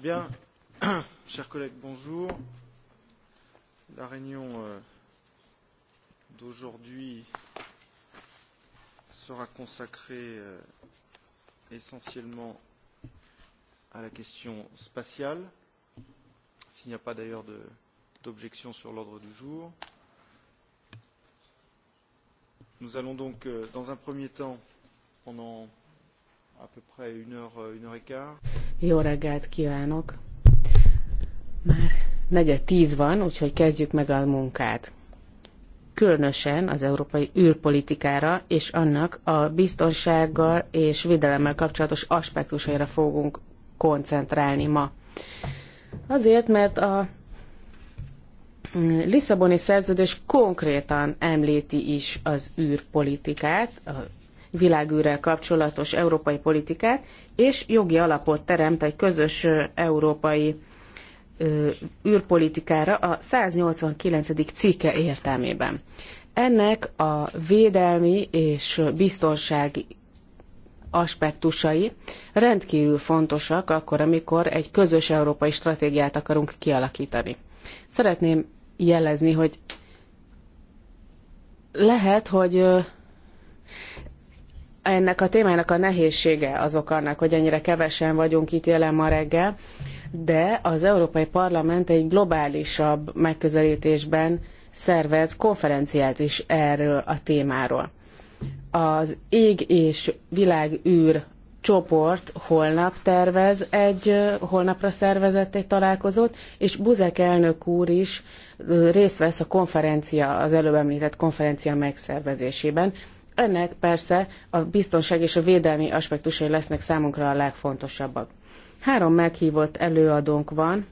Bien, chers collègues, bonjour. La réunion euh, d'aujourd'hui sera consacrée euh, essentiellement à la question spatiale. S'il n'y a pas d'ailleurs d'objection sur l'ordre du jour, nous allons donc, euh, dans un premier temps, pendant à peu près une heure, une heure et quart, jó reggelt kívánok! Már negyed tíz van, úgyhogy kezdjük meg a munkát. Különösen az európai űrpolitikára és annak a biztonsággal és védelemmel kapcsolatos aspektusaira fogunk koncentrálni ma. Azért, mert a Lisszaboni szerződés konkrétan említi is az űrpolitikát, a világűrrel kapcsolatos európai politikát, és jogi alapot teremt egy közös európai űrpolitikára a 189. cikke értelmében. Ennek a védelmi és biztonsági aspektusai rendkívül fontosak akkor, amikor egy közös európai stratégiát akarunk kialakítani. Szeretném jelezni, hogy lehet, hogy ennek a témának a nehézsége az annak, hogy ennyire kevesen vagyunk itt jelen ma reggel, de az Európai Parlament egy globálisabb megközelítésben szervez konferenciát is erről a témáról. Az Ég és Világűr csoport holnap tervez egy, holnapra szervezett egy találkozót, és Buzek elnök úr is részt vesz a konferencia, az előbb említett konferencia megszervezésében. Ennek persze a biztonság és a védelmi aspektusai lesznek számunkra a legfontosabbak. Három meghívott előadónk van.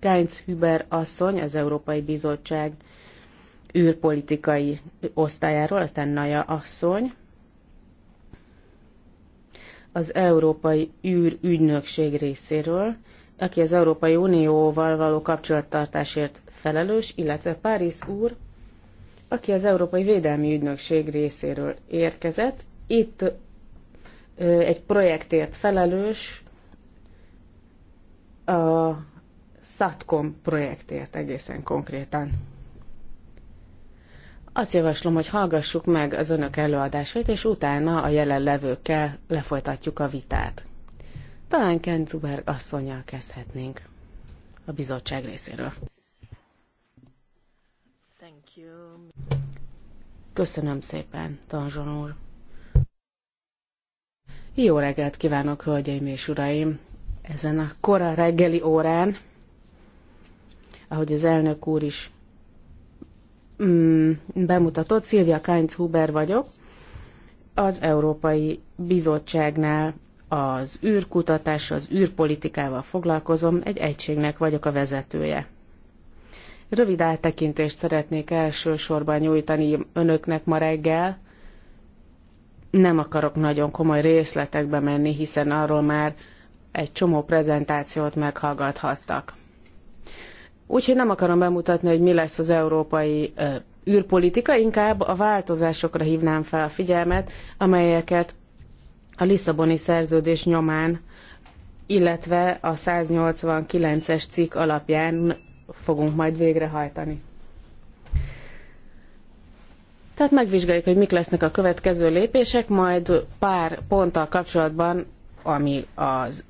Kainz Hüber asszony, az Európai Bizottság űrpolitikai osztályáról, aztán Naja asszony, az Európai űrügynökség részéről, aki az Európai Unióval való kapcsolattartásért felelős, illetve Párizs úr, aki az Európai Védelmi Ügynökség részéről érkezett. Itt egy projektért felelős, a SATCOM projektért egészen konkrétan. Azt javaslom, hogy hallgassuk meg az önök előadásait, és utána a jelenlevőkkel lefolytatjuk a vitát. Talán Kenzuberg asszonyjal kezdhetnénk a bizottság részéről. Thank you. Köszönöm szépen, Tanzson úr. Jó reggelt kívánok, hölgyeim és uraim! Ezen a kora reggeli órán, ahogy az elnök úr is mm, bemutatott, Szilvia Kainz Huber vagyok, az Európai Bizottságnál az űrkutatás, az űrpolitikával foglalkozom, egy egységnek vagyok a vezetője. Rövid áttekintést szeretnék elsősorban nyújtani önöknek ma reggel. Nem akarok nagyon komoly részletekbe menni, hiszen arról már egy csomó prezentációt meghallgathattak. Úgyhogy nem akarom bemutatni, hogy mi lesz az európai ö, űrpolitika, inkább a változásokra hívnám fel a figyelmet, amelyeket a Lisszaboni szerződés nyomán, illetve a 189-es cikk alapján fogunk majd végrehajtani. Tehát megvizsgáljuk, hogy mik lesznek a következő lépések, majd pár ponttal kapcsolatban, ami az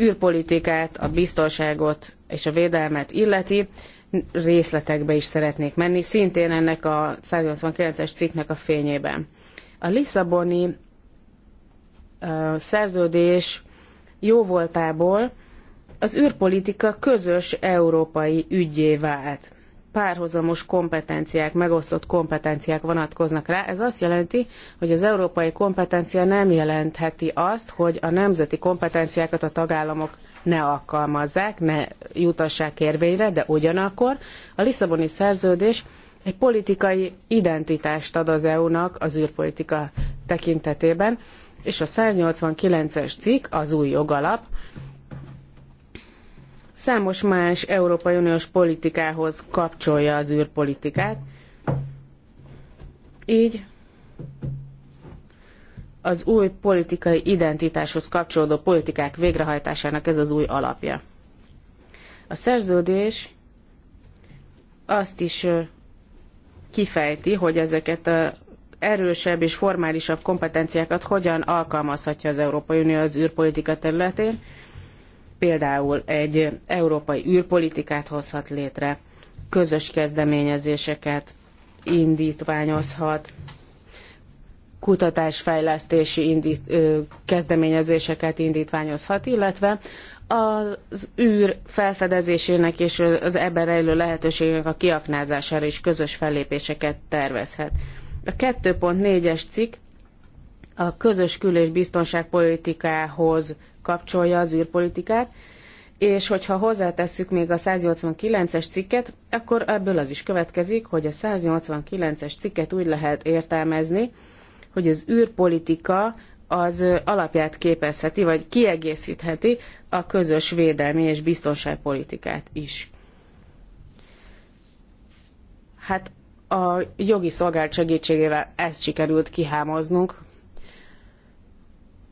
űrpolitikát, a biztonságot és a védelmet illeti, részletekbe is szeretnék menni, szintén ennek a 189-es cikknek a fényében. A Lisszaboni uh, szerződés jóvoltából az űrpolitika közös európai ügyé vált. Párhuzamos kompetenciák, megosztott kompetenciák vonatkoznak rá. Ez azt jelenti, hogy az európai kompetencia nem jelentheti azt, hogy a nemzeti kompetenciákat a tagállamok ne alkalmazzák, ne jutassák érvényre, de ugyanakkor a Lisszaboni szerződés egy politikai identitást ad az EU-nak az űrpolitika tekintetében, és a 189-es cikk, az új jogalap, számos más Európai Uniós politikához kapcsolja az űrpolitikát. Így az új politikai identitáshoz kapcsolódó politikák végrehajtásának ez az új alapja. A szerződés azt is kifejti, hogy ezeket a erősebb és formálisabb kompetenciákat hogyan alkalmazhatja az Európai Unió az űrpolitika területén, Például egy európai űrpolitikát hozhat létre, közös kezdeményezéseket indítványozhat, kutatásfejlesztési indít, ö, kezdeményezéseket indítványozhat, illetve az űr felfedezésének és az ebben rejlő lehetőségnek a kiaknázására is közös fellépéseket tervezhet. A 2.4-es cikk a közös kül- és biztonságpolitikához kapcsolja az űrpolitikát, és hogyha hozzátesszük még a 189-es cikket, akkor ebből az is következik, hogy a 189-es cikket úgy lehet értelmezni, hogy az űrpolitika az alapját képezheti, vagy kiegészítheti a közös védelmi és biztonságpolitikát is. Hát a jogi szolgált segítségével ezt sikerült kihámoznunk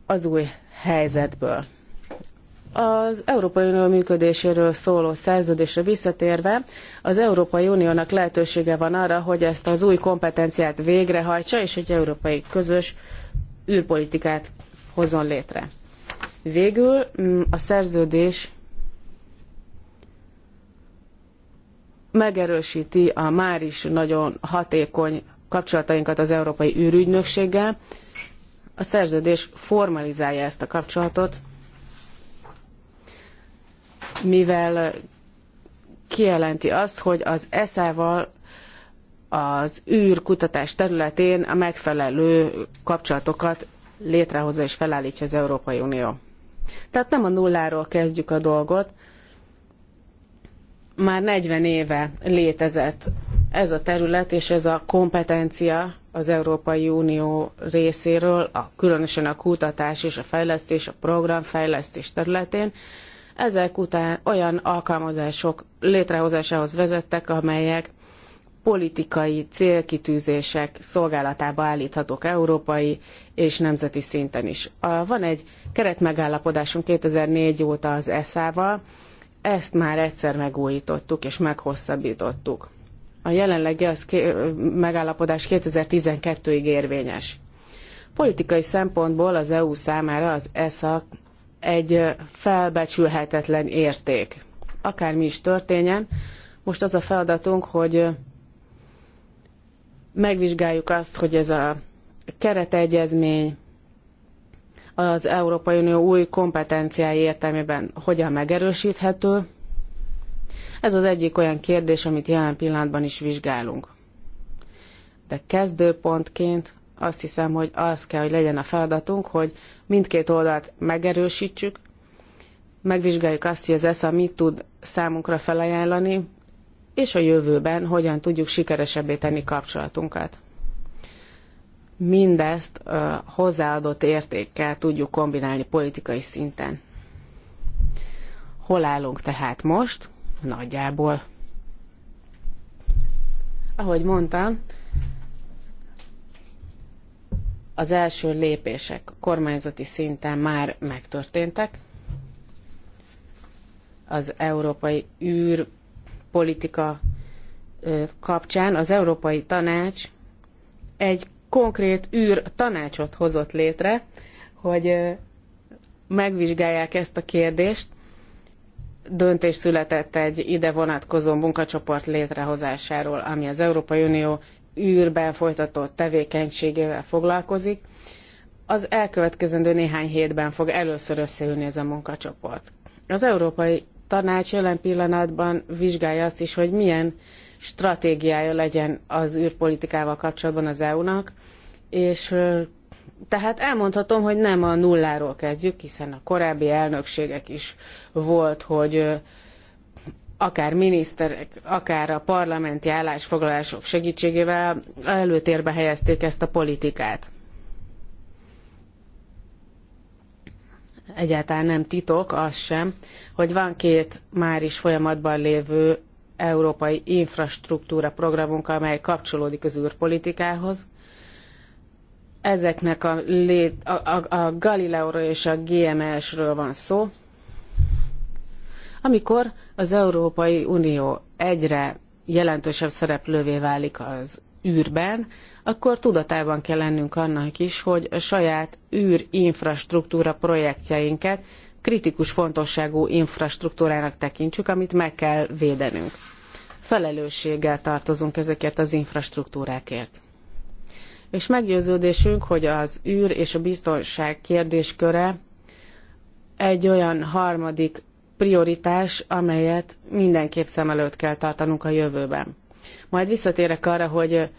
az új helyzetből. Az Európai Unió működéséről szóló szerződésre visszatérve, az Európai Uniónak lehetősége van arra, hogy ezt az új kompetenciát végrehajtsa, és egy európai közös űrpolitikát hozzon létre. Végül mm, a szerződés megerősíti a már is nagyon hatékony kapcsolatainkat az Európai űrügynökséggel, a szerződés formalizálja ezt a kapcsolatot, mivel kijelenti azt, hogy az esa val az űrkutatás területén a megfelelő kapcsolatokat létrehozza és felállítja az Európai Unió. Tehát nem a nulláról kezdjük a dolgot. Már 40 éve létezett ez a terület és ez a kompetencia, az Európai Unió részéről, a, különösen a kutatás és a fejlesztés, a programfejlesztés területén. Ezek után olyan alkalmazások létrehozásához vezettek, amelyek politikai célkitűzések szolgálatába állíthatók európai és nemzeti szinten is. Van egy keretmegállapodásunk 2004 óta az ESZ-val, ezt már egyszer megújítottuk és meghosszabbítottuk a jelenlegi az megállapodás 2012-ig érvényes. Politikai szempontból az EU számára az ESA egy felbecsülhetetlen érték. Akármi is történjen, most az a feladatunk, hogy megvizsgáljuk azt, hogy ez a keretegyezmény az Európai Unió új kompetenciái értelmében hogyan megerősíthető, ez az egyik olyan kérdés, amit jelen pillanatban is vizsgálunk. De kezdőpontként azt hiszem, hogy az kell, hogy legyen a feladatunk, hogy mindkét oldalt megerősítsük, megvizsgáljuk azt, hogy az ESZA mit tud számunkra felajánlani, és a jövőben hogyan tudjuk sikeresebbé tenni kapcsolatunkat. Mindezt a hozzáadott értékkel tudjuk kombinálni politikai szinten. Hol állunk tehát most? nagyjából. Ahogy mondtam, az első lépések kormányzati szinten már megtörténtek. Az európai űrpolitika kapcsán az Európai Tanács egy konkrét űr tanácsot hozott létre, hogy megvizsgálják ezt a kérdést, döntés született egy ide vonatkozó munkacsoport létrehozásáról, ami az Európai Unió űrben folytatott tevékenységével foglalkozik. Az elkövetkezendő néhány hétben fog először összeülni ez a munkacsoport. Az Európai Tanács jelen pillanatban vizsgálja azt is, hogy milyen stratégiája legyen az űrpolitikával kapcsolatban az EU-nak, és tehát elmondhatom, hogy nem a nulláról kezdjük, hiszen a korábbi elnökségek is volt, hogy akár miniszterek, akár a parlamenti állásfoglalások segítségével előtérbe helyezték ezt a politikát. Egyáltalán nem titok az sem, hogy van két már is folyamatban lévő európai infrastruktúra programunk, amely kapcsolódik az űrpolitikához, Ezeknek a, lét, a, a, a Galileóról és a GMS-ről van szó. Amikor az Európai Unió egyre jelentősebb szereplővé válik az űrben, akkor tudatában kell lennünk annak is, hogy a saját űrinfrastruktúra projektjeinket kritikus fontosságú infrastruktúrának tekintsük, amit meg kell védenünk. Felelősséggel tartozunk ezekért az infrastruktúrákért és meggyőződésünk, hogy az űr és a biztonság kérdésköre egy olyan harmadik prioritás, amelyet mindenképp szem előtt kell tartanunk a jövőben. Majd visszatérek arra, hogy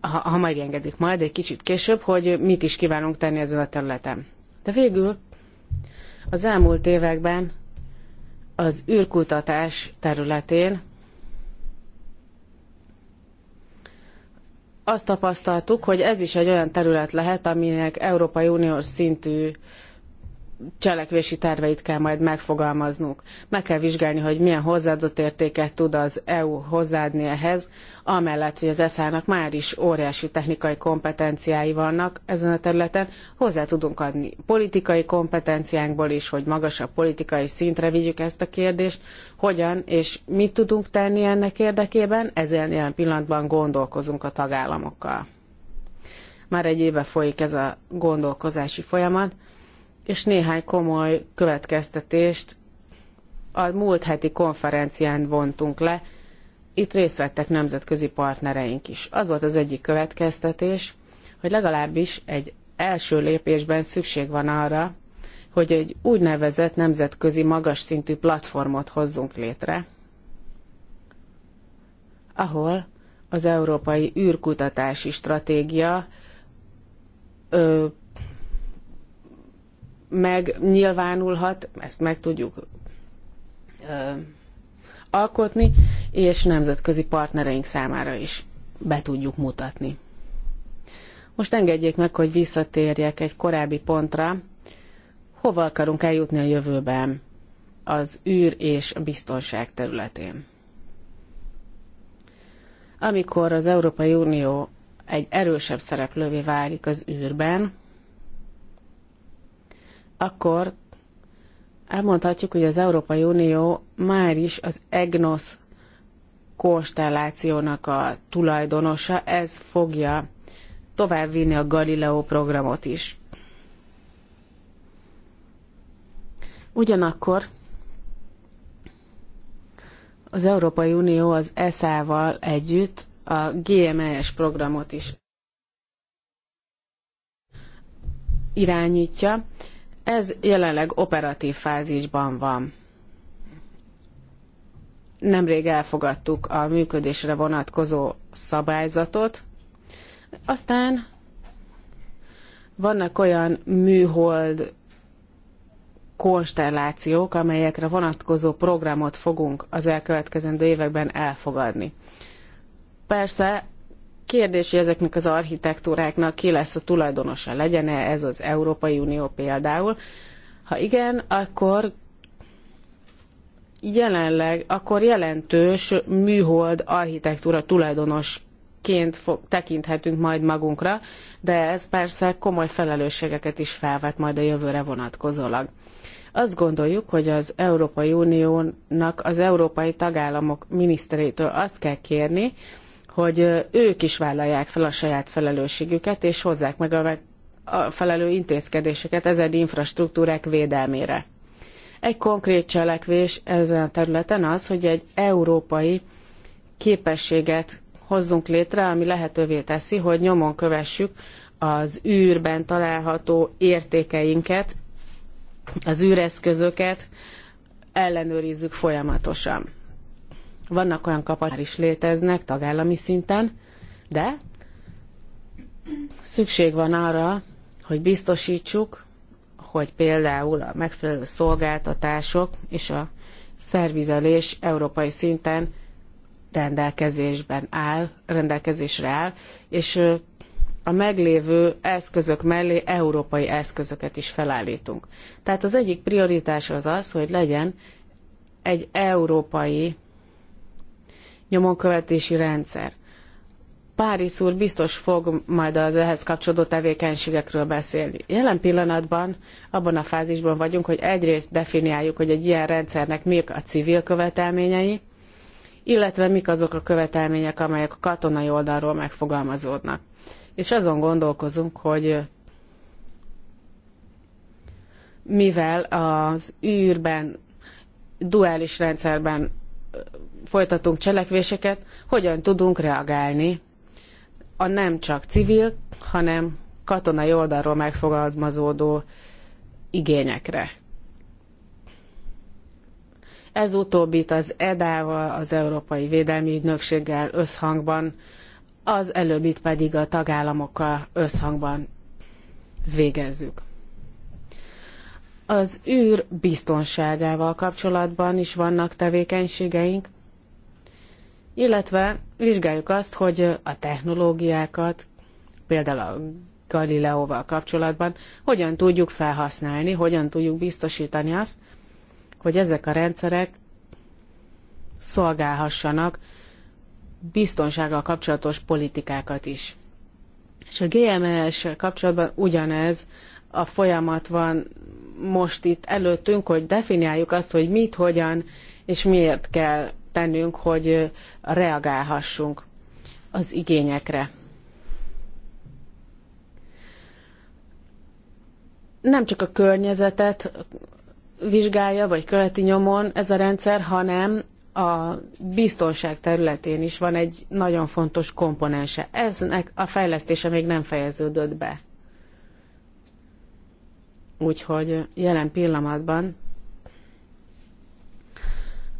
ha, ha majd engedik, majd egy kicsit később, hogy mit is kívánunk tenni ezen a területen. De végül az elmúlt években az űrkutatás területén azt tapasztaltuk, hogy ez is egy olyan terület lehet, aminek Európai Uniós szintű cselekvési terveit kell majd megfogalmaznunk. Meg kell vizsgálni, hogy milyen hozzáadott értéket tud az EU hozzáadni ehhez, amellett, hogy az ESZ-nak már is óriási technikai kompetenciái vannak ezen a területen, hozzá tudunk adni politikai kompetenciánkból is, hogy magasabb politikai szintre vigyük ezt a kérdést, hogyan és mit tudunk tenni ennek érdekében, ezen jelen pillanatban gondolkozunk a tagállamokkal. Már egy éve folyik ez a gondolkozási folyamat, és néhány komoly következtetést a múlt heti konferencián vontunk le. Itt részt vettek nemzetközi partnereink is. Az volt az egyik következtetés, hogy legalábbis egy első lépésben szükség van arra, hogy egy úgynevezett nemzetközi magas szintű platformot hozzunk létre, ahol az Európai űrkutatási Stratégia ö, megnyilvánulhat, ezt meg tudjuk ö, alkotni, és nemzetközi partnereink számára is be tudjuk mutatni. Most engedjék meg, hogy visszatérjek egy korábbi pontra, hova akarunk eljutni a jövőben az űr és a biztonság területén. Amikor az Európai Unió egy erősebb szereplővé válik az űrben, akkor elmondhatjuk, hogy az Európai Unió már is az EGNOS konstellációnak a tulajdonosa, ez fogja továbbvinni a Galileo programot is. Ugyanakkor az Európai Unió az ESA-val együtt a GMS programot is irányítja, ez jelenleg operatív fázisban van. Nemrég elfogadtuk a működésre vonatkozó szabályzatot, aztán vannak olyan műhold konstellációk, amelyekre vonatkozó programot fogunk az elkövetkezendő években elfogadni. Persze kérdés, hogy ezeknek az architektúráknak ki lesz a tulajdonosa, legyen-e ez az Európai Unió például. Ha igen, akkor jelenleg, akkor jelentős műhold architektúra tulajdonosként fog, tekinthetünk majd magunkra, de ez persze komoly felelősségeket is felvet majd a jövőre vonatkozólag. Azt gondoljuk, hogy az Európai Uniónak az európai tagállamok miniszterétől azt kell kérni, hogy ők is vállalják fel a saját felelősségüket, és hozzák meg a, a felelő intézkedéseket ezen infrastruktúrák védelmére. Egy konkrét cselekvés ezen a területen az, hogy egy európai képességet hozzunk létre, ami lehetővé teszi, hogy nyomon kövessük az űrben található értékeinket, az űreszközöket ellenőrizzük folyamatosan. Vannak olyan kapar is léteznek tagállami szinten, de szükség van arra, hogy biztosítsuk, hogy például a megfelelő szolgáltatások és a szervizelés európai szinten rendelkezésben áll, rendelkezésre áll, és a meglévő eszközök mellé európai eszközöket is felállítunk. Tehát az egyik prioritás az az, hogy legyen egy európai nyomonkövetési rendszer. Páris úr biztos fog majd az ehhez kapcsolódó tevékenységekről beszélni. Jelen pillanatban abban a fázisban vagyunk, hogy egyrészt definiáljuk, hogy egy ilyen rendszernek mik a civil követelményei, illetve mik azok a követelmények, amelyek a katonai oldalról megfogalmazódnak. És azon gondolkozunk, hogy mivel az űrben, duális rendszerben folytatunk cselekvéseket, hogyan tudunk reagálni a nem csak civil, hanem katonai oldalról megfogalmazódó igényekre. Ez utóbbit az EDA-val, az Európai Védelmi Ügynökséggel összhangban, az előbbit pedig a tagállamokkal összhangban végezzük. Az űr biztonságával kapcsolatban is vannak tevékenységeink, illetve vizsgáljuk azt, hogy a technológiákat, például a Galileóval kapcsolatban, hogyan tudjuk felhasználni, hogyan tudjuk biztosítani azt, hogy ezek a rendszerek szolgálhassanak biztonsággal kapcsolatos politikákat is. És a gms kapcsolatban ugyanez a folyamat van most itt előttünk, hogy definiáljuk azt, hogy mit, hogyan és miért kell tennünk, hogy reagálhassunk az igényekre. Nem csak a környezetet vizsgálja, vagy követi nyomon ez a rendszer, hanem a biztonság területén is van egy nagyon fontos komponense. Eznek a fejlesztése még nem fejeződött be. Úgyhogy jelen pillanatban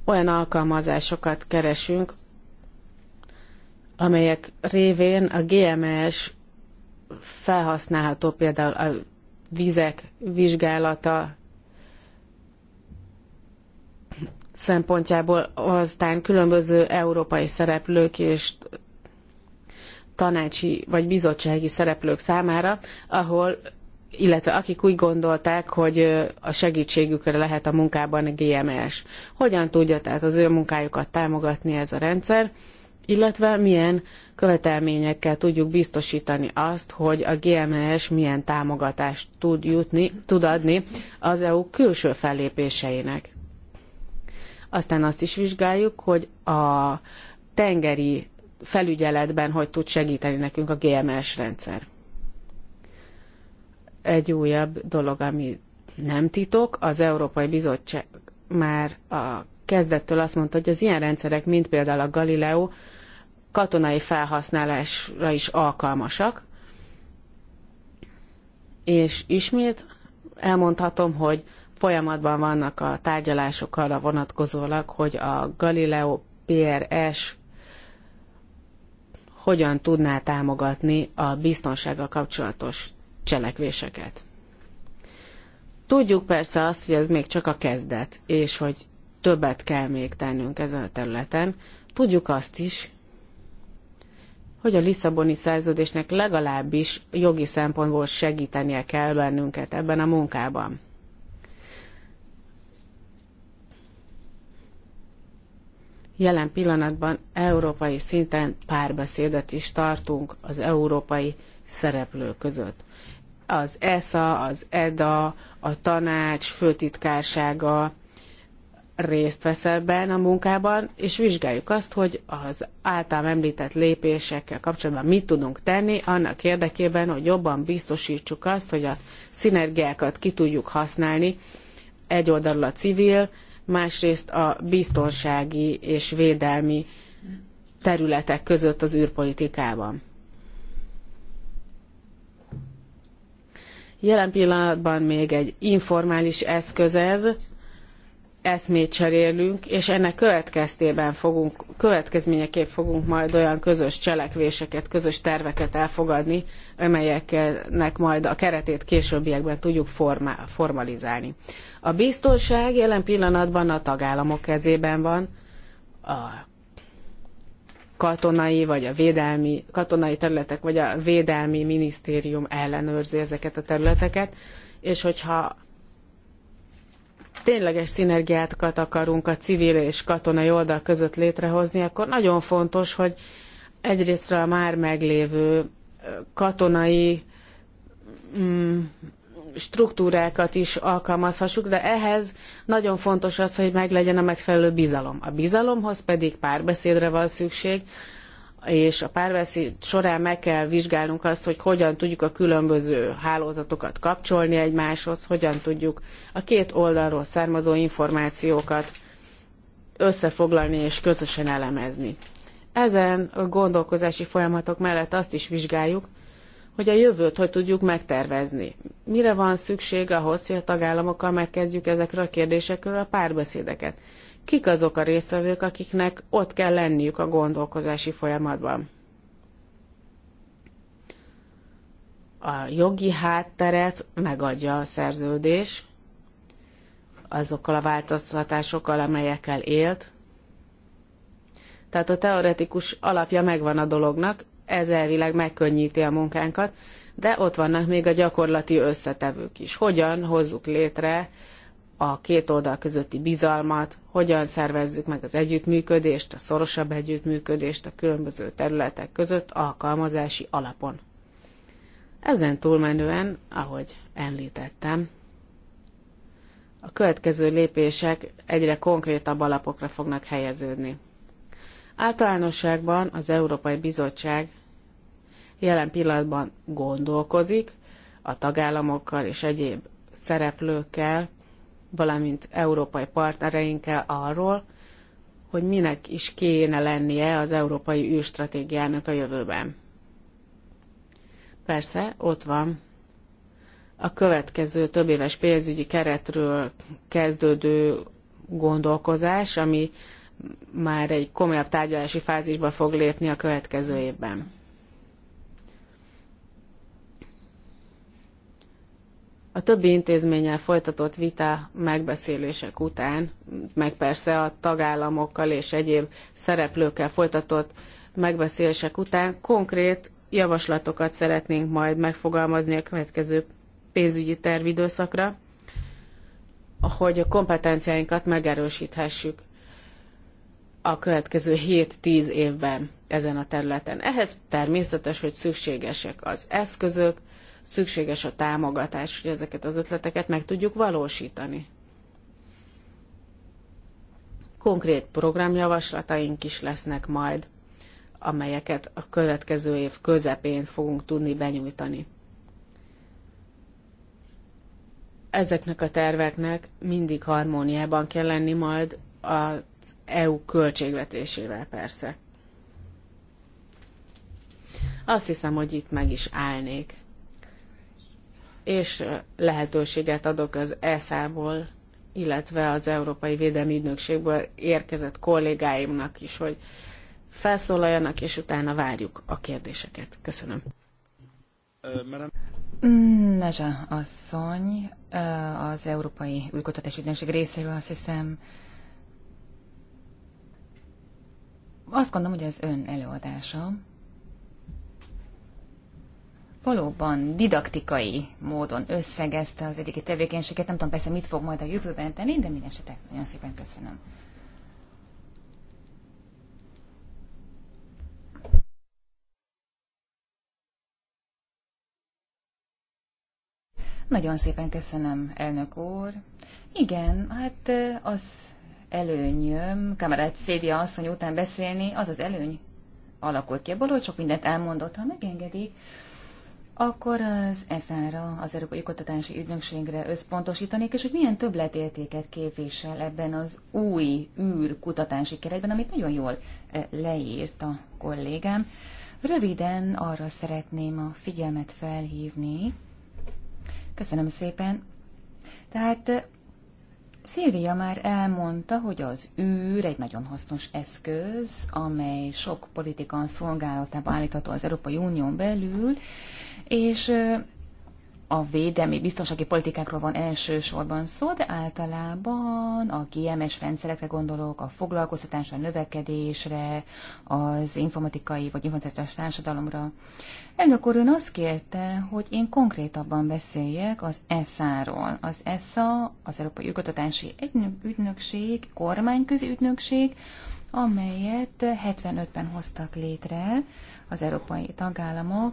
olyan alkalmazásokat keresünk, amelyek révén a GMS felhasználható például a vizek vizsgálata szempontjából, aztán különböző európai szereplők és tanácsi vagy bizottsági szereplők számára, ahol illetve akik úgy gondolták, hogy a segítségükre lehet a munkában a GMS. Hogyan tudja tehát az ő munkájukat támogatni ez a rendszer, illetve milyen követelményekkel tudjuk biztosítani azt, hogy a GMS milyen támogatást tud, jutni, tud adni az EU külső fellépéseinek. Aztán azt is vizsgáljuk, hogy a tengeri felügyeletben hogy tud segíteni nekünk a GMS rendszer egy újabb dolog, ami nem titok, az Európai Bizottság már a kezdettől azt mondta, hogy az ilyen rendszerek, mint például a Galileo, katonai felhasználásra is alkalmasak. És ismét elmondhatom, hogy folyamatban vannak a tárgyalások arra vonatkozólag, hogy a Galileo PRS hogyan tudná támogatni a biztonsággal kapcsolatos cselekvéseket. Tudjuk persze azt, hogy ez még csak a kezdet, és hogy többet kell még tennünk ezen a területen. Tudjuk azt is, hogy a Lisszaboni szerződésnek legalábbis jogi szempontból segítenie kell bennünket ebben a munkában. Jelen pillanatban európai szinten párbeszédet is tartunk az európai szereplők között az ESA, az EDA, a tanács főtitkársága részt vesz ebben a munkában, és vizsgáljuk azt, hogy az általam említett lépésekkel kapcsolatban mit tudunk tenni annak érdekében, hogy jobban biztosítsuk azt, hogy a szinergiákat ki tudjuk használni, egy oldalról a civil, másrészt a biztonsági és védelmi területek között az űrpolitikában. Jelen pillanatban még egy informális eszköz ez, eszmét cserélünk, és ennek következtében fogunk, következményeképp fogunk majd olyan közös cselekvéseket, közös terveket elfogadni, amelyeknek majd a keretét későbbiekben tudjuk formá- formalizálni. A biztonság jelen pillanatban a tagállamok kezében van, a katonai vagy a védelmi, katonai területek, vagy a védelmi minisztérium ellenőrzi ezeket a területeket, és hogyha tényleges szinergiákat akarunk a civil és katonai oldal között létrehozni, akkor nagyon fontos, hogy egyrészt a már meglévő katonai mm, struktúrákat is alkalmazhassuk, de ehhez nagyon fontos az, hogy meglegyen a megfelelő bizalom. A bizalomhoz pedig párbeszédre van szükség, és a párbeszéd során meg kell vizsgálnunk azt, hogy hogyan tudjuk a különböző hálózatokat kapcsolni egymáshoz, hogyan tudjuk a két oldalról származó információkat összefoglalni és közösen elemezni. Ezen a gondolkozási folyamatok mellett azt is vizsgáljuk, hogy a jövőt hogy tudjuk megtervezni. Mire van szükség ahhoz, hogy a tagállamokkal megkezdjük ezekről a kérdésekről a párbeszédeket? Kik azok a résztvevők, akiknek ott kell lenniük a gondolkozási folyamatban? A jogi hátteret megadja a szerződés azokkal a változtatásokkal, amelyekkel élt. Tehát a teoretikus alapja megvan a dolognak, ez elvileg megkönnyíti a munkánkat, de ott vannak még a gyakorlati összetevők is. Hogyan hozzuk létre a két oldal közötti bizalmat, hogyan szervezzük meg az együttműködést, a szorosabb együttműködést a különböző területek között alkalmazási alapon. Ezen túlmenően, ahogy említettem, a következő lépések egyre konkrétabb alapokra fognak helyeződni. Általánosságban az Európai Bizottság jelen pillanatban gondolkozik a tagállamokkal és egyéb szereplőkkel, valamint európai partnereinkkel arról, hogy minek is kéne lennie az európai űrstratégiának a jövőben. Persze, ott van a következő több éves pénzügyi keretről kezdődő gondolkozás, ami már egy komolyabb tárgyalási fázisba fog lépni a következő évben. A többi intézménnyel folytatott vita megbeszélések után, meg persze a tagállamokkal és egyéb szereplőkkel folytatott megbeszélések után konkrét javaslatokat szeretnénk majd megfogalmazni a következő pénzügyi tervidőszakra, hogy a kompetenciáinkat megerősíthessük a következő 7-10 évben ezen a területen. Ehhez természetes, hogy szükségesek az eszközök, szükséges a támogatás, hogy ezeket az ötleteket meg tudjuk valósítani. Konkrét programjavaslataink is lesznek majd, amelyeket a következő év közepén fogunk tudni benyújtani. Ezeknek a terveknek mindig harmóniában kell lenni majd az EU költségvetésével persze. Azt hiszem, hogy itt meg is állnék és lehetőséget adok az ESZ-ból, illetve az Európai Védelmi Ügynökségből érkezett kollégáimnak is, hogy felszólaljanak, és utána várjuk a kérdéseket. Köszönöm. Nezsa asszony, az Európai Ügykutatási ügynökség részéről azt hiszem, azt gondolom, hogy ez ön előadása valóban didaktikai módon összegezte az eddigi tevékenységet. Nem tudom persze, mit fog majd a jövőben tenni, de minden esetek. nagyon szépen köszönöm. Nagyon szépen köszönöm, elnök úr. Igen, hát az előnyöm, kamerát Szévia asszony után beszélni, az az előny alakult ki ebből hogy sok mindent elmondott, ha megengedik akkor az ESZÁ-ra, az Európai Kutatási Ügynökségre összpontosítanék, és hogy milyen többletértéket képvisel ebben az új űr kutatási keretben, amit nagyon jól eh, leírt a kollégám. Röviden arra szeretném a figyelmet felhívni. Köszönöm szépen. Tehát eh, Szilvia már elmondta, hogy az űr egy nagyon hasznos eszköz, amely sok politika szolgálatába állítható az Európai Unión belül, és a védelmi biztonsági politikákról van elsősorban szó, de általában a GMS rendszerekre gondolok, a foglalkoztatásra, a növekedésre, az informatikai vagy informatikai társadalomra. Elnök úr ön azt kérte, hogy én konkrétabban beszéljek az ESZA-ról. Az ESZA, az Európai Ügyotatási Ügynökség, kormányközi ügynökség, amelyet 75-ben hoztak létre az európai tagállamok,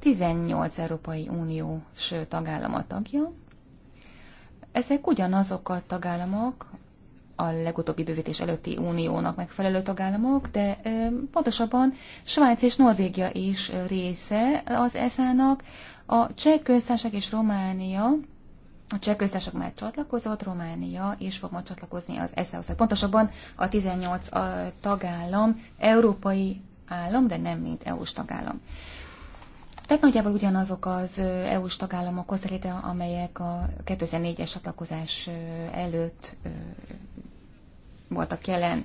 18 Európai Uniós tagállama tagja. Ezek ugyanazok a tagállamok, a legutóbbi bővítés előtti uniónak megfelelő tagállamok, de pontosabban Svájc és Norvégia is része az ESZÁ-nak. A Cseh köztársaság és Románia, a Cseh köztársaság már csatlakozott, Románia is fog majd csatlakozni az ESZÁ-hoz. Hát pontosabban a 18 tagállam európai állam, de nem mint EU-s tagállam. Tehát nagyjából ugyanazok az EU-s tagállamok Kosztaréta, amelyek a 2004-es csatlakozás előtt voltak jelen.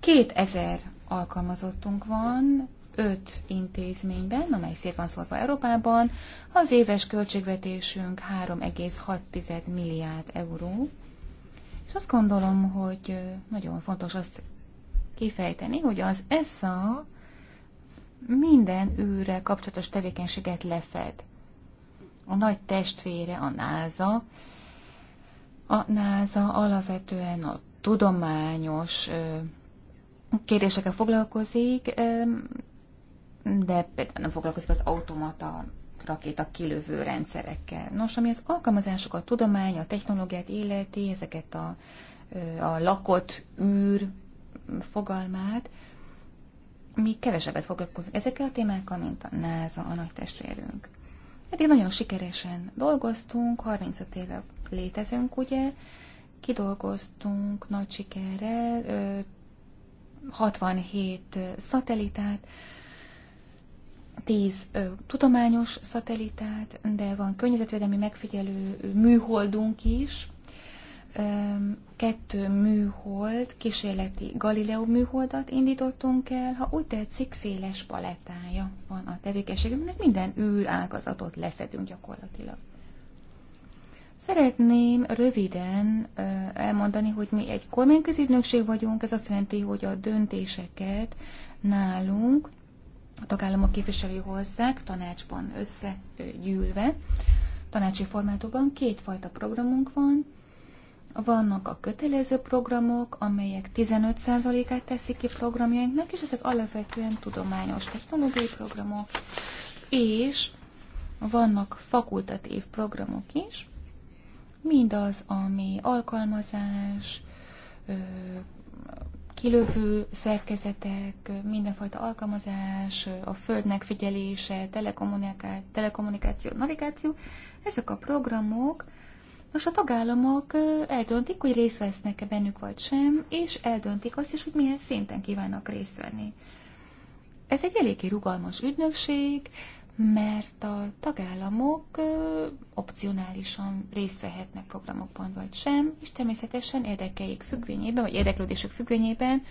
2000 alkalmazottunk van, öt intézményben, amely szét van szorva Európában, az éves költségvetésünk 3,6 milliárd euró, és azt gondolom, hogy nagyon fontos azt kifejteni, hogy az ESSA minden űrrel kapcsolatos tevékenységet lefed. A nagy testvére a NASA. A NASA alapvetően a tudományos kérdésekkel foglalkozik, de például nem foglalkozik az automata rakéta kilövő rendszerekkel. Nos, ami az alkalmazásokat, a tudomány, a technológiát illeti, ezeket a, a lakott űr fogalmát, mi kevesebbet foglalkozunk ezekkel a témákkal, mint a NASA, a nagy testvérünk. Eddig nagyon sikeresen dolgoztunk, 35 éve létezünk, ugye, kidolgoztunk nagy sikerrel 67 szatellitát, 10 tudományos szatellitát, de van környezetvédelmi megfigyelő műholdunk is, kettő műhold, kísérleti Galileo műholdat indítottunk el, ha úgy tetszik, széles palettája van a tevékenységünknek, minden űrágazatot lefedünk gyakorlatilag. Szeretném röviden elmondani, hogy mi egy kormányközi ügynökség vagyunk, ez azt jelenti, hogy a döntéseket nálunk a tagállamok képviselői hozzák, tanácsban összegyűlve, tanácsi formátumban kétfajta programunk van, vannak a kötelező programok, amelyek 15%-át teszik ki programjainknak, és ezek alapvetően tudományos technológiai programok, és vannak fakultatív programok is, mindaz, ami alkalmazás, kilövő szerkezetek, mindenfajta alkalmazás, a földnek figyelése, telekommunikáció, navigáció, ezek a programok most a tagállamok eldöntik, hogy részt vesznek-e bennük vagy sem, és eldöntik azt is, hogy milyen szinten kívánnak részt venni. Ez egy eléggé rugalmas ügynökség, mert a tagállamok opcionálisan részt vehetnek programokban vagy sem, és természetesen érdekeik függvényében, vagy érdeklődésük függvényében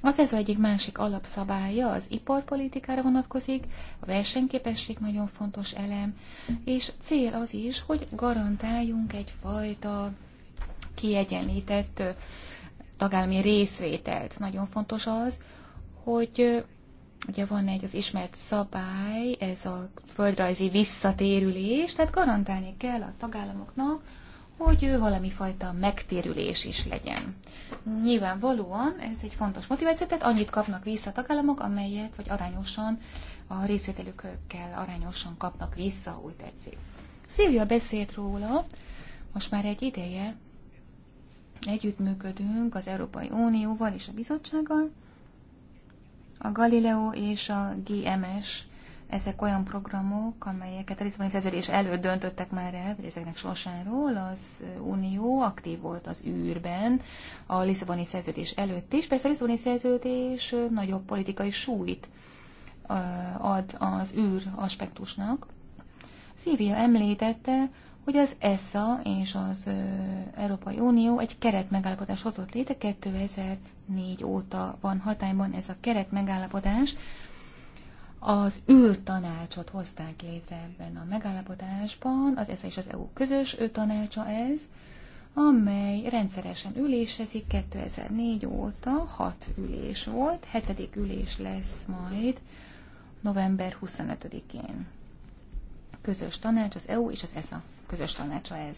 az ez egyik másik alapszabálya az iparpolitikára vonatkozik, a versenyképesség nagyon fontos elem, és cél az is, hogy garantáljunk egyfajta kiegyenlített tagállami részvételt. Nagyon fontos az, hogy ugye van egy az ismert szabály, ez a földrajzi visszatérülés, tehát garantálni kell a tagállamoknak, hogy ő valami fajta megtérülés is legyen. Nyilvánvalóan ez egy fontos motiváció, tehát annyit kapnak vissza a tagállamok, amelyet vagy arányosan a részvételükkel arányosan kapnak vissza, úgy tetszik. Szilvia beszélt róla, most már egy ideje együttműködünk az Európai Unióval és a bizottsággal, a Galileo és a GMS ezek olyan programok, amelyeket a Lisszaboni szerződés előtt döntöttek már el, vagy ezeknek sorsáról. Az Unió aktív volt az űrben a Lisszaboni szerződés előtt is. Persze a Lisszaboni szerződés nagyobb politikai súlyt ad az űr aspektusnak. Szívia említette, hogy az ESA és az Európai Unió egy keretmegállapodás hozott léte, 2004 óta van hatályban ez a keretmegállapodás, az űrtanácsot hozták létre ebben a megállapodásban, az ESA és az EU közös tanácsa ez, amely rendszeresen ülésezik 2004 óta, hat ülés volt, hetedik ülés lesz majd november 25-én. Közös tanács, az EU és az ESA közös tanácsa ez.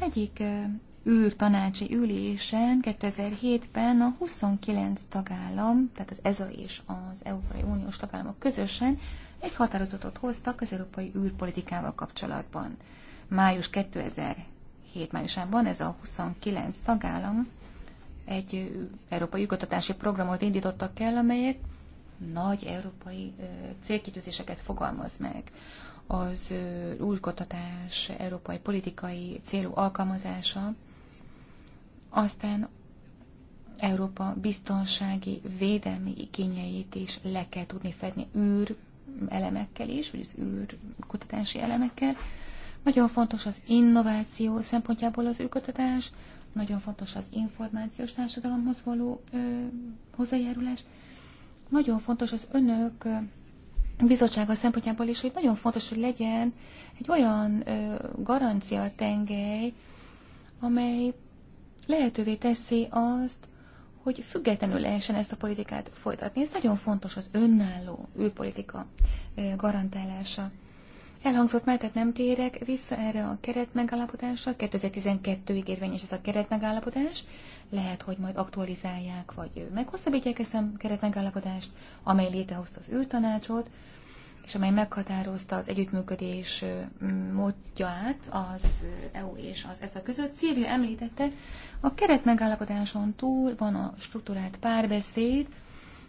Egyik eh, űrtanácsi ülésen 2007-ben a 29 tagállam, tehát az EZA és az Európai Uniós tagállamok közösen egy határozatot hoztak az európai űrpolitikával kapcsolatban. Május 2007 májusában ez a 29 tagállam egy európai űrkutatási programot indítottak el, amelyek nagy európai célkitűzéseket fogalmaz meg az újkotatás európai politikai célú alkalmazása aztán Európa biztonsági, védelmi igényeit is le kell tudni fedni űr elemekkel is, vagy az űr kutatási elemekkel. Nagyon fontos az innováció szempontjából az űrkutatás, nagyon fontos az információs társadalomhoz való ö, hozzájárulás. Nagyon fontos az önök ö, bizottsága szempontjából is, hogy nagyon fontos, hogy legyen egy olyan ö, garancia tengely, amely lehetővé teszi azt, hogy függetlenül lehessen ezt a politikát folytatni. Ez nagyon fontos az önálló űrpolitika garantálása. Elhangzott már, tehát nem térek vissza erre a keretmegállapodásra. 2012-ig érvényes ez a keretmegállapodás. Lehet, hogy majd aktualizálják, vagy meghosszabbítják ezt a keretmegállapodást, amely létrehozta az űrtanácsot és amely meghatározta az együttműködés módját az EU és az ESZA között. Szilvia említette, a keret megállapodáson túl van a struktúrált párbeszéd,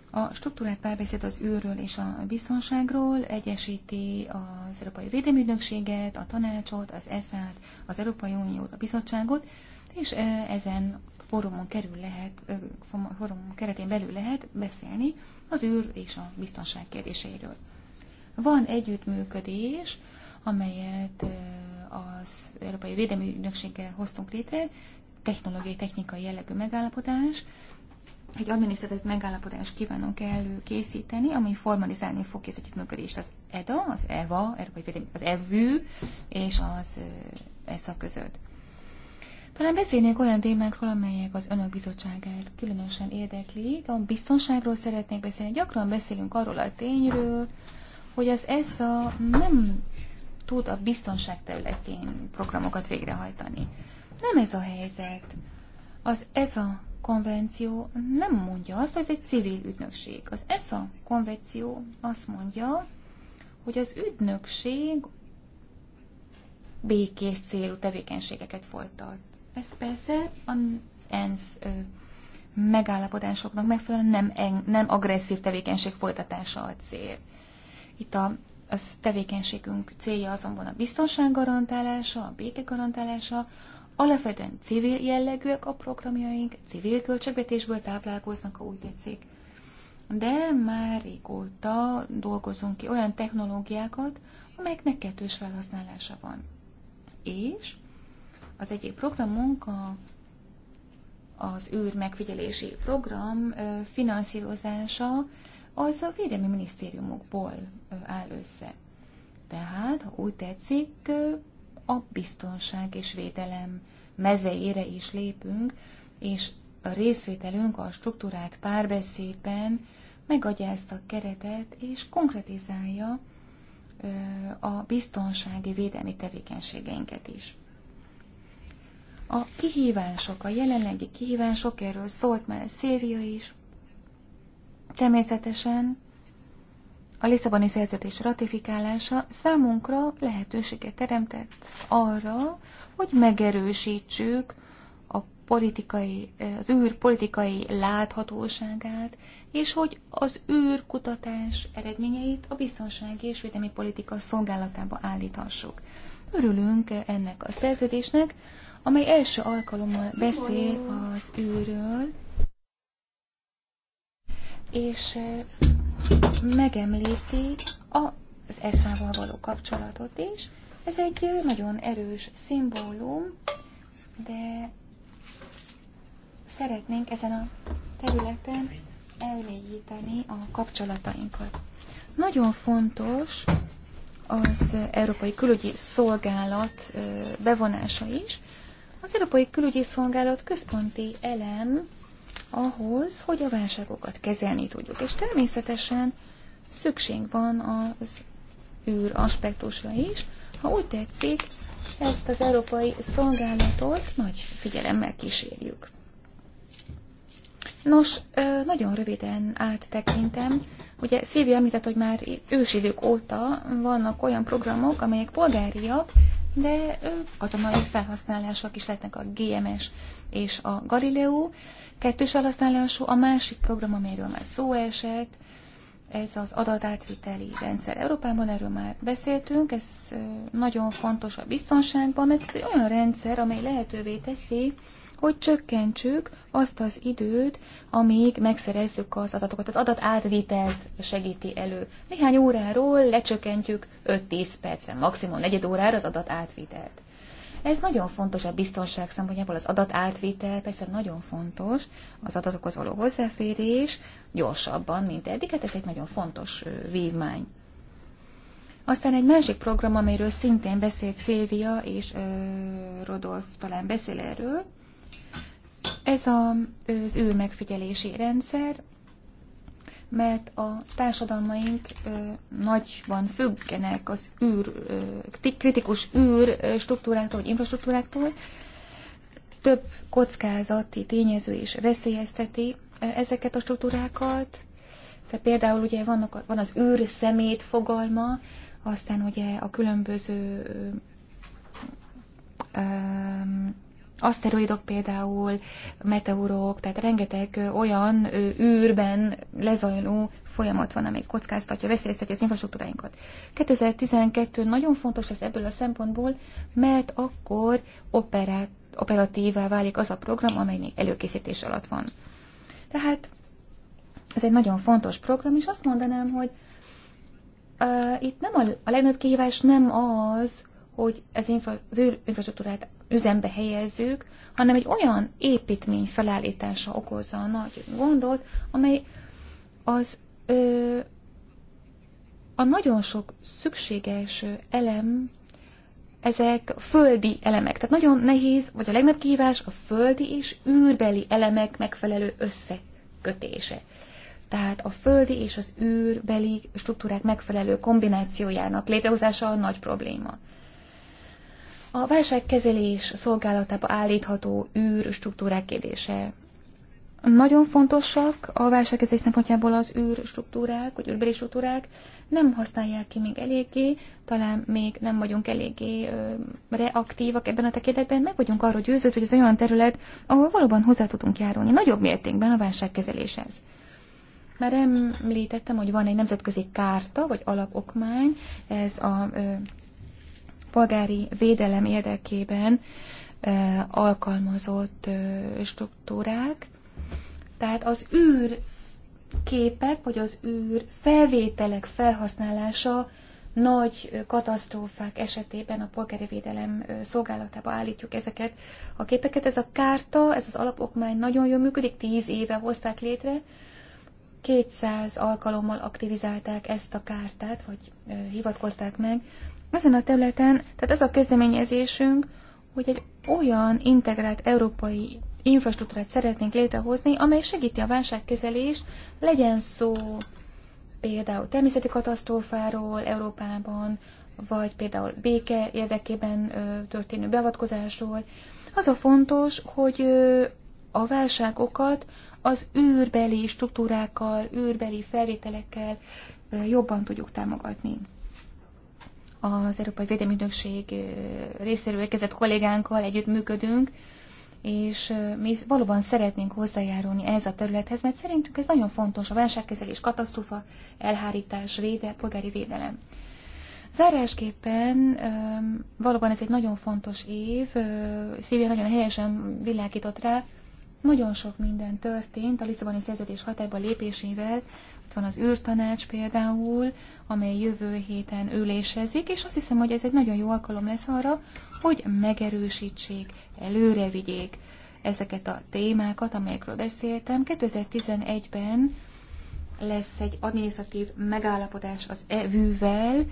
a struktúrált párbeszéd az űrről és a biztonságról egyesíti az Európai Védelmi Ügynökséget, a tanácsot, az ESZ-t, az Európai Uniót, a bizottságot, és ezen fórumon kerül lehet, fórum keretén belül lehet beszélni az űr és a biztonság kérdéseiről. Van együttműködés, amelyet az Európai Védelmi Ügynökséggel hoztunk létre, technológiai, technikai jellegű megállapodás. Egy adminisztratív megállapodást kívánunk előkészíteni, ami formalizálni fog az együttműködést az EDA, az EVA, az EVÜ és az ESA között. Talán beszélnék olyan témákról, amelyek az önök bizottságát különösen érdeklik. A biztonságról szeretnék beszélni. Gyakran beszélünk arról a tényről, hogy az ESA nem tud a biztonság területén programokat végrehajtani. Nem ez a helyzet. Az ESA konvenció nem mondja azt, hogy ez egy civil ügynökség. Az ESA konvenció azt mondja, hogy az ügynökség békés célú tevékenységeket folytat. Ez persze az ENSZ megállapodásoknak megfelelően nem, nem agresszív tevékenység folytatása a cél. Itt a az tevékenységünk célja azonban a biztonság garantálása, a béke garantálása, alapvetően civil jellegűek a programjaink, civil költségvetésből táplálkoznak, ha úgy tetszik. De már régóta dolgozunk ki olyan technológiákat, amelyeknek kettős felhasználása van. És az egyik programunk a, az űr megfigyelési program finanszírozása az a védelmi minisztériumokból áll össze. Tehát, ha úgy tetszik, a biztonság és védelem mezeére is lépünk, és a részvételünk a struktúrát párbeszédben megadja ezt a keretet, és konkretizálja a biztonsági védelmi tevékenységeinket is. A kihívások, a jelenlegi kihívások, erről szólt már Szévia is, Természetesen a Lisszaboni szerződés ratifikálása számunkra lehetőséget teremtett arra, hogy megerősítsük a politikai, az űr politikai láthatóságát, és hogy az űrkutatás eredményeit a biztonsági és védelmi politika szolgálatába állíthassuk. Örülünk ennek a szerződésnek, amely első alkalommal beszél az űről, és megemlíti az eszával való kapcsolatot is. Ez egy nagyon erős szimbólum, de szeretnénk ezen a területen elmélyíteni a kapcsolatainkat. Nagyon fontos az Európai Külügyi Szolgálat bevonása is. Az Európai Külügyi Szolgálat központi elem ahhoz, hogy a válságokat kezelni tudjuk. És természetesen szükség van az űr aspektusra is. Ha úgy tetszik, ezt az európai szolgálatot nagy figyelemmel kísérjük. Nos, nagyon röviden áttekintem. Ugye Szívi említett, hogy már ősidők óta vannak olyan programok, amelyek polgáriak, de katonai felhasználások is lehetnek a GMS és a Galileo. Kettős felhasználású, a másik program, amelyről már szó esett, ez az adatátviteli rendszer. Európában erről már beszéltünk, ez nagyon fontos a biztonságban, mert ez egy olyan rendszer, amely lehetővé teszi, hogy csökkentsük azt az időt, amíg megszerezzük az adatokat. Az adat átvitelt segíti elő. Néhány óráról lecsökkentjük 5-10 percen, maximum negyed órára az adat átvitelt. Ez nagyon fontos a biztonság szempontjából, az adat átvétel persze nagyon fontos, az adatokhoz való hozzáférés gyorsabban, mint eddig, hát ez egy nagyon fontos vívmány. Aztán egy másik program, amiről szintén beszélt Szilvia, és ö, Rodolf talán beszél erről, ez a, az ő megfigyelési rendszer, mert a társadalmaink ö, nagyban függenek az űr, ö, kritikus űr struktúráktól, vagy infrastruktúráktól. Több kockázati tényező is veszélyezteti ezeket a struktúrákat. Tehát például ugye vannak, van az űr szemét fogalma, aztán ugye a különböző ö, ö, aszteroidok például, meteorok, tehát rengeteg olyan űrben lezajló folyamat van, amely kockáztatja, veszélyeztetje az infrastruktúráinkat. 2012 nagyon fontos ez ebből a szempontból, mert akkor operát, operatívá válik az a program, amely még előkészítés alatt van. Tehát ez egy nagyon fontos program, és azt mondanám, hogy uh, itt nem a, a legnagyobb kihívás nem az, hogy az, infra, az űr infrastruktúrát üzembe helyezzük, hanem egy olyan építmény felállítása okozza a nagy gondot, amely az ö, a nagyon sok szükséges elem, ezek földi elemek. Tehát nagyon nehéz, vagy a legnagyobb kihívás a földi és űrbeli elemek megfelelő összekötése. Tehát a földi és az űrbeli struktúrák megfelelő kombinációjának létrehozása a nagy probléma. A válságkezelés szolgálatába állítható űr struktúrák kérdése. Nagyon fontosak a válságkezelés szempontjából az űr struktúrák, vagy űrbeli struktúrák. Nem használják ki még eléggé, talán még nem vagyunk eléggé ö, reaktívak ebben a tekintetben. Meg vagyunk arról győződve, hogy ez olyan terület, ahol valóban hozzá tudunk járulni nagyobb mértékben a válságkezeléshez. Már említettem, hogy van egy nemzetközi kárta, vagy alapokmány, ez a polgári védelem érdekében alkalmazott struktúrák. Tehát az űr képek, vagy az űr felvételek felhasználása nagy katasztrófák esetében a polgári védelem szolgálatába állítjuk ezeket a képeket. Ez a kárta, ez az alapokmány nagyon jól működik, tíz éve hozták létre, 200 alkalommal aktivizálták ezt a kártát, vagy hivatkozták meg ezen a területen, tehát ez a kezdeményezésünk, hogy egy olyan integrált európai infrastruktúrát szeretnénk létrehozni, amely segíti a válságkezelést, legyen szó például természeti katasztrófáról Európában, vagy például béke érdekében történő beavatkozásról. Az a fontos, hogy a válságokat az űrbeli struktúrákkal, űrbeli felvételekkel jobban tudjuk támogatni az Európai Védelmi Ügynökség részéről érkezett kollégánkkal működünk és mi valóban szeretnénk hozzájárulni ez a területhez, mert szerintünk ez nagyon fontos, a válságkezelés, katasztrófa, elhárítás, véde, polgári védelem. Zárásképpen valóban ez egy nagyon fontos év, Szívja nagyon helyesen világított rá, nagyon sok minden történt a Lisszaboni szerződés hatályba lépésével, van az űrtanács például, amely jövő héten ülésezik, és azt hiszem, hogy ez egy nagyon jó alkalom lesz arra, hogy megerősítsék, előre vigyék ezeket a témákat, amelyekről beszéltem. 2011-ben lesz egy adminisztratív megállapodás az EVÜ-vel.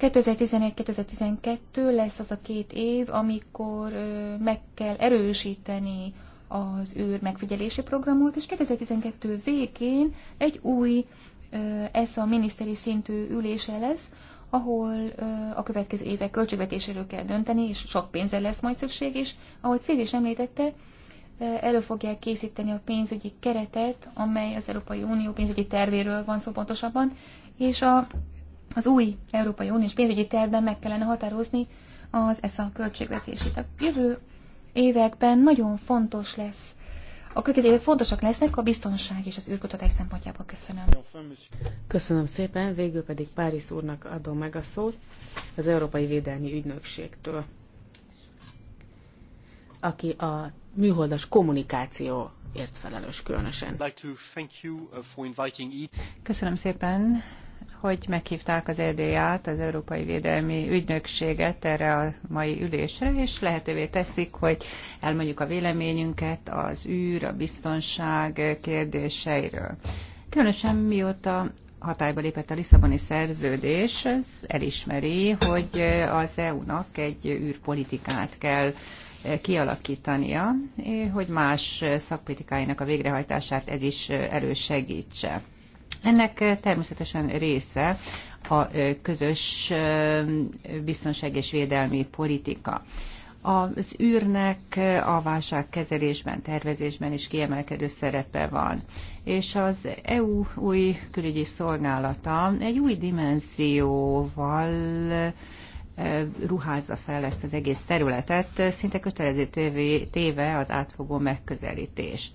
2011-2012 lesz az a két év, amikor meg kell erősíteni az űr megfigyelési programot, és 2012 végén egy új ez a miniszteri szintű ülése lesz, ahol a következő évek költségvetéséről kell dönteni, és sok pénzre lesz majd szükség, is. ahogy Szél is említette, elő fogják készíteni a pénzügyi keretet, amely az Európai Unió pénzügyi tervéről van szó pontosabban, és a, az új Európai Uniós pénzügyi tervben meg kellene határozni az ESZA költségvetését. A jövő években nagyon fontos lesz. A következő évek fontosak lesznek a biztonság és az űrkutatás szempontjából. Köszönöm. Köszönöm szépen, végül pedig Páris úrnak adom meg a szót az Európai Védelmi Ügynökségtől, aki a műholdas kommunikáció ért felelős különösen. Uh, Köszönöm szépen, hogy meghívták az EDA-t, az Európai Védelmi Ügynökséget erre a mai ülésre, és lehetővé teszik, hogy elmondjuk a véleményünket az űr, a biztonság kérdéseiről. Különösen mióta hatályba lépett a Lisszaboni szerződés, ez elismeri, hogy az EU-nak egy űrpolitikát kell kialakítania, hogy más szakpolitikáinak a végrehajtását ez is elősegítse. Ennek természetesen része a közös biztonság és védelmi politika. Az űrnek a válságkezelésben, tervezésben is kiemelkedő szerepe van, és az EU új külügyi szolgálata egy új dimenzióval ruházza fel ezt az egész területet, szinte kötelező téve az átfogó megközelítést.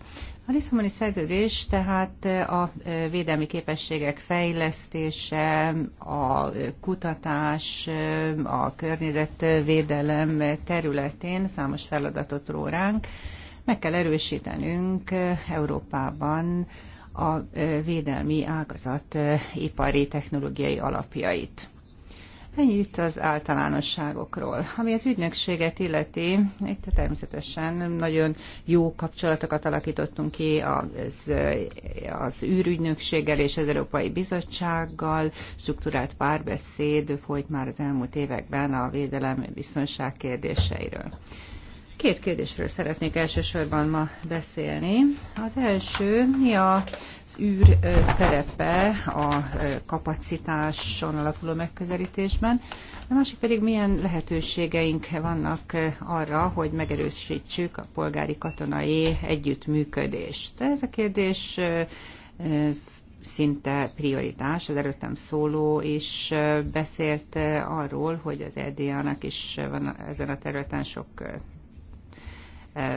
A Lisszaboni szerződés tehát eh, a eh, védelmi képességek fejlesztése, a kutatás, eh, a környezetvédelem területén számos feladatot ró ránk. Meg kell erősítenünk Európában a védelmi ágazat ipari technológiai alapjait. Ennyit az általánosságokról. Ami az ügynökséget illeti, itt természetesen nagyon jó kapcsolatokat alakítottunk ki az, az űrügynökséggel és az Európai Bizottsággal. Struktúrált párbeszéd folyt már az elmúlt években a védelem biztonság kérdéseiről. Két kérdésről szeretnék elsősorban ma beszélni. Az első, mi a űr szerepe a kapacitáson alapuló megközelítésben, a másik pedig milyen lehetőségeink vannak arra, hogy megerősítsük a polgári katonai együttműködést. Ez a kérdés szinte prioritás. Az előttem szóló is beszélt arról, hogy az EDA-nak is van ezen a területen sok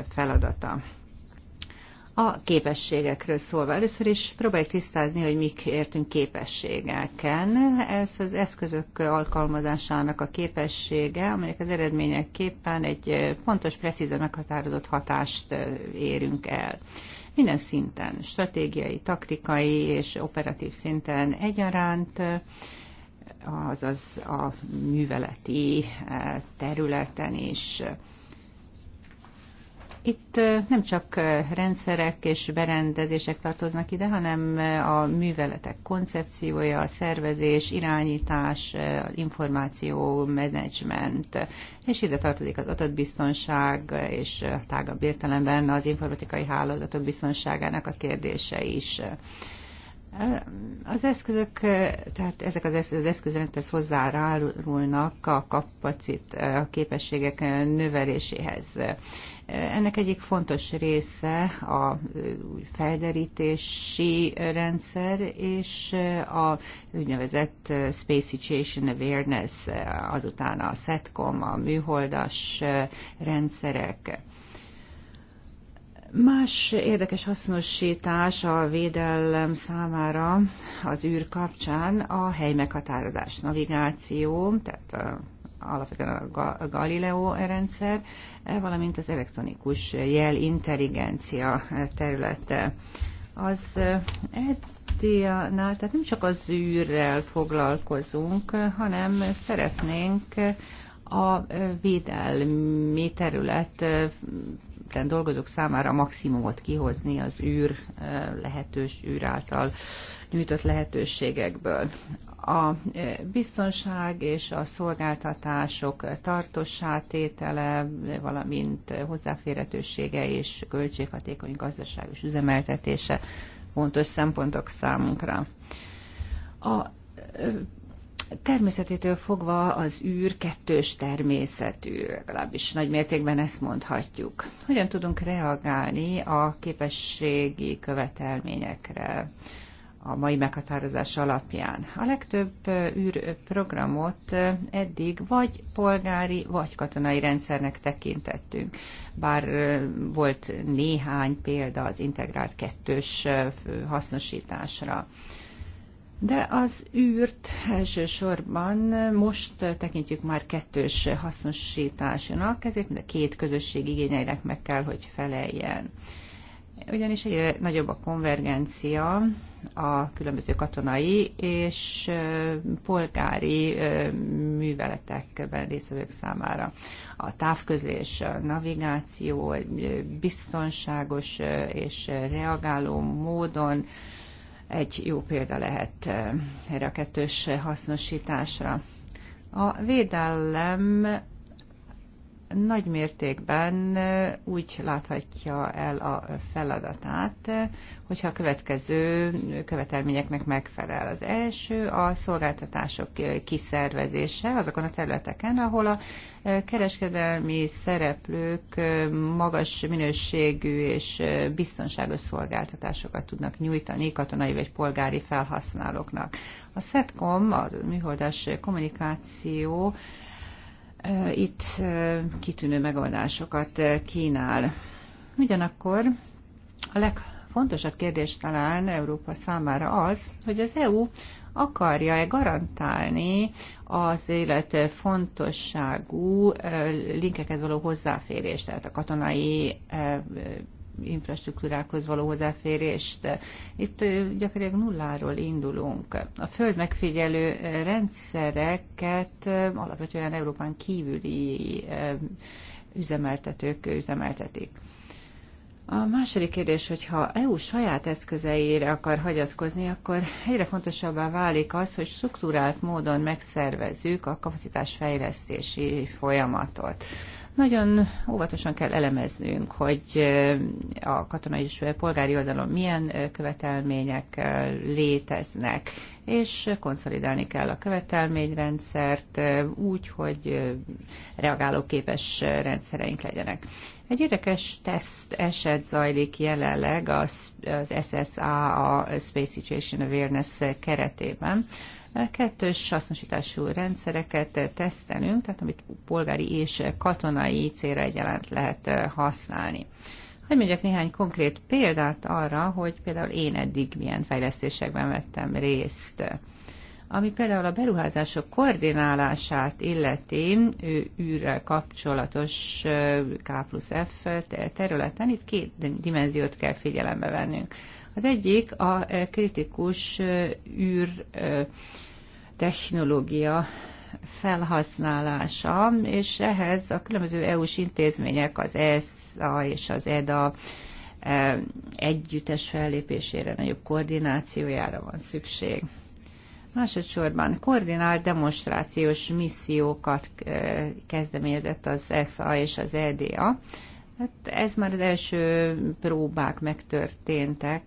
feladata. A képességekről szólva. Először is próbáljuk tisztázni, hogy mik értünk képességeken. Ez az eszközök alkalmazásának a képessége, amelyek az eredményeképpen egy pontos, precízen meghatározott hatást érünk el minden szinten, stratégiai, taktikai és operatív szinten egyaránt, azaz a műveleti területen is. Itt nem csak rendszerek és berendezések tartoznak ide, hanem a műveletek koncepciója, a szervezés, irányítás, információ, menedzsment, és ide tartozik az adatbiztonság, és tágabb értelemben az informatikai hálózatok biztonságának a kérdése is. Az eszközök, tehát ezek az, eszközök, az eszközrendhez hozzárárulnak a kapacit, a képességek növeléséhez. Ennek egyik fontos része a felderítési rendszer és a úgynevezett Space Situation Awareness, azután a SETCOM, a műholdas rendszerek. Más érdekes hasznosítás a védelem számára az űr kapcsán a hely meghatározás, navigáció, tehát a alapvetően a Galileo rendszer, eh, valamint az elektronikus jel intelligencia eh, területe. Az eh, ETIA-nál, tehát nem csak az űrrel foglalkozunk, hanem szeretnénk a védelmi terület ben dolgozók számára a maximumot kihozni az űr lehetős, űr által nyújtott lehetőségekből. A biztonság és a szolgáltatások tartossá tétele, valamint hozzáférhetősége és költséghatékony és üzemeltetése fontos szempontok számunkra. A természetétől fogva az űr kettős természetű, legalábbis nagy mértékben ezt mondhatjuk. Hogyan tudunk reagálni a képességi követelményekre? a mai meghatározás alapján. A legtöbb űrprogramot eddig vagy polgári, vagy katonai rendszernek tekintettünk. Bár volt néhány példa az integrált kettős hasznosításra. De az űrt elsősorban most tekintjük már kettős hasznosításnak, ezért mind a két közösség igényeinek meg kell, hogy feleljen. Ugyanis egyre nagyobb a konvergencia a különböző katonai és polgári műveletekben részvevők számára. A távközlés, a navigáció biztonságos és reagáló módon egy jó példa lehet eh, erre a kettős hasznosításra. A védelem nagy mértékben eh, úgy láthatja el a feladatát, eh, hogyha a következő követelményeknek megfelel. Az első a szolgáltatások eh, kiszervezése azokon a területeken, ahol a kereskedelmi szereplők magas minőségű és biztonságos szolgáltatásokat tudnak nyújtani katonai vagy polgári felhasználóknak. A SETCOM, a műholdas kommunikáció itt kitűnő megoldásokat kínál. Ugyanakkor a legfontosabb kérdés talán Európa számára az, hogy az EU akarja-e garantálni az élet fontosságú linkekhez való hozzáférést, tehát a katonai infrastruktúrákhoz való hozzáférést. Itt gyakorlatilag nulláról indulunk. A föld megfigyelő rendszereket alapvetően Európán kívüli üzemeltetők üzemeltetik. A második kérdés, hogyha EU saját eszközeire akar hagyatkozni, akkor egyre fontosabbá válik az, hogy struktúrált módon megszervezzük a kapacitásfejlesztési folyamatot. Nagyon óvatosan kell elemeznünk, hogy a katonai és polgári oldalon milyen követelmények léteznek, és konszolidálni kell a követelményrendszert úgy, hogy reagálóképes rendszereink legyenek. Egy érdekes teszt eset zajlik jelenleg az, az SSA, a Space Situation Awareness keretében, kettős hasznosítású rendszereket tesztelünk, tehát amit polgári és katonai célra egyaránt lehet használni. Hogy mondjak néhány konkrét példát arra, hogy például én eddig milyen fejlesztésekben vettem részt. Ami például a beruházások koordinálását illeti, ő űrrel kapcsolatos K plusz F területen, itt két dimenziót kell figyelembe vennünk. Az egyik a e, kritikus e, űr e, technológia felhasználása, és ehhez a különböző EU-s intézmények, az ESA és az EDA együttes fellépésére, nagyobb koordinációjára van szükség. Másodszorban koordinált demonstrációs missziókat kezdeményezett az ESA és az EDA, Hát ez már az első próbák megtörténtek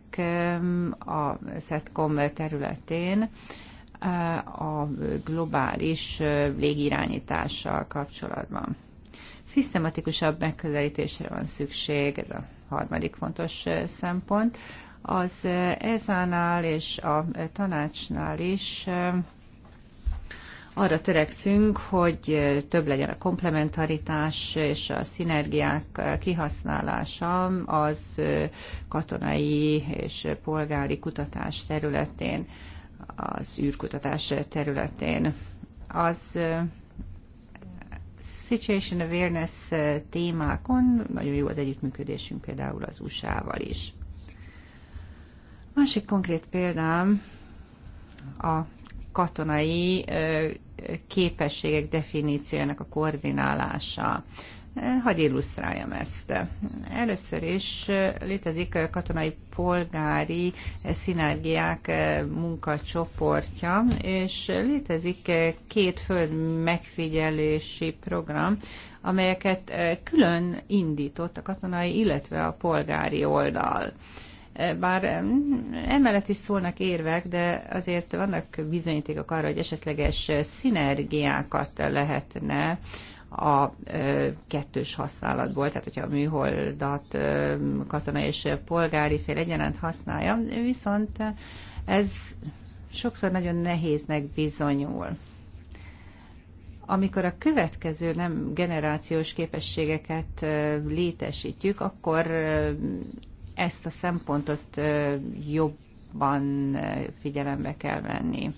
a SETCOM területén eh, a globális eh, légirányítással kapcsolatban. Szisztematikusabb megközelítésre van szükség, ez a harmadik fontos eh, szempont. Az ESA-nál és a tanácsnál is arra törekszünk, hogy több legyen a komplementaritás és a szinergiák kihasználása az katonai és polgári kutatás területén, az űrkutatás területén. Az Situation Awareness témákon nagyon jó az együttműködésünk például az USA-val is. Másik konkrét példám a katonai képességek definíciójának a koordinálása. Hadd illusztráljam ezt. Először is létezik katonai polgári szinergiák munkacsoportja, és létezik két föld megfigyelési program, amelyeket külön indított a katonai, illetve a polgári oldal bár emellett is szólnak érvek, de azért vannak bizonyítékok arra, hogy esetleges szinergiákat lehetne a kettős használatból, tehát hogyha a műholdat katonai és polgári fél egyaránt használja, viszont ez sokszor nagyon nehéznek bizonyul. Amikor a következő nem generációs képességeket létesítjük, akkor ezt a szempontot jobban figyelembe kell venni.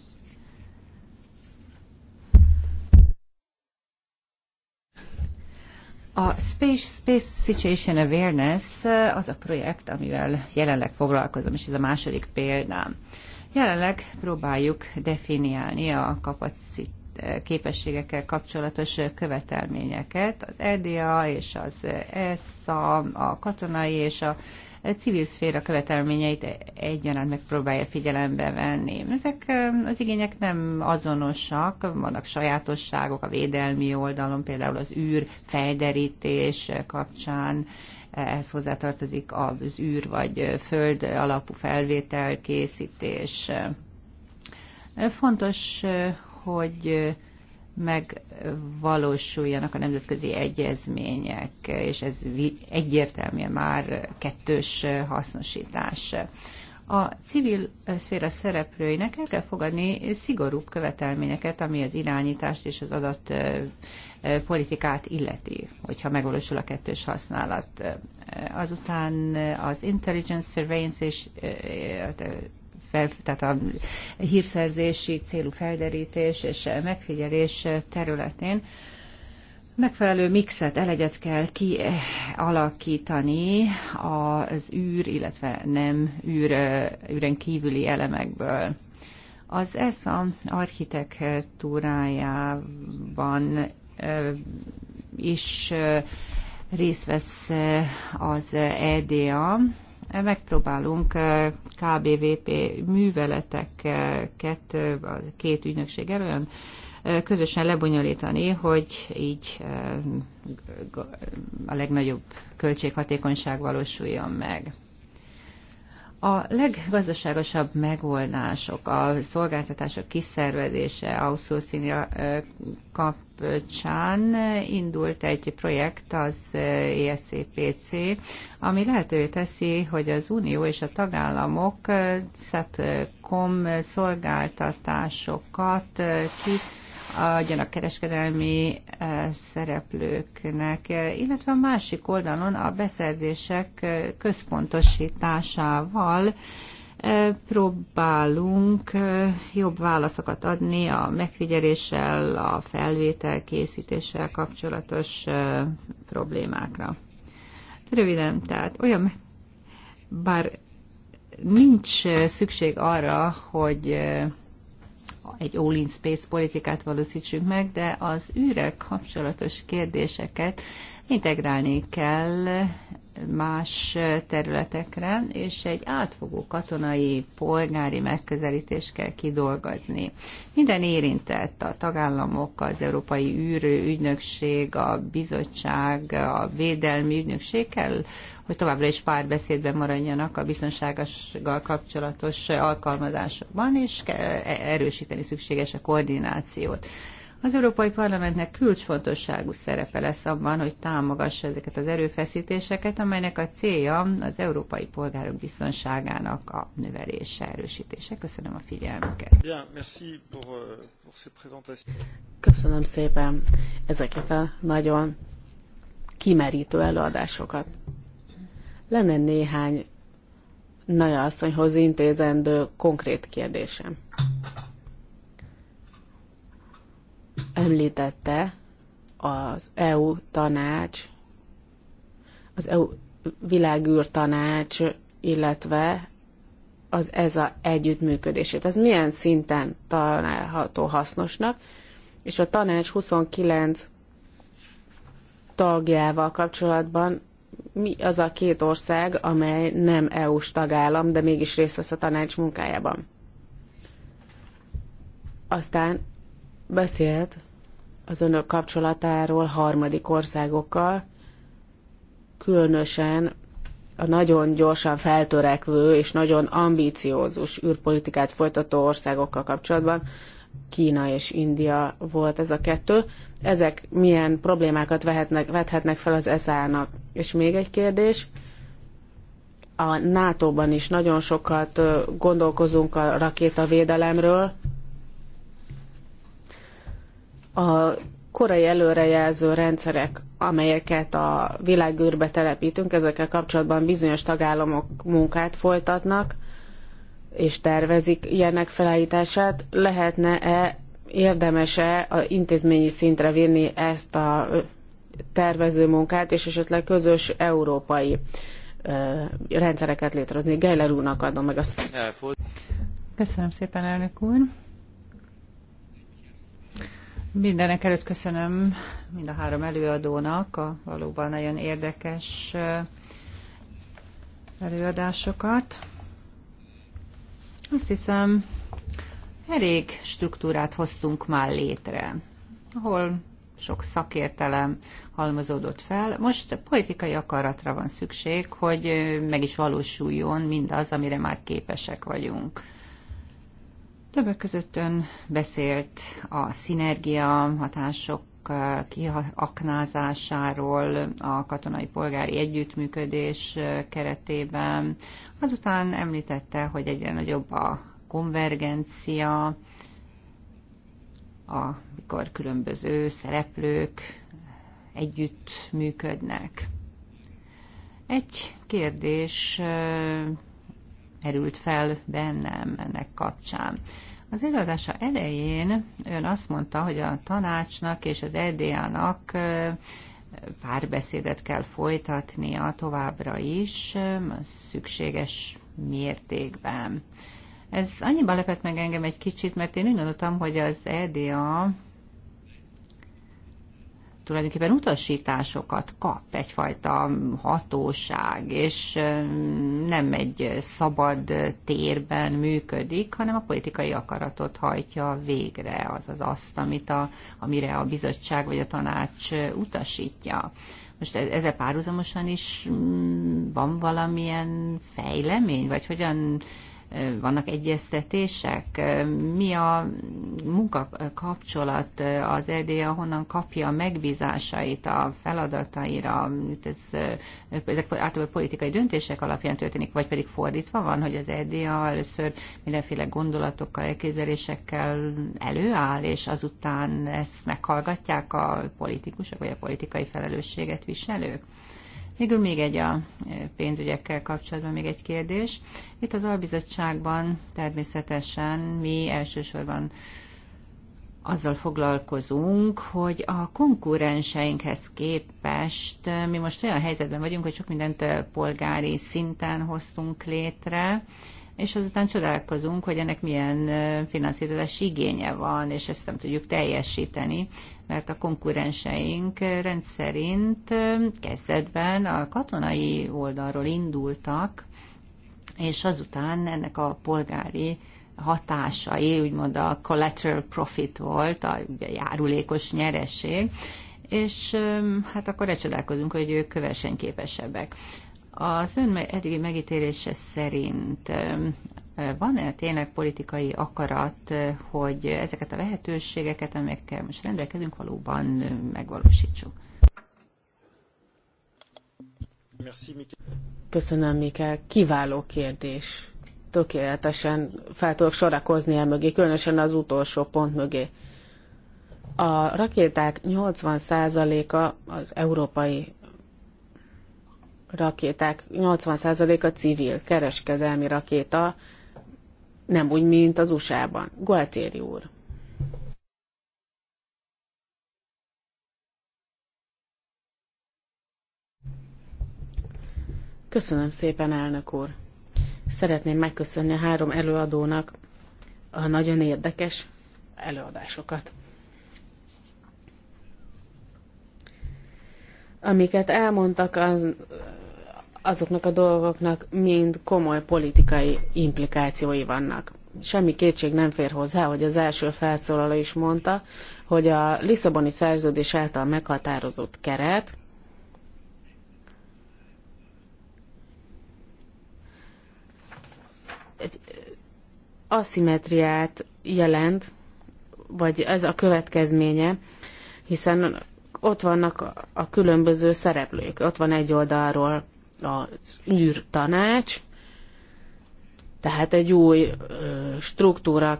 A Space, Space Situation Awareness az a projekt, amivel jelenleg foglalkozom, és ez a második példám. Jelenleg próbáljuk definiálni a kapacit képességekkel kapcsolatos követelményeket, az EDA és az ESA, a katonai és a civil szféra követelményeit egyaránt megpróbálja figyelembe venni. Ezek az igények nem azonosak, vannak sajátosságok a védelmi oldalon, például az űr felderítés kapcsán, ehhez hozzátartozik az űr vagy föld alapú felvételkészítés. Fontos, hogy megvalósuljanak a nemzetközi egyezmények, és ez egyértelműen már kettős hasznosítás. A civil szféra szereplőinek el kell fogadni szigorúbb követelményeket, ami az irányítást és az adat politikát illeti, hogyha megvalósul a kettős használat. Azután az intelligence surveillance és fel, tehát a hírszerzési célú felderítés és megfigyelés területén megfelelő mixet, elegyet kell kialakítani az űr, illetve nem űr, űren kívüli elemekből. Az ESA architektúrájában is részt vesz az EDA, megpróbálunk eh, KBVP műveleteket eh, a két ügynökség olyan eh, közösen lebonyolítani, hogy így a legnagyobb költséghatékonyság valósuljon meg. A leggazdaságosabb megoldások, a szolgáltatások kiszervezése outsourcing kapcsán indult egy projekt az ESCPC, ami lehetővé teszi, hogy az Unió és a tagállamok SATCOM szolgáltatásokat ki a kereskedelmi eh, szereplőknek, eh, illetve a másik oldalon a beszerzések eh, központosításával próbálunk jobb válaszokat adni a megfigyeléssel, a felvétel készítéssel kapcsolatos problémákra. Röviden, tehát olyan, bár nincs szükség arra, hogy egy all-in space politikát valószítsünk meg, de az űrrel kapcsolatos kérdéseket integrálni kell más területekre, és egy átfogó katonai, polgári megközelítést kell kidolgozni. Minden érintett, a tagállamok, az Európai űrő ügynökség, a bizottság, a védelmi ügynökség kell, hogy továbbra is párbeszédben maradjanak a biztonságosgal kapcsolatos alkalmazásokban, és kell erősíteni szükséges a koordinációt. Az Európai Parlamentnek kulcsfontosságú szerepe lesz abban, hogy támogassa ezeket az erőfeszítéseket, amelynek a célja az európai polgárok biztonságának a növelése, erősítése. Köszönöm a figyelmüket. Euh, Köszönöm szépen ezeket a nagyon kimerítő előadásokat. Lenne néhány nagyasszonyhoz intézendő konkrét kérdésem említette az EU tanács, az EU világűr tanács, illetve az ez a együttműködését. Ez milyen szinten található hasznosnak, és a tanács 29 tagjával kapcsolatban mi az a két ország, amely nem EU-s tagállam, de mégis részt vesz a tanács munkájában. Aztán beszélt az önök kapcsolatáról harmadik országokkal, különösen a nagyon gyorsan feltörekvő és nagyon ambíciózus űrpolitikát folytató országokkal kapcsolatban, Kína és India volt ez a kettő. Ezek milyen problémákat vehetnek, vethetnek fel az ESA-nak? És még egy kérdés, a NATO-ban is nagyon sokat gondolkozunk a rakétavédelemről, a korai előrejelző rendszerek, amelyeket a világűrbe telepítünk, ezekkel kapcsolatban bizonyos tagállamok munkát folytatnak, és tervezik ilyenek felállítását. Lehetne-e, érdemes-e a intézményi szintre vinni ezt a tervező munkát, és esetleg közös európai rendszereket létrehozni. Geiler úrnak adom meg azt. Köszönöm szépen, elnök úr. Mindenek előtt köszönöm mind a három előadónak a valóban nagyon érdekes eh, előadásokat. Azt hiszem, elég struktúrát hoztunk már létre, ahol sok szakértelem halmozódott fel. Most politikai akaratra van szükség, hogy eh, meg is valósuljon mindaz, amire már képesek vagyunk. Többek között ön beszélt a szinergia hatások eh, kiaknázásáról a katonai polgári együttműködés eh, keretében. Azután említette, hogy egyre nagyobb a konvergencia, amikor különböző szereplők együtt működnek. Egy kérdés eh, merült fel bennem ennek kapcsán. Az előadása elején ön azt mondta, hogy a tanácsnak és az EDA-nak párbeszédet kell folytatnia továbbra is a szükséges mértékben. Ez annyiban lepett meg engem egy kicsit, mert én úgy gondoltam, hogy az EDA tulajdonképpen utasításokat kap egyfajta hatóság, és nem egy szabad térben működik, hanem a politikai akaratot hajtja végre, azaz azt, amit a, amire a bizottság vagy a tanács utasítja. Most e-, ezzel párhuzamosan is mm, van valamilyen fejlemény, vagy hogyan vannak egyeztetések? Mi a munkakapcsolat az EDA, honnan kapja a megbízásait, a feladataira? ez, ezek általában politikai döntések alapján történik, vagy pedig fordítva van, hogy az EDA először mindenféle gondolatokkal, elképzelésekkel előáll, és azután ezt meghallgatják a politikusok, vagy a politikai felelősséget viselők? Végül még egy a pénzügyekkel kapcsolatban még egy kérdés. Itt az albizottságban természetesen mi elsősorban azzal foglalkozunk, hogy a konkurenseinkhez képest mi most olyan helyzetben vagyunk, hogy sok mindent polgári szinten hoztunk létre, és azután csodálkozunk, hogy ennek milyen finanszírozási igénye van, és ezt nem tudjuk teljesíteni, mert a konkurenseink rendszerint kezdetben a katonai oldalról indultak, és azután ennek a polgári hatásai, úgymond a collateral profit volt, a járulékos nyeresség, és hát akkor ne csodálkozunk, hogy ők versenyképesebbek. Az ön eddigi megítélése szerint van-e tényleg politikai akarat, hogy ezeket a lehetőségeket, amelyekkel most rendelkezünk, valóban megvalósítsuk? Köszönöm, Mikkel. Kiváló kérdés. Tökéletesen fel tudok sorakozni el mögé, különösen az utolsó pont mögé. A rakéták 80%-a az európai rakéták 80%-a civil, kereskedelmi rakéta, nem úgy, mint az USA-ban. Gualtéri úr. Köszönöm szépen, elnök úr. Szeretném megköszönni a három előadónak a nagyon érdekes előadásokat. Amiket elmondtak, az azoknak a dolgoknak mind komoly politikai implikációi vannak. Semmi kétség nem fér hozzá, hogy az első felszólaló is mondta, hogy a Lisszaboni szerződés által meghatározott keret, egy aszimetriát jelent, vagy ez a következménye, hiszen ott vannak a különböző szereplők. Ott van egy oldalról az űr tanács, tehát egy új struktúra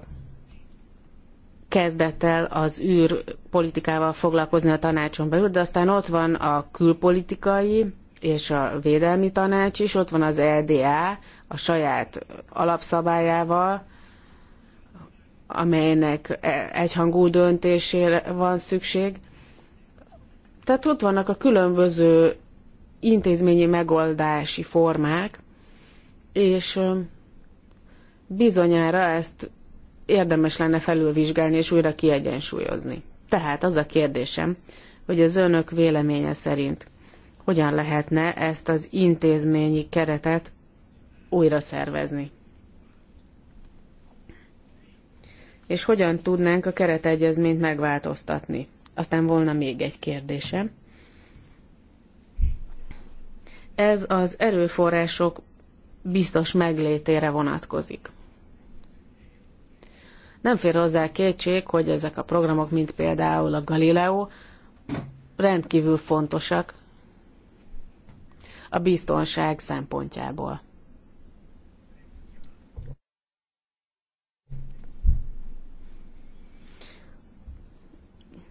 kezdett el az űrpolitikával foglalkozni a tanácson belül, de aztán ott van a külpolitikai és a védelmi tanács is, ott van az LDA a saját alapszabályával, amelynek e, egyhangú döntésére van szükség. Tehát ott vannak a különböző intézményi megoldási formák, és bizonyára ezt érdemes lenne felülvizsgálni és újra kiegyensúlyozni. Tehát az a kérdésem, hogy az önök véleménye szerint hogyan lehetne ezt az intézményi keretet újra szervezni. És hogyan tudnánk a keretegyezményt megváltoztatni? Aztán volna még egy kérdésem. Ez az erőforrások biztos meglétére vonatkozik. Nem fér hozzá kétség, hogy ezek a programok, mint például a Galileo, rendkívül fontosak a biztonság szempontjából.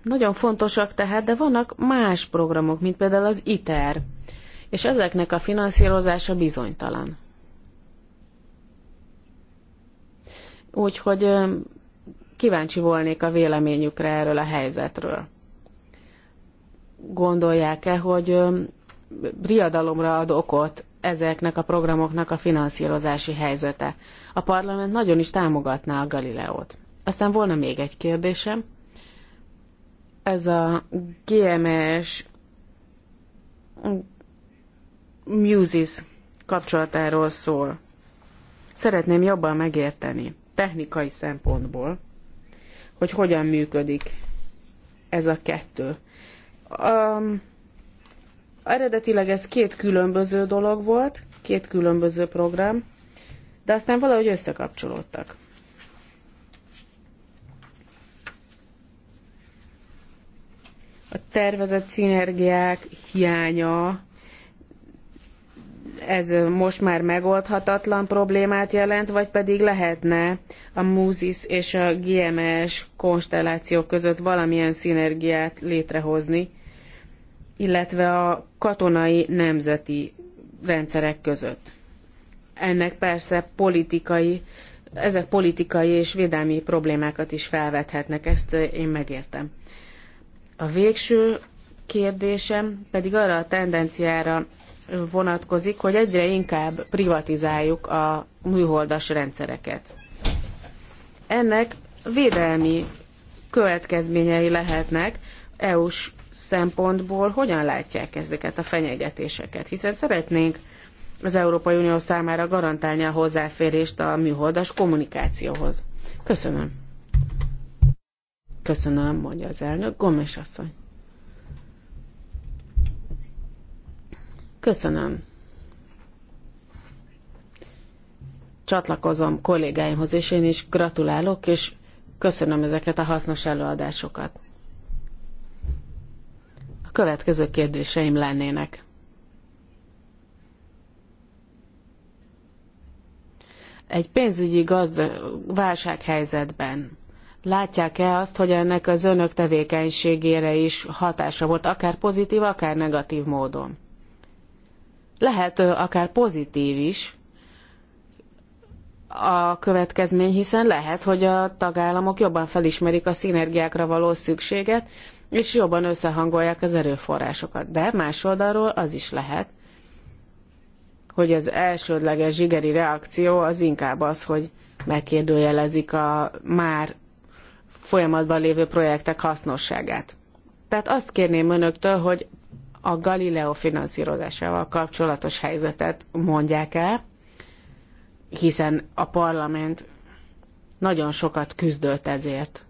Nagyon fontosak tehát, de vannak más programok, mint például az ITER és ezeknek a finanszírozása bizonytalan. Úgyhogy kíváncsi volnék a véleményükre erről a helyzetről. Gondolják-e, hogy riadalomra ad okot ezeknek a programoknak a finanszírozási helyzete? A parlament nagyon is támogatná a Galileót. Aztán volna még egy kérdésem. Ez a GMS Muses kapcsolatáról szól. Szeretném jobban megérteni technikai szempontból, hogy hogyan működik ez a kettő. Um, eredetileg ez két különböző dolog volt, két különböző program, de aztán valahogy összekapcsolódtak. A tervezett szinergiák hiánya ez most már megoldhatatlan problémát jelent, vagy pedig lehetne a MUSIS és a GMS konstelláció között valamilyen szinergiát létrehozni, illetve a katonai nemzeti rendszerek között. Ennek persze politikai, ezek politikai és védelmi problémákat is felvethetnek, ezt én megértem. A végső kérdésem pedig arra a tendenciára vonatkozik, hogy egyre inkább privatizáljuk a műholdas rendszereket. Ennek védelmi következményei lehetnek EU-s szempontból, hogyan látják ezeket a fenyegetéseket, hiszen szeretnénk az Európai Unió számára garantálni a hozzáférést a műholdas kommunikációhoz. Köszönöm. Köszönöm, mondja az elnök. Gomes asszony. Köszönöm. Csatlakozom kollégáimhoz, és én is gratulálok, és köszönöm ezeket a hasznos előadásokat. A következő kérdéseim lennének. Egy pénzügyi gazda válsághelyzetben látják-e azt, hogy ennek az önök tevékenységére is hatása volt, akár pozitív, akár negatív módon? lehet akár pozitív is a következmény, hiszen lehet, hogy a tagállamok jobban felismerik a szinergiákra való szükséget, és jobban összehangolják az erőforrásokat. De más oldalról az is lehet, hogy az elsődleges zsigeri reakció az inkább az, hogy megkérdőjelezik a már folyamatban lévő projektek hasznosságát. Tehát azt kérném önöktől, hogy a Galileo finanszírozásával kapcsolatos helyzetet mondják el, hiszen a parlament nagyon sokat küzdött ezért,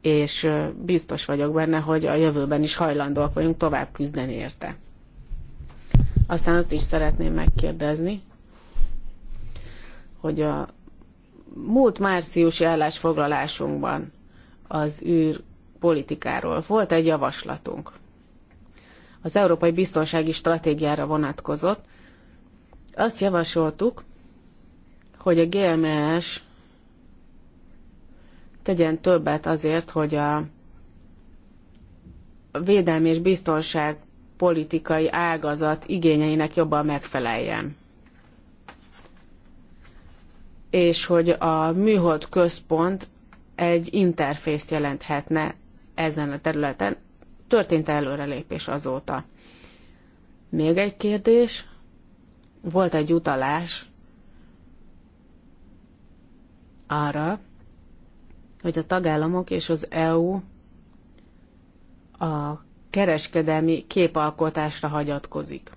és biztos vagyok benne, hogy a jövőben is hajlandóak vagyunk tovább küzdeni érte. Aztán azt is szeretném megkérdezni, hogy a múlt márciusi állásfoglalásunkban az űr politikáról volt egy javaslatunk az Európai Biztonsági Stratégiára vonatkozott. Azt javasoltuk, hogy a GMS tegyen többet azért, hogy a védelmi és biztonság politikai ágazat igényeinek jobban megfeleljen. És hogy a műhold központ egy interfészt jelenthetne ezen a területen, történt előrelépés azóta. Még egy kérdés. Volt egy utalás arra, hogy a tagállamok és az EU a kereskedelmi képalkotásra hagyatkozik.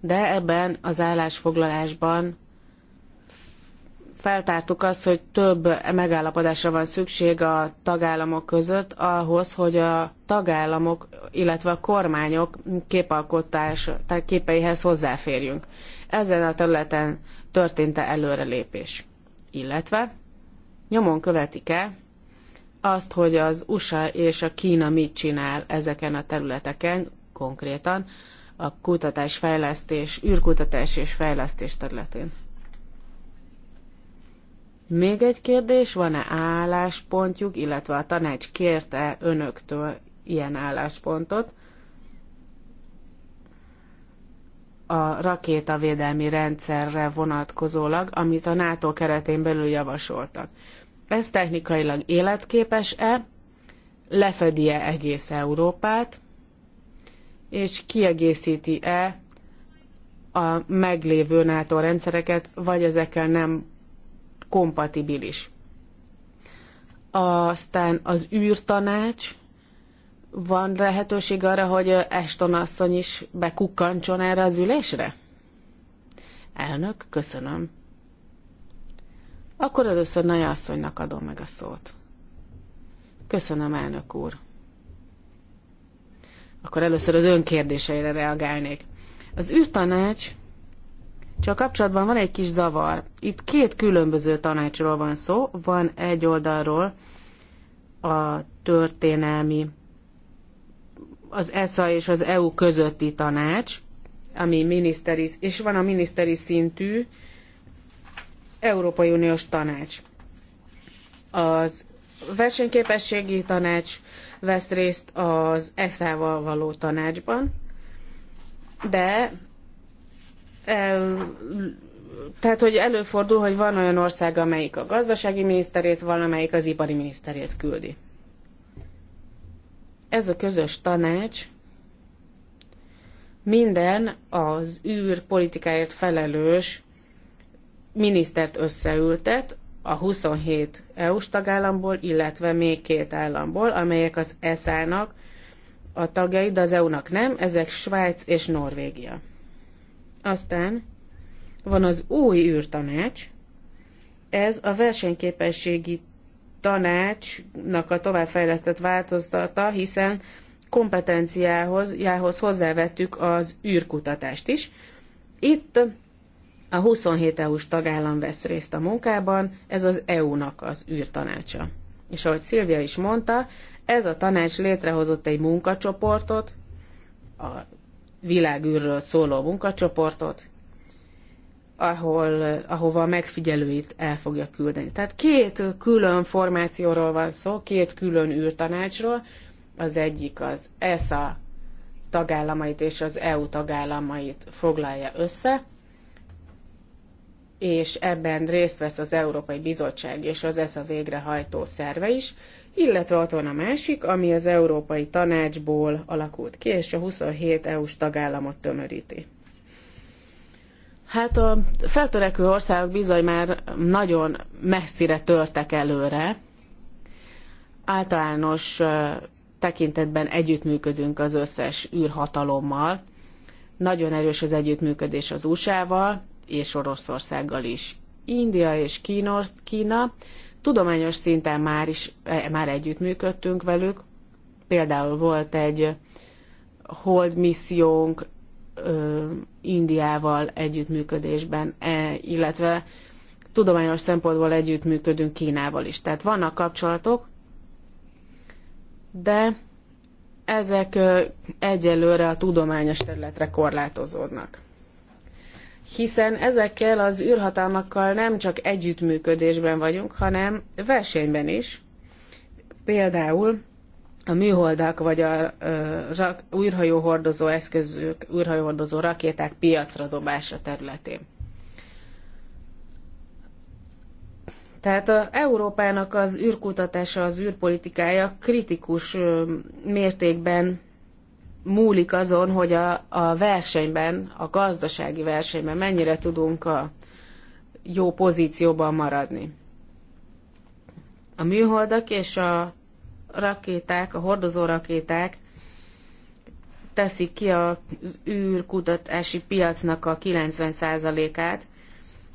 De ebben az állásfoglalásban feltártuk azt, hogy több megállapodásra van szükség a tagállamok között ahhoz, hogy a tagállamok, illetve a kormányok képalkotás, tehát képeihez hozzáférjünk. Ezen a területen történt-e előrelépés? Illetve nyomon követik-e azt, hogy az USA és a Kína mit csinál ezeken a területeken konkrétan, a kutatás, fejlesztés, űrkutatás és fejlesztés területén. Még egy kérdés, van-e álláspontjuk, illetve a tanács kérte önöktől ilyen álláspontot? a rakétavédelmi rendszerre vonatkozólag, amit a NATO keretén belül javasoltak. Ez technikailag életképes-e, lefedi-e egész Európát, és kiegészíti-e a meglévő NATO rendszereket, vagy ezekkel nem kompatibilis. Aztán az űrtanács, van lehetőség arra, hogy Eston asszony is bekukkancson erre az ülésre? Elnök, köszönöm. Akkor először Nagy asszonynak adom meg a szót. Köszönöm, elnök úr. Akkor először az önkérdéseire reagálnék. Az űrtanács csak kapcsolatban van egy kis zavar. Itt két különböző tanácsról van szó. Van egy oldalról a történelmi, az ESA és az EU közötti tanács, ami miniszteri, és van a miniszteri szintű Európai Uniós tanács. Az versenyképességi tanács vesz részt az esa val való tanácsban, de tehát, hogy előfordul, hogy van olyan ország, amelyik a gazdasági miniszterét, van, amelyik az ipari miniszterét küldi. Ez a közös tanács minden az politikáért felelős minisztert összeültet, a 27 EU-s tagállamból, illetve még két államból, amelyek az ESA-nak a tagjai, de az EU-nak nem, ezek Svájc és Norvégia. Aztán van az új űrtanács, ez a versenyképességi tanácsnak a továbbfejlesztett változata, hiszen kompetenciához jához hozzávettük az űrkutatást is. Itt a 27 EU-s tagállam vesz részt a munkában, ez az EU-nak az űrtanácsa. És ahogy Szilvia is mondta, ez a tanács létrehozott egy munkacsoportot, a világűrről szóló munkacsoportot, ahol, ahova a megfigyelőit el fogja küldeni. Tehát két külön formációról van szó, két külön űrtanácsról. Az egyik az ESA tagállamait és az EU tagállamait foglalja össze, és ebben részt vesz az Európai Bizottság és az ESA végrehajtó szerve is, illetve ott van a másik, ami az Európai Tanácsból alakult ki, és a 27 EU-s tagállamot tömöríti. Hát a feltörekvő országok bizony már nagyon messzire törtek előre. Általános tekintetben együttműködünk az összes űrhatalommal. Nagyon erős az együttműködés az USA-val és Oroszországgal is. India és Kína, Kína Tudományos szinten már is e, már együttműködtünk velük. Például volt egy hold missziónk ö, Indiával együttműködésben, e, illetve tudományos szempontból együttműködünk Kínával is. Tehát vannak kapcsolatok, de ezek egyelőre a tudományos területre korlátozódnak hiszen ezekkel az űrhatalmakkal nem csak együttműködésben vagyunk, hanem versenyben is. Például a műholdak vagy a rak, űrhajóhordozó eszközök, űrhajóhordozó rakéták piacra dobása területén. Tehát a Európának az űrkutatása, az űrpolitikája kritikus mértékben múlik azon, hogy a, a versenyben, a gazdasági versenyben mennyire tudunk a jó pozícióban maradni. A műholdak és a rakéták, a hordozó rakéták teszik ki az űrkutatási piacnak a 90%-át,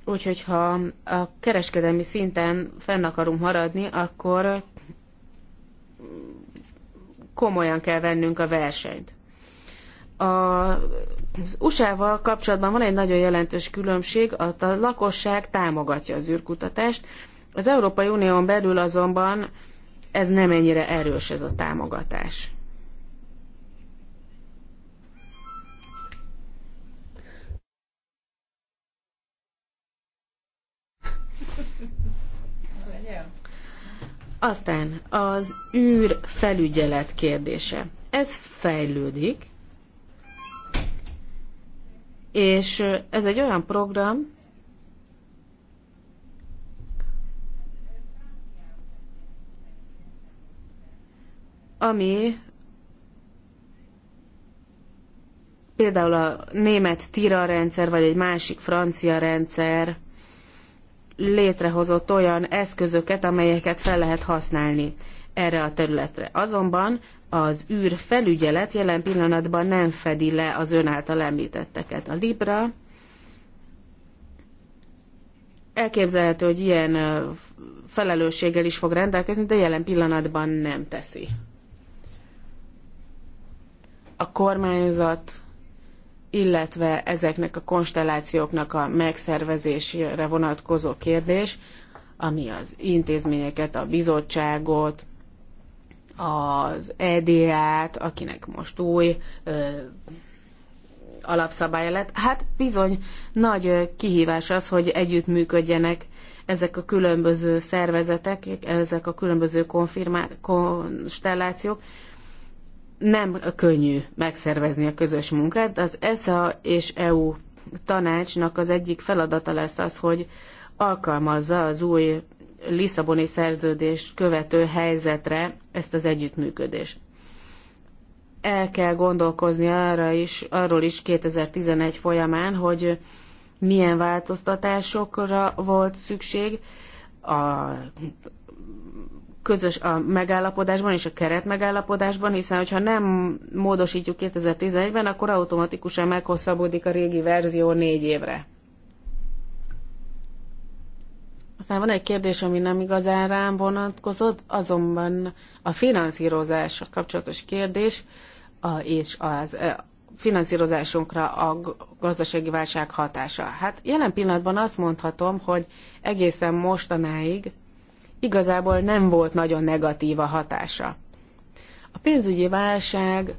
úgyhogy ha a kereskedelmi szinten fenn akarunk maradni, akkor komolyan kell vennünk a versenyt az USA-val kapcsolatban van egy nagyon jelentős különbség, a lakosság támogatja az űrkutatást, az Európai Unión belül azonban ez nem ennyire erős ez a támogatás. Aztán az űrfelügyelet kérdése. Ez fejlődik, és ez egy olyan program, ami például a német tira rendszer, vagy egy másik francia rendszer létrehozott olyan eszközöket, amelyeket fel lehet használni erre a területre. Azonban az űrfelügyelet felügyelet jelen pillanatban nem fedi le az ön által említetteket. A Libra elképzelhető, hogy ilyen felelősséggel is fog rendelkezni, de jelen pillanatban nem teszi. A kormányzat, illetve ezeknek a konstellációknak a megszervezésére vonatkozó kérdés, ami az intézményeket, a bizottságot, az EDA-t, akinek most új ö, alapszabálya lett. Hát bizony nagy kihívás az, hogy együttműködjenek ezek a különböző szervezetek, ezek a különböző konstellációk. Nem könnyű megszervezni a közös munkát. Az ESA és EU tanácsnak az egyik feladata lesz az, hogy alkalmazza az új Lisszaboni szerződést követő helyzetre ezt az együttműködést. El kell gondolkozni arra is, arról is 2011 folyamán, hogy milyen változtatásokra volt szükség a közös a megállapodásban és a keret megállapodásban, hiszen hogyha nem módosítjuk 2011-ben, akkor automatikusan meghosszabbodik a régi verzió négy évre. Aztán van egy kérdés, ami nem igazán rám vonatkozott, azonban a finanszírozásra kapcsolatos kérdés, a, és az a e, finanszírozásunkra a gazdasági válság hatása. Hát jelen pillanatban azt mondhatom, hogy egészen mostanáig igazából nem volt nagyon negatív a hatása. A pénzügyi válság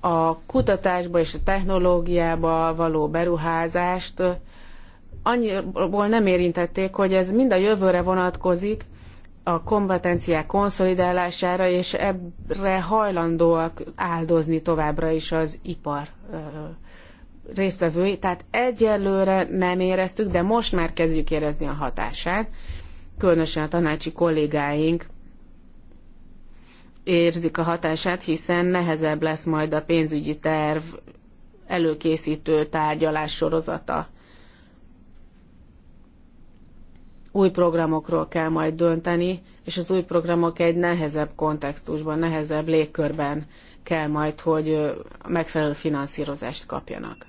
a kutatásba és a technológiába való beruházást annyiból nem érintették, hogy ez mind a jövőre vonatkozik, a kompetenciák konszolidálására, és ebbre hajlandóak áldozni továbbra is az ipar résztvevői. Tehát egyelőre nem éreztük, de most már kezdjük érezni a hatását. Különösen a tanácsi kollégáink érzik a hatását, hiszen nehezebb lesz majd a pénzügyi terv előkészítő tárgyalás sorozata új programokról kell majd dönteni, és az új programok egy nehezebb kontextusban, nehezebb légkörben kell majd, hogy megfelelő finanszírozást kapjanak.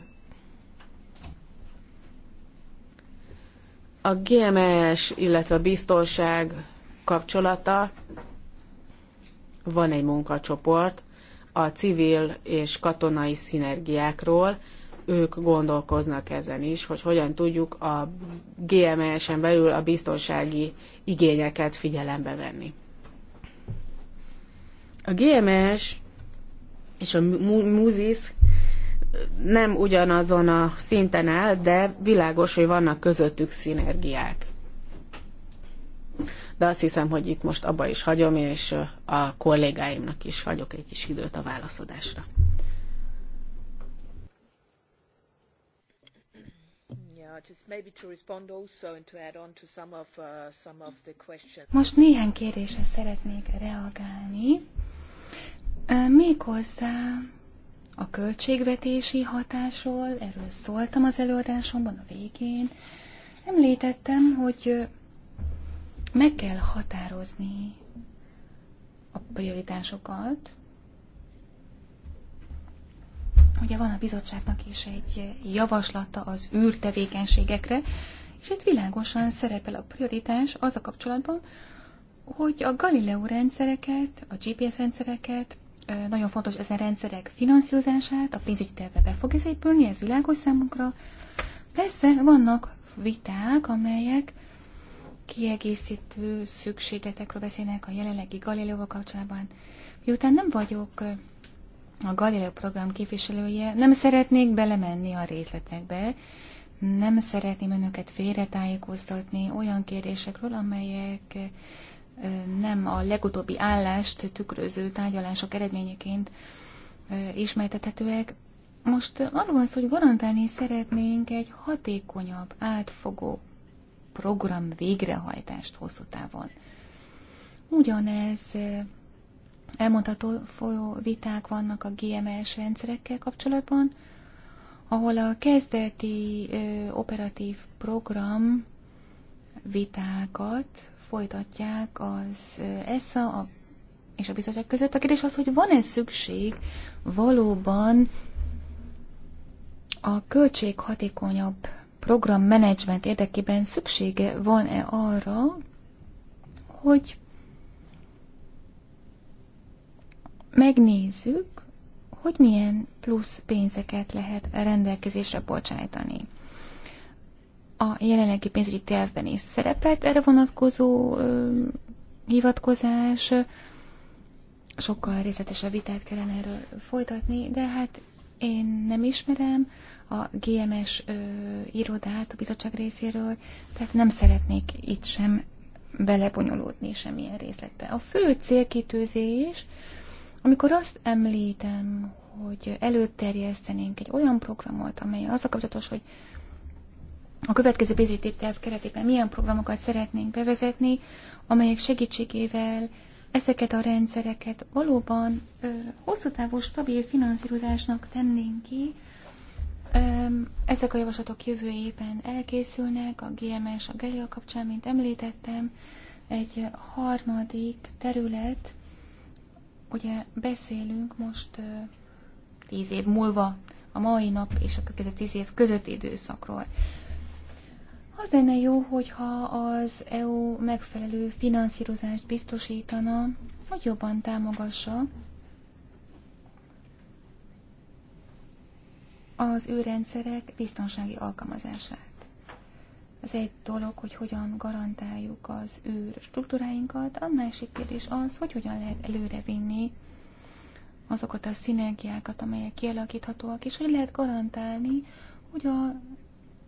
A GMS, e illetve a biztonság kapcsolata van egy munkacsoport a civil és katonai szinergiákról, ők gondolkoznak ezen is, hogy hogyan tudjuk a GMS-en e belül a biztonsági igényeket figyelembe venni. A GMS e és a muzis nem ugyanazon a szinten áll, de világos, hogy vannak közöttük szinergiák. De azt hiszem, hogy itt most abba is hagyom, és a kollégáimnak is hagyok egy kis időt a válaszadásra. Most néhány kérdésre szeretnék reagálni, méghozzá a költségvetési hatásról, erről szóltam az előadásomban a végén. Említettem, hogy meg kell határozni a prioritásokat, Ugye van a bizottságnak is egy javaslata az űrtevékenységekre, és itt világosan szerepel a prioritás az a kapcsolatban, hogy a Galileo rendszereket, a GPS rendszereket, nagyon fontos ezen rendszerek finanszírozását, a pénzügyi terve be fog ez épülni, ez világos számunkra. Persze vannak viták, amelyek kiegészítő szükségletekről beszélnek a jelenlegi Galileóval kapcsolatban. Miután nem vagyok a Galileo program képviselője, nem szeretnék belemenni a részletekbe, nem szeretném önöket félretájékoztatni olyan kérdésekről, amelyek nem a legutóbbi állást tükröző tárgyalások eredményeként ismertethetőek. Most arról van szó, hogy garantálni szeretnénk egy hatékonyabb, átfogó program végrehajtást hosszú távon. Ugyanez elmondható folyó viták vannak a GMS rendszerekkel kapcsolatban, ahol a kezdeti ö, operatív program vitákat folytatják az ESSA a, és a bizottság között. A kérdés az, hogy van-e szükség valóban a költséghatékonyabb programmenedzsment érdekében szüksége van-e arra, hogy megnézzük, hogy milyen plusz pénzeket lehet rendelkezésre bocsájtani. A jelenlegi pénzügyi tervben is szerepelt erre vonatkozó ö, hivatkozás. Sokkal részletesebb vitát kellene erről folytatni, de hát én nem ismerem a GMS ö, irodát a bizottság részéről, tehát nem szeretnék itt sem belebonyolódni semmilyen részletbe. A fő célkitűzés, amikor azt említem, hogy előterjesztenénk egy olyan programot, amely az a kapcsolatos, hogy a következő pénzügyi terv keretében milyen programokat szeretnénk bevezetni, amelyek segítségével ezeket a rendszereket valóban ö, hosszú távú stabil finanszírozásnak tennénk ki. Ö, ezek a javaslatok jövő évben elkészülnek, a GMS, a Geria kapcsán, mint említettem, egy harmadik terület, Ugye beszélünk most tíz év múlva, a mai nap és a következő tíz év közötti időszakról. Az lenne jó, hogyha az EU megfelelő finanszírozást biztosítana, hogy jobban támogassa az rendszerek biztonsági alkalmazását. Ez egy dolog, hogy hogyan garantáljuk az ő struktúráinkat, a másik kérdés az, hogy hogyan lehet előrevinni azokat a szinergiákat, amelyek kialakíthatóak, és hogy lehet garantálni, hogy a,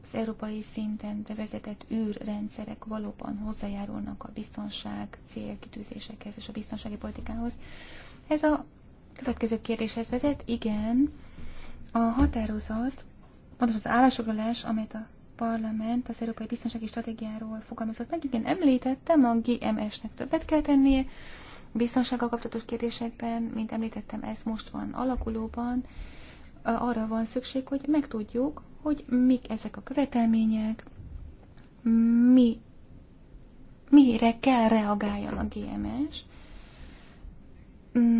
az európai szinten bevezetett űrrendszerek valóban hozzájárulnak a biztonság célkitűzésekhez és a biztonsági politikához. Ez a következő kérdéshez vezet. Igen, a határozat, pontosan az állásfoglalás, amelyet a Parlament az Európai Biztonsági Stratégiáról fogalmazott meg. Igen, említettem, a GMS-nek többet kell tennie. Biztonsággal kapcsolatos kérdésekben, mint említettem, ez most van alakulóban. Arra van szükség, hogy megtudjuk, hogy mik ezek a követelmények, mi, mire kell reagáljon a GMS.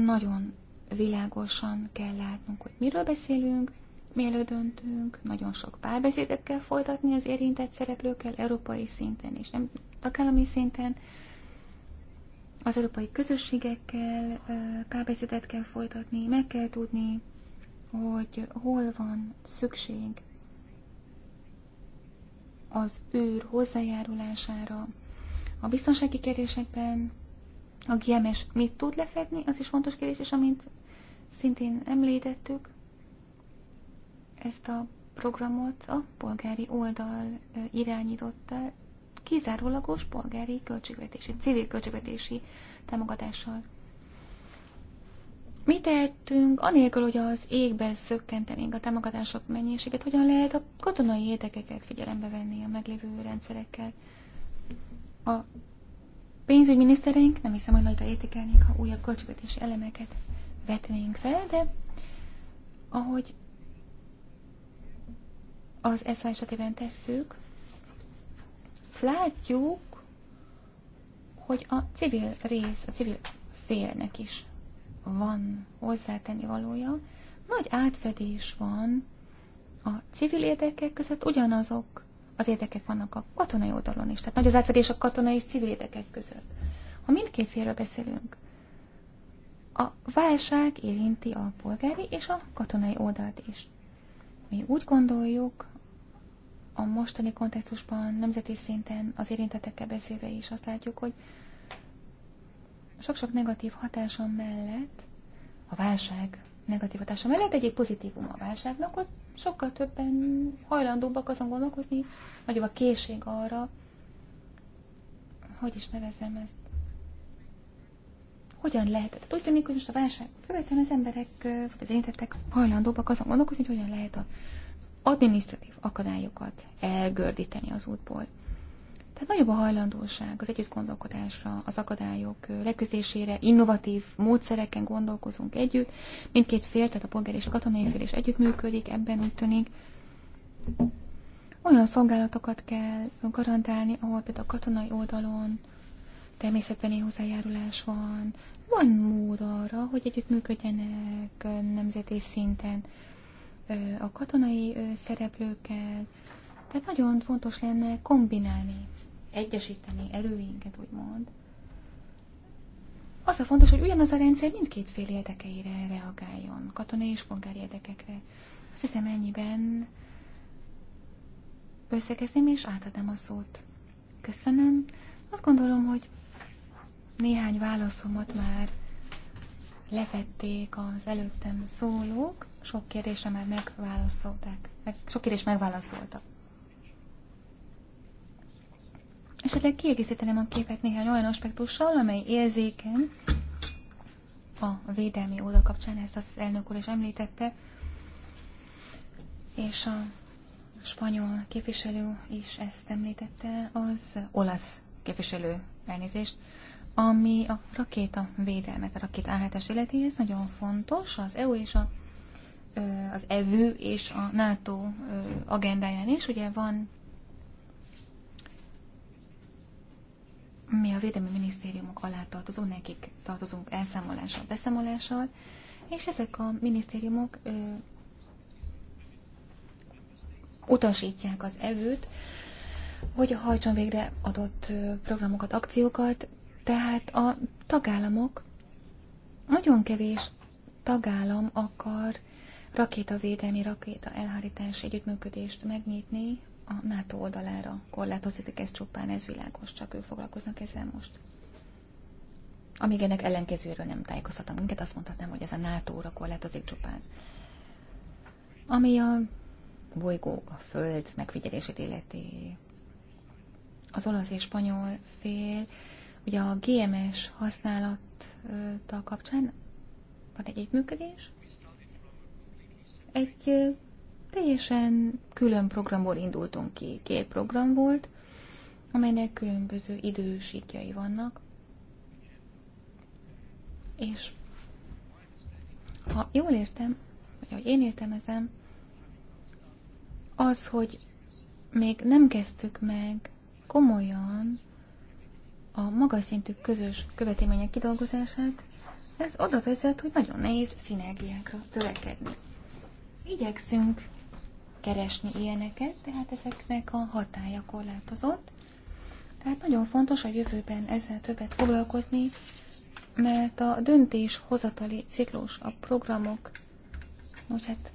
Nagyon világosan kell látnunk, hogy miről beszélünk, Mielőtt döntünk, nagyon sok párbeszédet kell folytatni az érintett szereplőkkel európai szinten és nem takállami szinten. Az európai közösségekkel párbeszédet kell folytatni, meg kell tudni, hogy hol van szükség az űr hozzájárulására. A biztonsági kérdésekben a GMS mit tud lefedni, az is fontos kérdés, és amint szintén említettük, ezt a programot a polgári oldal irányította, kizárólagos polgári költségvetési, civil költségvetési támogatással. Mi tehetünk, anélkül, hogy az égben szökkentenénk a támogatások mennyiséget, hogyan lehet a katonai érdekeket figyelembe venni a meglévő rendszerekkel? A pénzügyminisztereink nem hiszem, hogy nagyra értékelnék, ha újabb költségvetési elemeket vetnénk fel, de ahogy az ESZA esetében tesszük, látjuk, hogy a civil rész, a civil félnek is van hozzátenni valója. Nagy átfedés van a civil érdekek között, ugyanazok az érdekek vannak a katonai oldalon is. Tehát nagy az átfedés a katonai és civil érdekek között. Ha mindkét félről beszélünk, a válság érinti a polgári és a katonai oldalt is. Mi úgy gondoljuk, a mostani kontextusban, nemzeti szinten az érintettekkel beszélve is azt látjuk, hogy sok-sok negatív hatása mellett, a válság negatív hatása mellett egyik pozitívum a válságnak, hogy sokkal többen hajlandóbbak azon gondolkozni, nagyobb a készség arra, hogy is nevezem ezt, hogyan lehet. Tehát úgy tűnik, hogy most a válság követően az emberek, vagy az érintettek hajlandóbbak azon gondolkozni, hogy hogyan lehet az adminisztratív akadályokat elgördíteni az útból. Tehát nagyobb a hajlandóság az együtt gondolkodásra, az akadályok leküzdésére, innovatív módszereken gondolkozunk együtt. Mindkét fél, tehát a polgár és a katonai fél is együttműködik, ebben úgy tűnik. Olyan szolgálatokat kell garantálni, ahol például a katonai oldalon természetbeni hozzájárulás van, van mód arra, hogy együttműködjenek nemzeti szinten a katonai szereplőkkel. Tehát nagyon fontos lenne kombinálni, egyesíteni erőinket, úgymond. Az a fontos, hogy ugyanaz a rendszer mindkét fél érdekeire reagáljon, katonai és polgári érdekekre. Azt hiszem ennyiben összekezdem és átadom a szót. Köszönöm. Azt gondolom, hogy néhány válaszomat már levették az előttem szólók, sok kérdésre már megválaszolták, meg, sok kérdés megválaszoltak. Esetleg kiegészíteném a képet néhány olyan aspektussal, amely érzéken a védelmi óda kapcsán, ezt az elnök úr is említette, és a spanyol képviselő is ezt említette, az olasz képviselő elnézést, ami a rakéta védelmet, a rakéta állátás életéhez nagyon fontos az EU és a, az EVÜ és a NATO agendáján is. Ugye van mi a védelmi minisztériumok alá tartozunk, nekik tartozunk elszámolással, beszámolással, és ezek a minisztériumok ö, utasítják az evőt, hogy hajtson végre adott programokat, akciókat, tehát a tagállamok, nagyon kevés tagállam akar rakétavédelmi, rakéta elhárítási együttműködést megnyitni a NATO oldalára. Korlátozik ez csupán, ez világos, csak ők foglalkoznak ezzel most. Amíg ennek ellenkezőről nem tájékoztatnak minket, azt mondhatnám, hogy ez a NATO-ra korlátozik csupán. Ami a bolygók, a Föld megfigyelését illeti. Az olasz és spanyol fél Ugye a GMS használattal kapcsán van egy együttműködés. Egy teljesen külön programból indultunk ki. Két program volt, amelynek különböző idősíkjai vannak. És ha jól értem, vagy ahogy én értelmezem, az, hogy még nem kezdtük meg komolyan a magas szintű közös követelmények kidolgozását, ez oda vezet, hogy nagyon nehéz szinergiákra törekedni. Igyekszünk keresni ilyeneket, tehát ezeknek a hatája korlátozott. Tehát nagyon fontos a jövőben ezzel többet foglalkozni, mert a döntés hozatali ciklus, a programok, most hát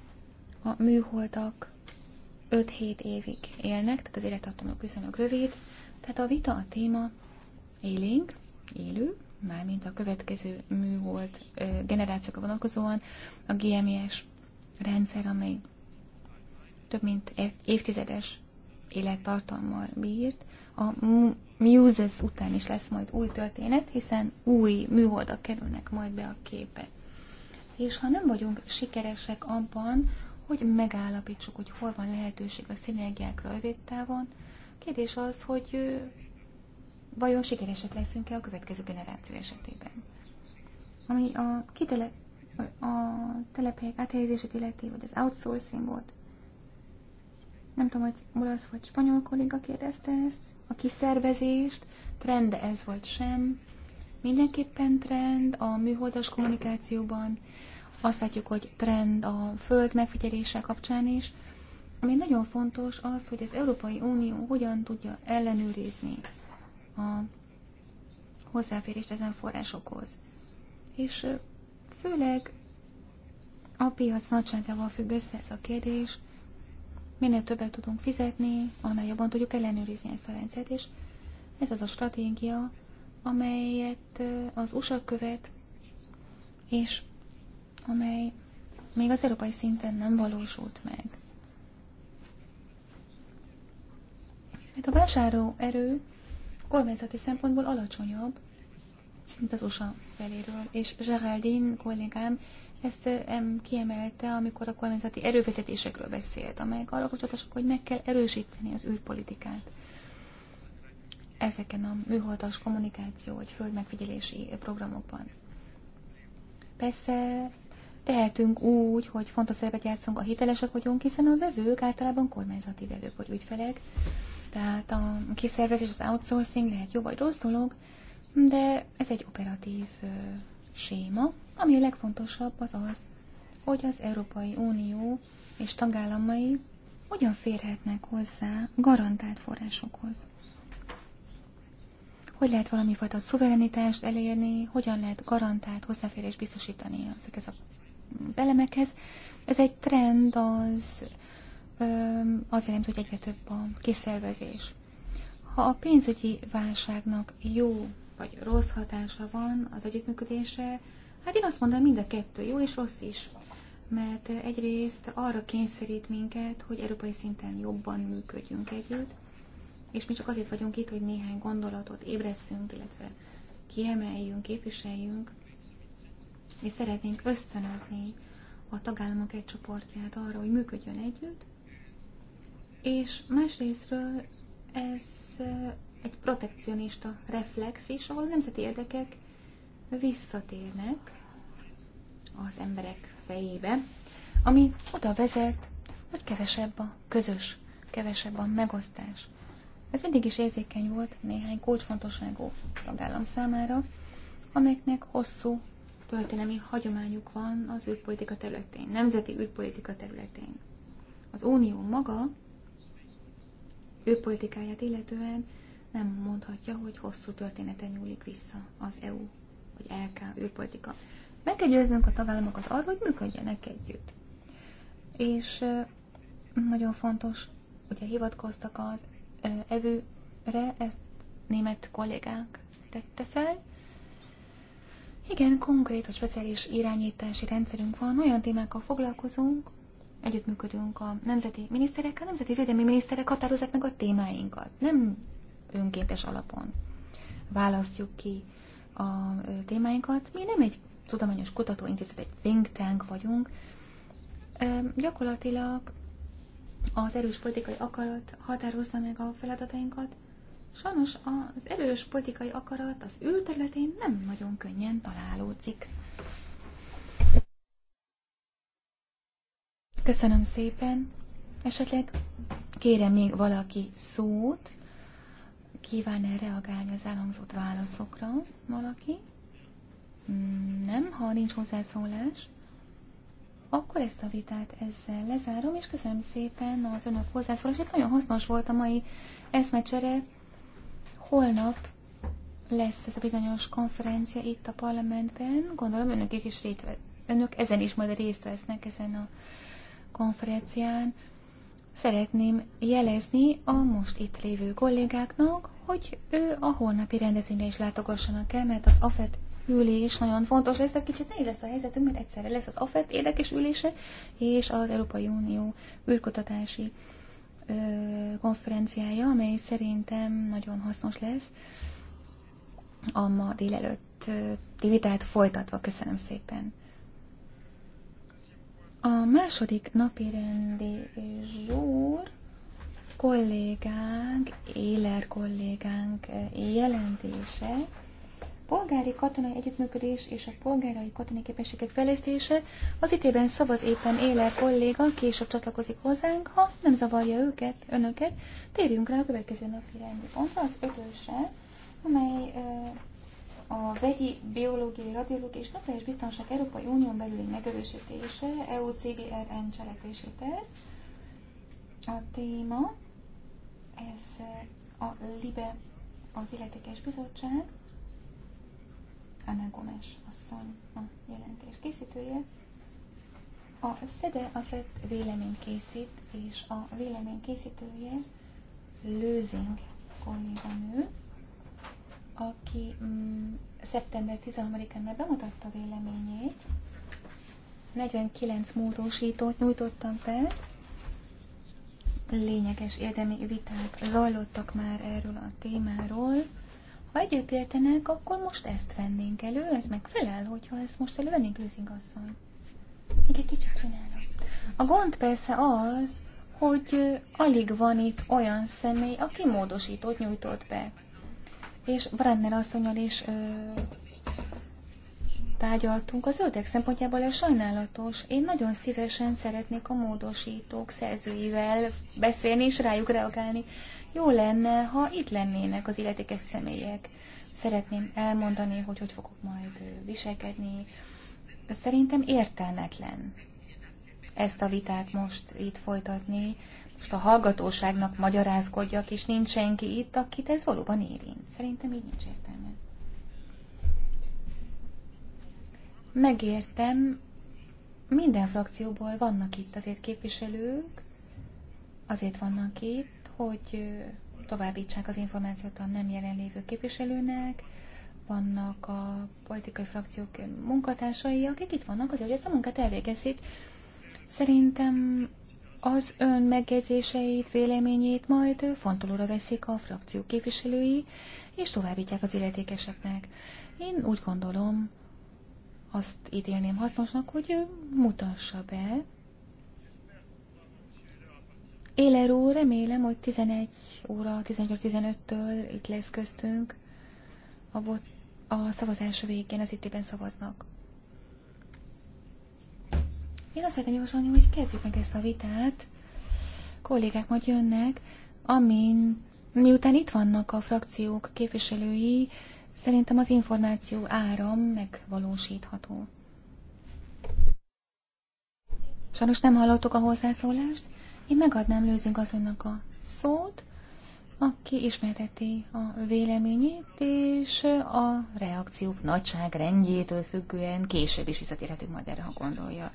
a műholdak 5-7 évig élnek, tehát az élettartamok viszonylag rövid, tehát a vita, a téma élénk, élő, mármint a következő mű volt generációkra vonatkozóan, a GMS e rendszer, amely több mint évtizedes élettartammal bírt. A Muses után is lesz majd új történet, hiszen új műholdak kerülnek majd be a képe. És ha nem vagyunk sikeresek abban, hogy megállapítsuk, hogy hol van lehetőség a szinergiákra rövid távon, kérdés az, hogy vajon sikeresek leszünk-e a következő generáció esetében. Ami a, kitele, a telephelyek áthelyezését illeti, vagy az volt? nem tudom, hogy olasz vagy spanyol kolléga kérdezte ezt, a kiszervezést, trend ez vagy sem. Mindenképpen trend a műholdas kommunikációban, azt látjuk, hogy trend a föld megfigyelése kapcsán is, ami nagyon fontos az, hogy az Európai Unió hogyan tudja ellenőrizni a hozzáférést ezen forrásokhoz. És főleg a piac nagyságával függ össze ez a kérdés. Minél többet tudunk fizetni, annál jobban tudjuk ellenőrizni ezt a rendszert, és ez az a stratégia, amelyet az USA követ, és amely még az európai szinten nem valósult meg. Mert hát a vásárló erő kormányzati szempontból alacsonyabb, mint az USA feléről. És Geraldine kollégám ezt kiemelte, amikor a kormányzati erőfeszítésekről beszélt, amelyek arra kapcsolatosak, hogy meg kell erősíteni az űrpolitikát. Ezeken a műholdas kommunikáció vagy földmegfigyelési programokban. Persze tehetünk úgy, hogy fontos szerepet játszunk a hitelesek vagyunk, hiszen a vevők általában kormányzati vevők vagy ügyfelek, tehát a kiszervezés, az outsourcing lehet jó vagy rossz dolog, de ez egy operatív ö, séma, ami a legfontosabb az az, hogy az Európai Unió és tagállamai hogyan férhetnek hozzá garantált forrásokhoz. Hogy lehet valami fajta szuverenitást elérni, hogyan lehet garantált hozzáférés biztosítani ezekhez az elemekhez. Ez egy trend az azért nem tud egyre több a kiszervezés. Ha a pénzügyi válságnak jó vagy rossz hatása van az együttműködése, hát én azt mondom, mind a kettő jó és rossz is. Mert egyrészt arra kényszerít minket, hogy európai szinten jobban működjünk együtt, és mi csak azért vagyunk itt, hogy néhány gondolatot ébresszünk, illetve kiemeljünk, képviseljünk, és szeretnénk ösztönözni a tagállamok egy csoportját arra, hogy működjön együtt, és másrésztről ez egy protekcionista reflex is, ahol a nemzeti érdekek visszatérnek az emberek fejébe, ami oda vezet, hogy kevesebb a közös, kevesebb a megosztás. Ez mindig is érzékeny volt néhány kulcsfontosságú tagállam számára, amelyeknek hosszú történelmi hagyományuk van az űrpolitika területén, nemzeti űrpolitika területén. Az Unió maga ő politikáját illetően nem mondhatja, hogy hosszú története nyúlik vissza az EU vagy LK űrpolitika. Meg kell győznünk a tagállamokat arra, hogy működjenek együtt. És nagyon fontos, ugye hivatkoztak az evőre, ezt német kollégák tette fel. Igen, konkrét, vagy speciális irányítási rendszerünk van, olyan témákkal foglalkozunk, Együttműködünk a nemzeti miniszterekkel, a nemzeti védelmi miniszterek határozzák meg a témáinkat. Nem önkéntes alapon választjuk ki a témáinkat. Mi nem egy tudományos kutatóintézet, egy think tank vagyunk. Gyakorlatilag az erős politikai akarat határozza meg a feladatainkat. Sajnos az erős politikai akarat az űrterületén nem nagyon könnyen találódzik. Köszönöm szépen. Esetleg kérem még valaki szót. Kíván-e reagálni az elhangzott válaszokra valaki? Hmm, nem, ha nincs hozzászólás. Akkor ezt a vitát ezzel lezárom, és köszönöm szépen az önök hozzászólását. Nagyon hasznos volt a mai eszmecsere. Holnap lesz ez a bizonyos konferencia itt a parlamentben. Gondolom önök is, rét, önök ezen is majd részt vesznek, ezen a konferencián szeretném jelezni a most itt lévő kollégáknak, hogy ő a holnapi rendezvényre is látogassanak el, mert az AFET ülés nagyon fontos lesz, egy kicsit nehéz lesz a helyzetünk, mert egyszerre lesz az AFET érdekes ülése, és az Európai Unió űrkutatási ö, konferenciája, amely szerintem nagyon hasznos lesz a ma délelőtt vitát folytatva. Köszönöm szépen! A második napi rendi zsúr kollégánk, Éler kollégánk jelentése, polgári katonai együttműködés és a polgárai katonai képességek fejlesztése, az ítében szavaz éppen Éler kolléga, később csatlakozik hozzánk, ha nem zavarja őket, önöket, térjünk rá a következő napi rendi pontra, az ötöse, amely a vegyi, biológiai, radiológiai és nukleáris biztonság Európai Unión belüli megerősítése, EU-CBRN cselekvési terv. A téma, ez a LIBE, az Illetékes Bizottság, Anna Gomes asszony a jelentés készítője. A SZEDE a FET vélemény készít, és a vélemény készítője Lőzing kolléganő aki mm, szeptember 13-án már bemutatta véleményét. 49 módosítót nyújtottam be. Lényeges érdemi viták zajlottak már erről a témáról. Ha egyetértenek, akkor most ezt vennénk elő, ez megfelel, hogyha ezt most elővennénk őzigasszony. Igen, kicsit csinálom. A gond persze az, hogy alig van itt olyan személy, aki módosítót nyújtott be és Brandner asszonyal is ö, tárgyaltunk. Az ördög szempontjából ez sajnálatos. Én nagyon szívesen szeretnék a módosítók szerzőivel beszélni és rájuk reagálni. Jó lenne, ha itt lennének az illetékes személyek. Szeretném elmondani, hogy hogy fogok majd viselkedni. Szerintem értelmetlen ezt a vitát most itt folytatni most a hallgatóságnak magyarázkodjak, és nincs senki itt, akit ez valóban érint. Szerintem így nincs értelme. Megértem, minden frakcióból vannak itt azért képviselők, azért vannak itt, hogy továbbítsák az információt a nem jelenlévő képviselőnek, vannak a politikai frakciók munkatársai, akik itt vannak azért, hogy ezt a munkát elvégezik. Szerintem az ön megjegyzéseit, véleményét majd fontolóra veszik a frakció képviselői, és továbbítják az illetékeseknek. Én úgy gondolom, azt ítélném hasznosnak, hogy mutassa be. Éler úr, remélem, hogy 11 óra, 11.15-től itt lesz köztünk. A, a szavazás végén az ittében szavaznak. Én azt szeretném javasolni, hogy kezdjük meg ezt a vitát. Kollégák majd jönnek, amin miután itt vannak a frakciók képviselői, szerintem az információ áram megvalósítható. Sajnos nem hallottuk a hozzászólást. Én megadnám lőzünk azonnak a szót, aki ismerteti a véleményét, és a reakciók nagyságrendjétől függően később is visszatérhetünk majd erre, ha gondolja.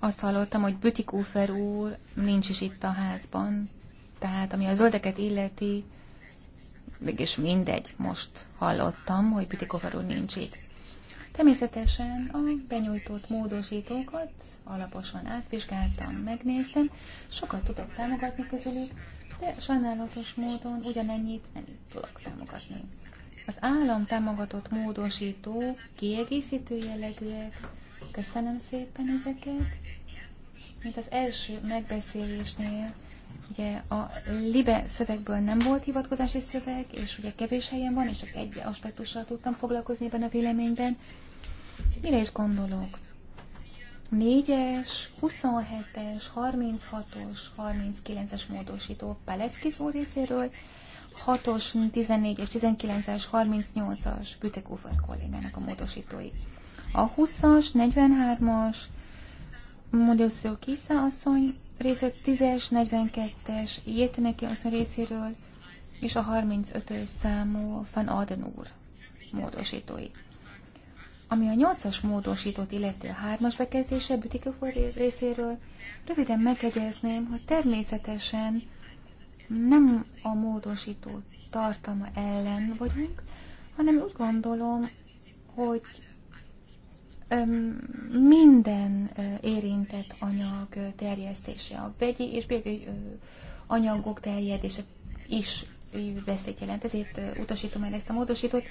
Azt hallottam, hogy Bütik Ufer úr nincs is itt a házban, tehát ami a zöldeket illeti, mégis mindegy, most hallottam, hogy Bütik Ufer úr nincs itt. Természetesen a benyújtott módosítókat alaposan átvizsgáltam, megnéztem, sokat tudok támogatni közülük, de sajnálatos módon ugyanennyit nem tudok támogatni. Az állam támogatott módosító kiegészítő jellegűek, Köszönöm szépen ezeket. Mint az első megbeszélésnél, ugye a libe szövegből nem volt hivatkozási szöveg, és ugye kevés helyen van, és csak egy aspektussal tudtam foglalkozni ebben a véleményben. Mire is gondolok? 4-es, 27-es, 36-os, 39-es módosító Pelecki szó részéről, 6-os, 14-es, 19-es, 38-as Bütekúfer kollégának a módosítói. A 20-as, 43-as, Modosszó Kisza asszony részét, 10-es, 42-es, Jéteneki asszony részéről, és a 35-ös számú Van Aden úr módosítói. Ami a 8-as módosítót illeti a 3-as bekezdése Bütikofor részéről, röviden megjegyezném, hogy természetesen nem a módosító tartalma ellen vagyunk, hanem úgy gondolom, hogy minden érintett anyag terjesztése, a vegyi és bérgői anyagok terjedése is veszélyt jelent. Ezért utasítom el ezt a módosítót,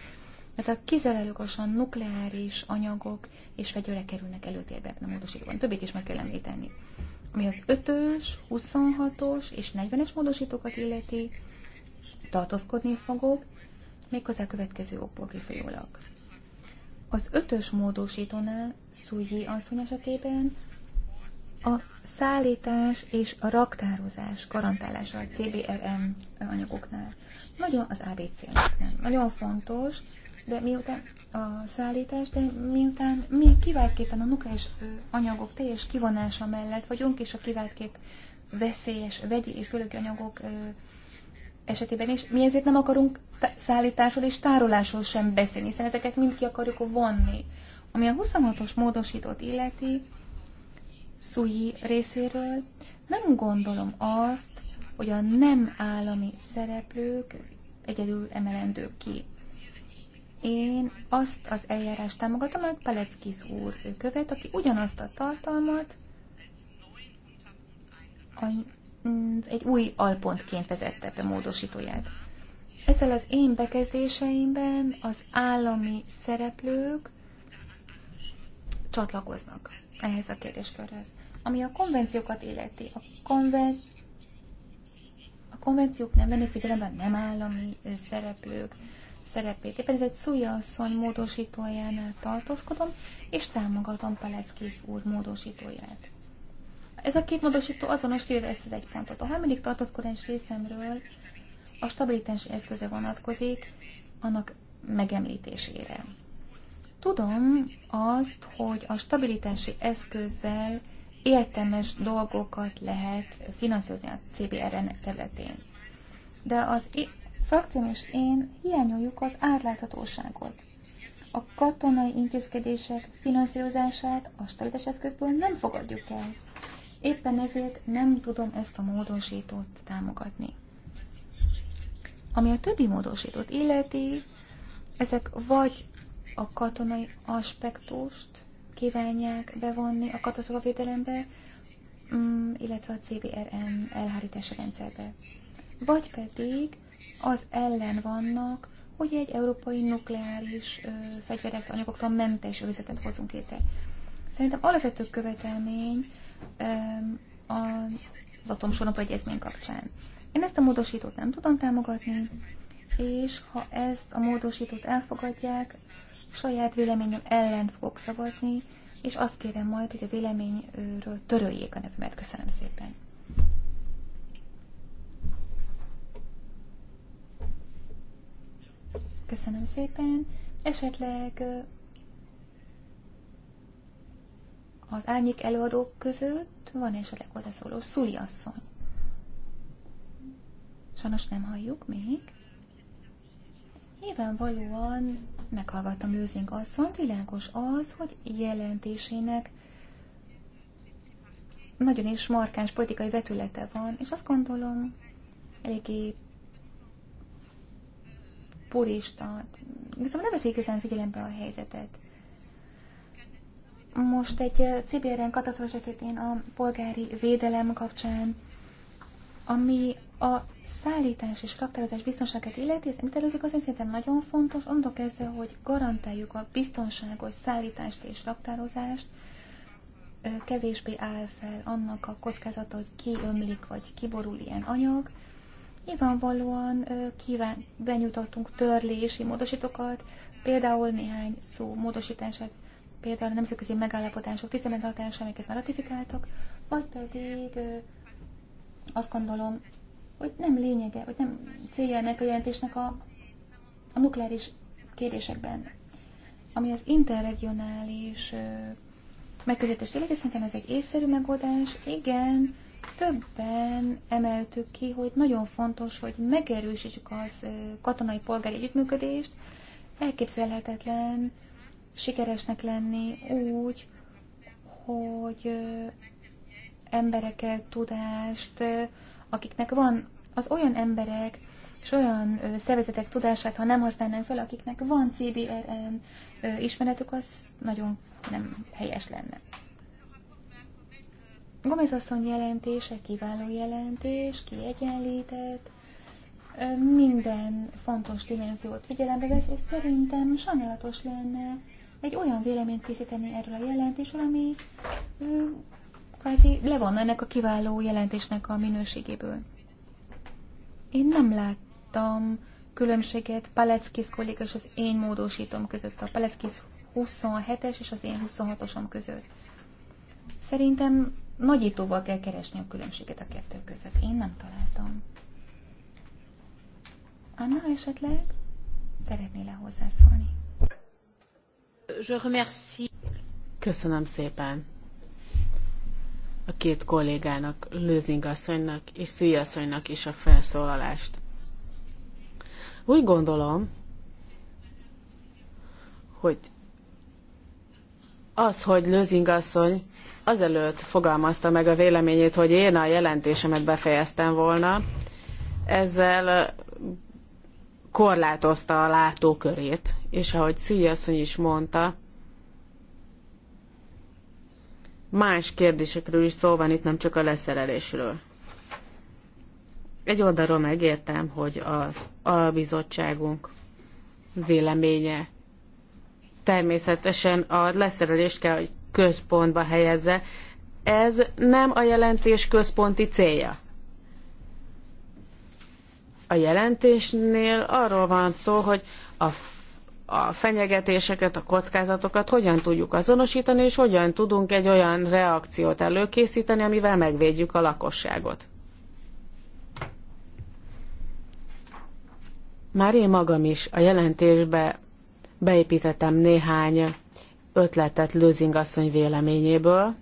mert a kizárólagosan nukleáris anyagok és fegyőre kerülnek előtérbe ebben a módosítóban. Többit is meg kell említeni. Ami az 5-ös, 26-os és 40-es módosítókat illeti, tartózkodni fogok, méghozzá a következő okból kifolyólag. Az ötös módosítónál Szújhi asszony esetében a szállítás és a raktározás garantálása a CBRM anyagoknál. Nagyon az abc nem. Nagyon fontos, de miután a szállítás, de miután mi kiváltképpen a nukleáris anyagok teljes kivonása mellett vagyunk, és a kiváltképp veszélyes vegyi és biológiai anyagok esetében is, mi ezért nem akarunk szállításról és tárolásról sem beszélni, hiszen ezeket mind ki akarjuk vonni. Ami a 26-os módosítót illeti, Szuhi részéről, nem gondolom azt, hogy a nem állami szereplők egyedül emelendők ki. Én azt az eljárást támogatom, amit Peleckis úr követ, aki ugyanazt a tartalmat a Mm, egy új alpontként vezette be módosítóját. Ezzel az én bekezdéseimben az állami szereplők csatlakoznak ehhez a kérdéskörhez. Ami a konvenciókat illeti, a, konven... a konvenciók nem vennék figyelembe nem állami szereplők szerepét. Éppen ez egy szújasszony módosítójánál tartózkodom, és támogatom Paleckis úr módosítóját. Ez a két módosító azonos kivéve ezt az egy pontot. A harmadik tartózkodás részemről a stabilitási eszköze vonatkozik annak megemlítésére. Tudom azt, hogy a stabilitási eszközzel értelmes dolgokat lehet finanszírozni a CBRN területén. De az frakcióm és én hiányoljuk az átláthatóságot. A katonai intézkedések finanszírozását a stabilitás eszközből nem fogadjuk el. Éppen ezért nem tudom ezt a módosítót támogatni. Ami a többi módosítót illeti, ezek vagy a katonai aspektust kívánják bevonni a katasztrófavédelembe, mm, illetve a CBRN elhárítási rendszerbe. Vagy pedig az ellen vannak, hogy egy európai nukleáris fegyverek anyagoktól mentes övezetet hozunk létre. Szerintem alapvető követelmény az atomsonap egyezmény kapcsán. Én ezt a módosítót nem tudom támogatni, és ha ezt a módosítót elfogadják, saját véleményem ellen fogok szavazni, és azt kérem majd, hogy a véleményről töröljék a nevemet. Köszönöm szépen. Köszönöm szépen. Esetleg Az árnyék előadók között van esetleg hozzászóló Szuli asszony. Sajnos nem halljuk még. Nyilvánvalóan meghallgattam őzénk asszonyt, világos az, hogy jelentésének nagyon is markáns politikai vetülete van, és azt gondolom, eléggé purista. viszont nem veszik igazán figyelembe a helyzetet. Most egy Cibéren eh, katasztrófa esetén a polgári védelem kapcsán, ami a szállítás és raktározás biztonságát illeti, ez előzik, az szerintem nagyon fontos, mondok kezdve, hogy garantáljuk a biztonságos szállítást és raktározást, eh, kevésbé áll fel annak a kockázata, hogy kiömlik vagy kiborul ilyen anyag. Nyilvánvalóan eh, kíván, benyújtottunk törlési módosítókat, például néhány szó módosítását például a nemzetközi megállapodások, tiszti megállapodások, amiket már ratifikáltak, vagy pedig azt gondolom, hogy nem lényege, hogy nem célja ennek a jelentésnek a, a nukleáris kérdésekben, ami az interregionális megközelítés illeti, szerintem ez egy észszerű megoldás. Igen, többen emeltük ki, hogy nagyon fontos, hogy megerősítsük az katonai polgári együttműködést. Elképzelhetetlen, sikeresnek lenni úgy, hogy embereket, tudást, akiknek van az olyan emberek, és olyan szervezetek tudását, ha nem használnánk fel, akiknek van CBRN ismeretük, az nagyon nem helyes lenne. Gomez asszony jelentése kiváló jelentés, kiegyenlített, minden fontos dimenziót figyelembe vesz, és szerintem sajnálatos lenne, egy olyan véleményt készíteni erről a jelentésről, ami ő, kvázi levonna ennek a kiváló jelentésnek a minőségéből. Én nem láttam különbséget Paleckis kolléga és az én módosítom között, a Paleckis 27-es és az én 26-osom között. Szerintem nagyítóval kell keresni a különbséget a kettő között. Én nem találtam. Anna esetleg szeretné le hozzászólni. Köszönöm szépen a két kollégának, Lőzing asszonynak és Szűj asszonynak is a felszólalást. Úgy gondolom, hogy az, hogy Lőzing asszony azelőtt fogalmazta meg a véleményét, hogy én a jelentésemet befejeztem volna, ezzel korlátozta a látókörét, és ahogy Szüli asszony is mondta, más kérdésekről is szó van itt, nem csak a leszerelésről. Egy oldalról megértem, hogy az a bizottságunk véleménye természetesen a leszerelést kell, hogy központba helyezze. Ez nem a jelentés központi célja. A jelentésnél arról van szó, hogy a, a fenyegetéseket, a kockázatokat hogyan tudjuk azonosítani, és hogyan tudunk egy olyan reakciót előkészíteni, amivel megvédjük a lakosságot. Már én magam is a jelentésbe beépítettem néhány ötletet Lőzing asszony véleményéből,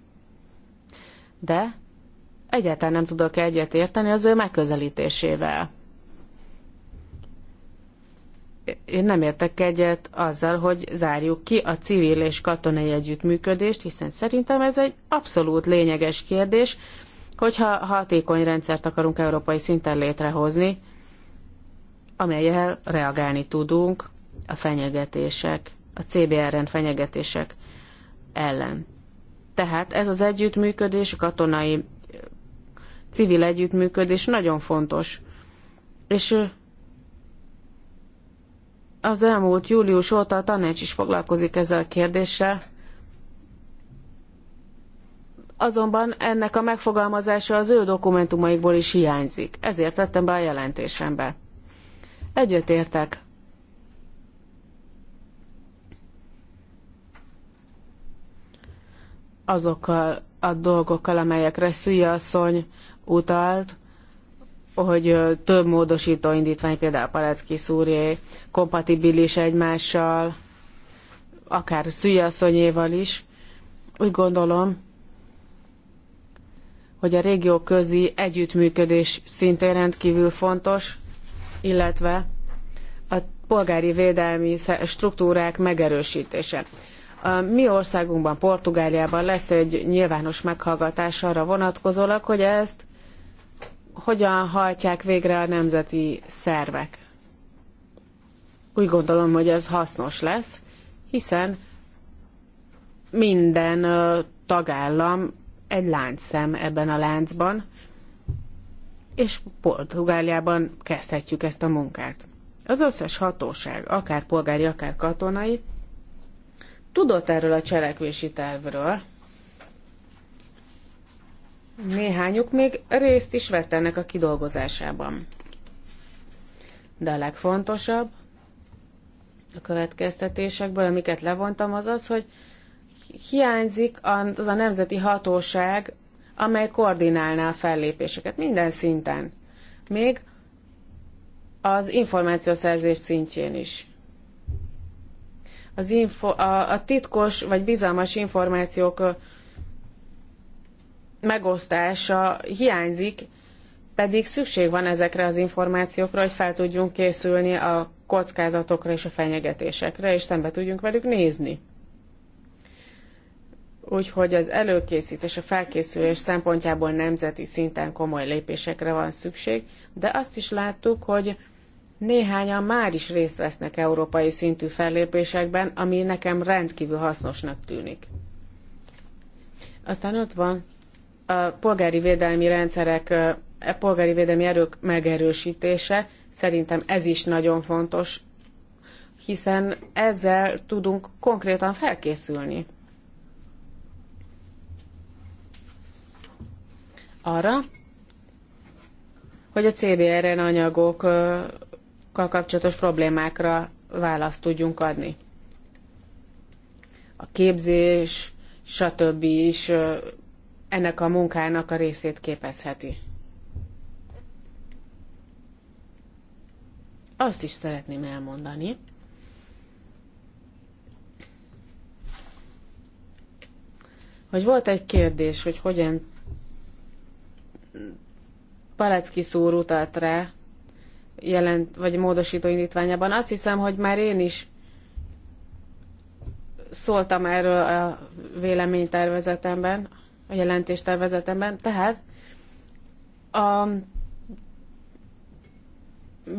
de egyáltalán nem tudok egyet érteni az ő megközelítésével én nem értek egyet azzal, hogy zárjuk ki a civil és katonai együttműködést, hiszen szerintem ez egy abszolút lényeges kérdés, hogyha hatékony rendszert akarunk európai szinten létrehozni, amelyel reagálni tudunk a fenyegetések, a CBRN fenyegetések ellen. Tehát ez az együttműködés, a katonai eh, civil együttműködés nagyon fontos. És eh, az elmúlt július óta a tanács is foglalkozik ezzel a kérdéssel. Azonban ennek a megfogalmazása az ő dokumentumaikból is hiányzik. Ezért tettem be a jelentésembe. Egyetértek. Azokkal a dolgokkal, amelyekre Szűja asszony utalt, hogy több módosító indítvány, például Palecki szúré, kompatibilis egymással, akár szüjasszonyéval is. Úgy gondolom, hogy a régió közi együttműködés szintén rendkívül fontos, illetve a polgári védelmi struktúrák megerősítése. A mi országunkban, Portugáliában lesz egy nyilvános meghallgatás arra vonatkozólag, hogy ezt hogyan hajtják végre a nemzeti szervek. Úgy gondolom, hogy ez hasznos lesz, hiszen minden tagállam egy láncszem ebben a láncban, és Portugáliában kezdhetjük ezt a munkát. Az összes hatóság, akár polgári, akár katonai, tudott erről a cselekvési tervről, Néhányuk még részt is vett ennek a kidolgozásában. De a legfontosabb a következtetésekből, amiket levontam, az az, hogy hiányzik az a nemzeti hatóság, amely koordinálná a fellépéseket minden szinten. Még az információszerzés szintjén is. Az info, a, a titkos vagy bizalmas információk megosztása hiányzik, pedig szükség van ezekre az információkra, hogy fel tudjunk készülni a kockázatokra és a fenyegetésekre, és szembe tudjunk velük nézni. Úgyhogy az előkészítés, a felkészülés szempontjából nemzeti szinten komoly lépésekre van szükség, de azt is láttuk, hogy néhányan már is részt vesznek európai szintű fellépésekben, ami nekem rendkívül hasznosnak tűnik. Aztán ott van a polgári védelmi rendszerek, a e polgári védelmi erők megerősítése, szerintem ez is nagyon fontos, hiszen ezzel tudunk konkrétan felkészülni. Arra, hogy a CBRN anyagokkal kapcsolatos problémákra választ tudjunk adni. A képzés, stb. is ennek a munkának a részét képezheti. Azt is szeretném elmondani, hogy volt egy kérdés, hogy hogyan Palecki szúr utalt rá jelent, vagy módosító indítványában. Azt hiszem, hogy már én is szóltam erről a véleménytervezetemben, a jelentéstervezetemben, tehát a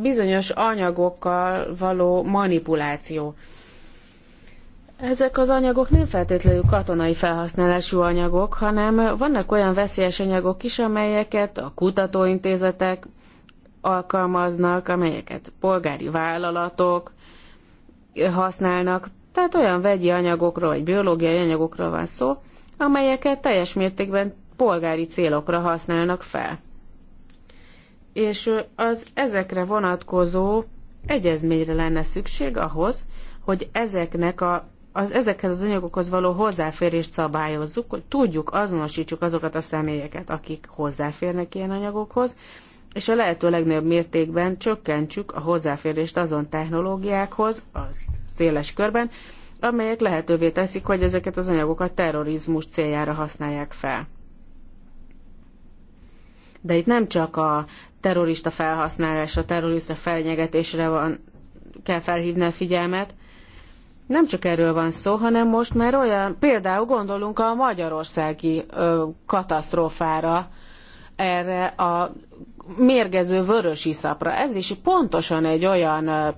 bizonyos anyagokkal való manipuláció. Ezek az anyagok nem feltétlenül katonai felhasználású anyagok, hanem vannak olyan veszélyes anyagok is, amelyeket a kutatóintézetek alkalmaznak, amelyeket polgári vállalatok használnak. Tehát olyan vegyi anyagokról, vagy biológiai anyagokról van szó, amelyeket teljes mértékben polgári célokra használnak fel. És az ezekre vonatkozó egyezményre lenne szükség ahhoz, hogy ezeknek a, az ezekhez az anyagokhoz való hozzáférést szabályozzuk, hogy tudjuk, azonosítsuk azokat a személyeket, akik hozzáférnek ilyen anyagokhoz, és a lehető legnagyobb mértékben csökkentsük a hozzáférést azon technológiákhoz, az széles körben, amelyek lehetővé teszik, hogy ezeket az anyagokat terrorizmus céljára használják fel. De itt nem csak a terrorista felhasználásra, terrorista felnyegetésre van, kell felhívni a figyelmet, nem csak erről van szó, hanem most már olyan, például gondolunk a magyarországi ö, katasztrófára, erre a mérgező vörös iszapra. Ez is pontosan egy olyan ö,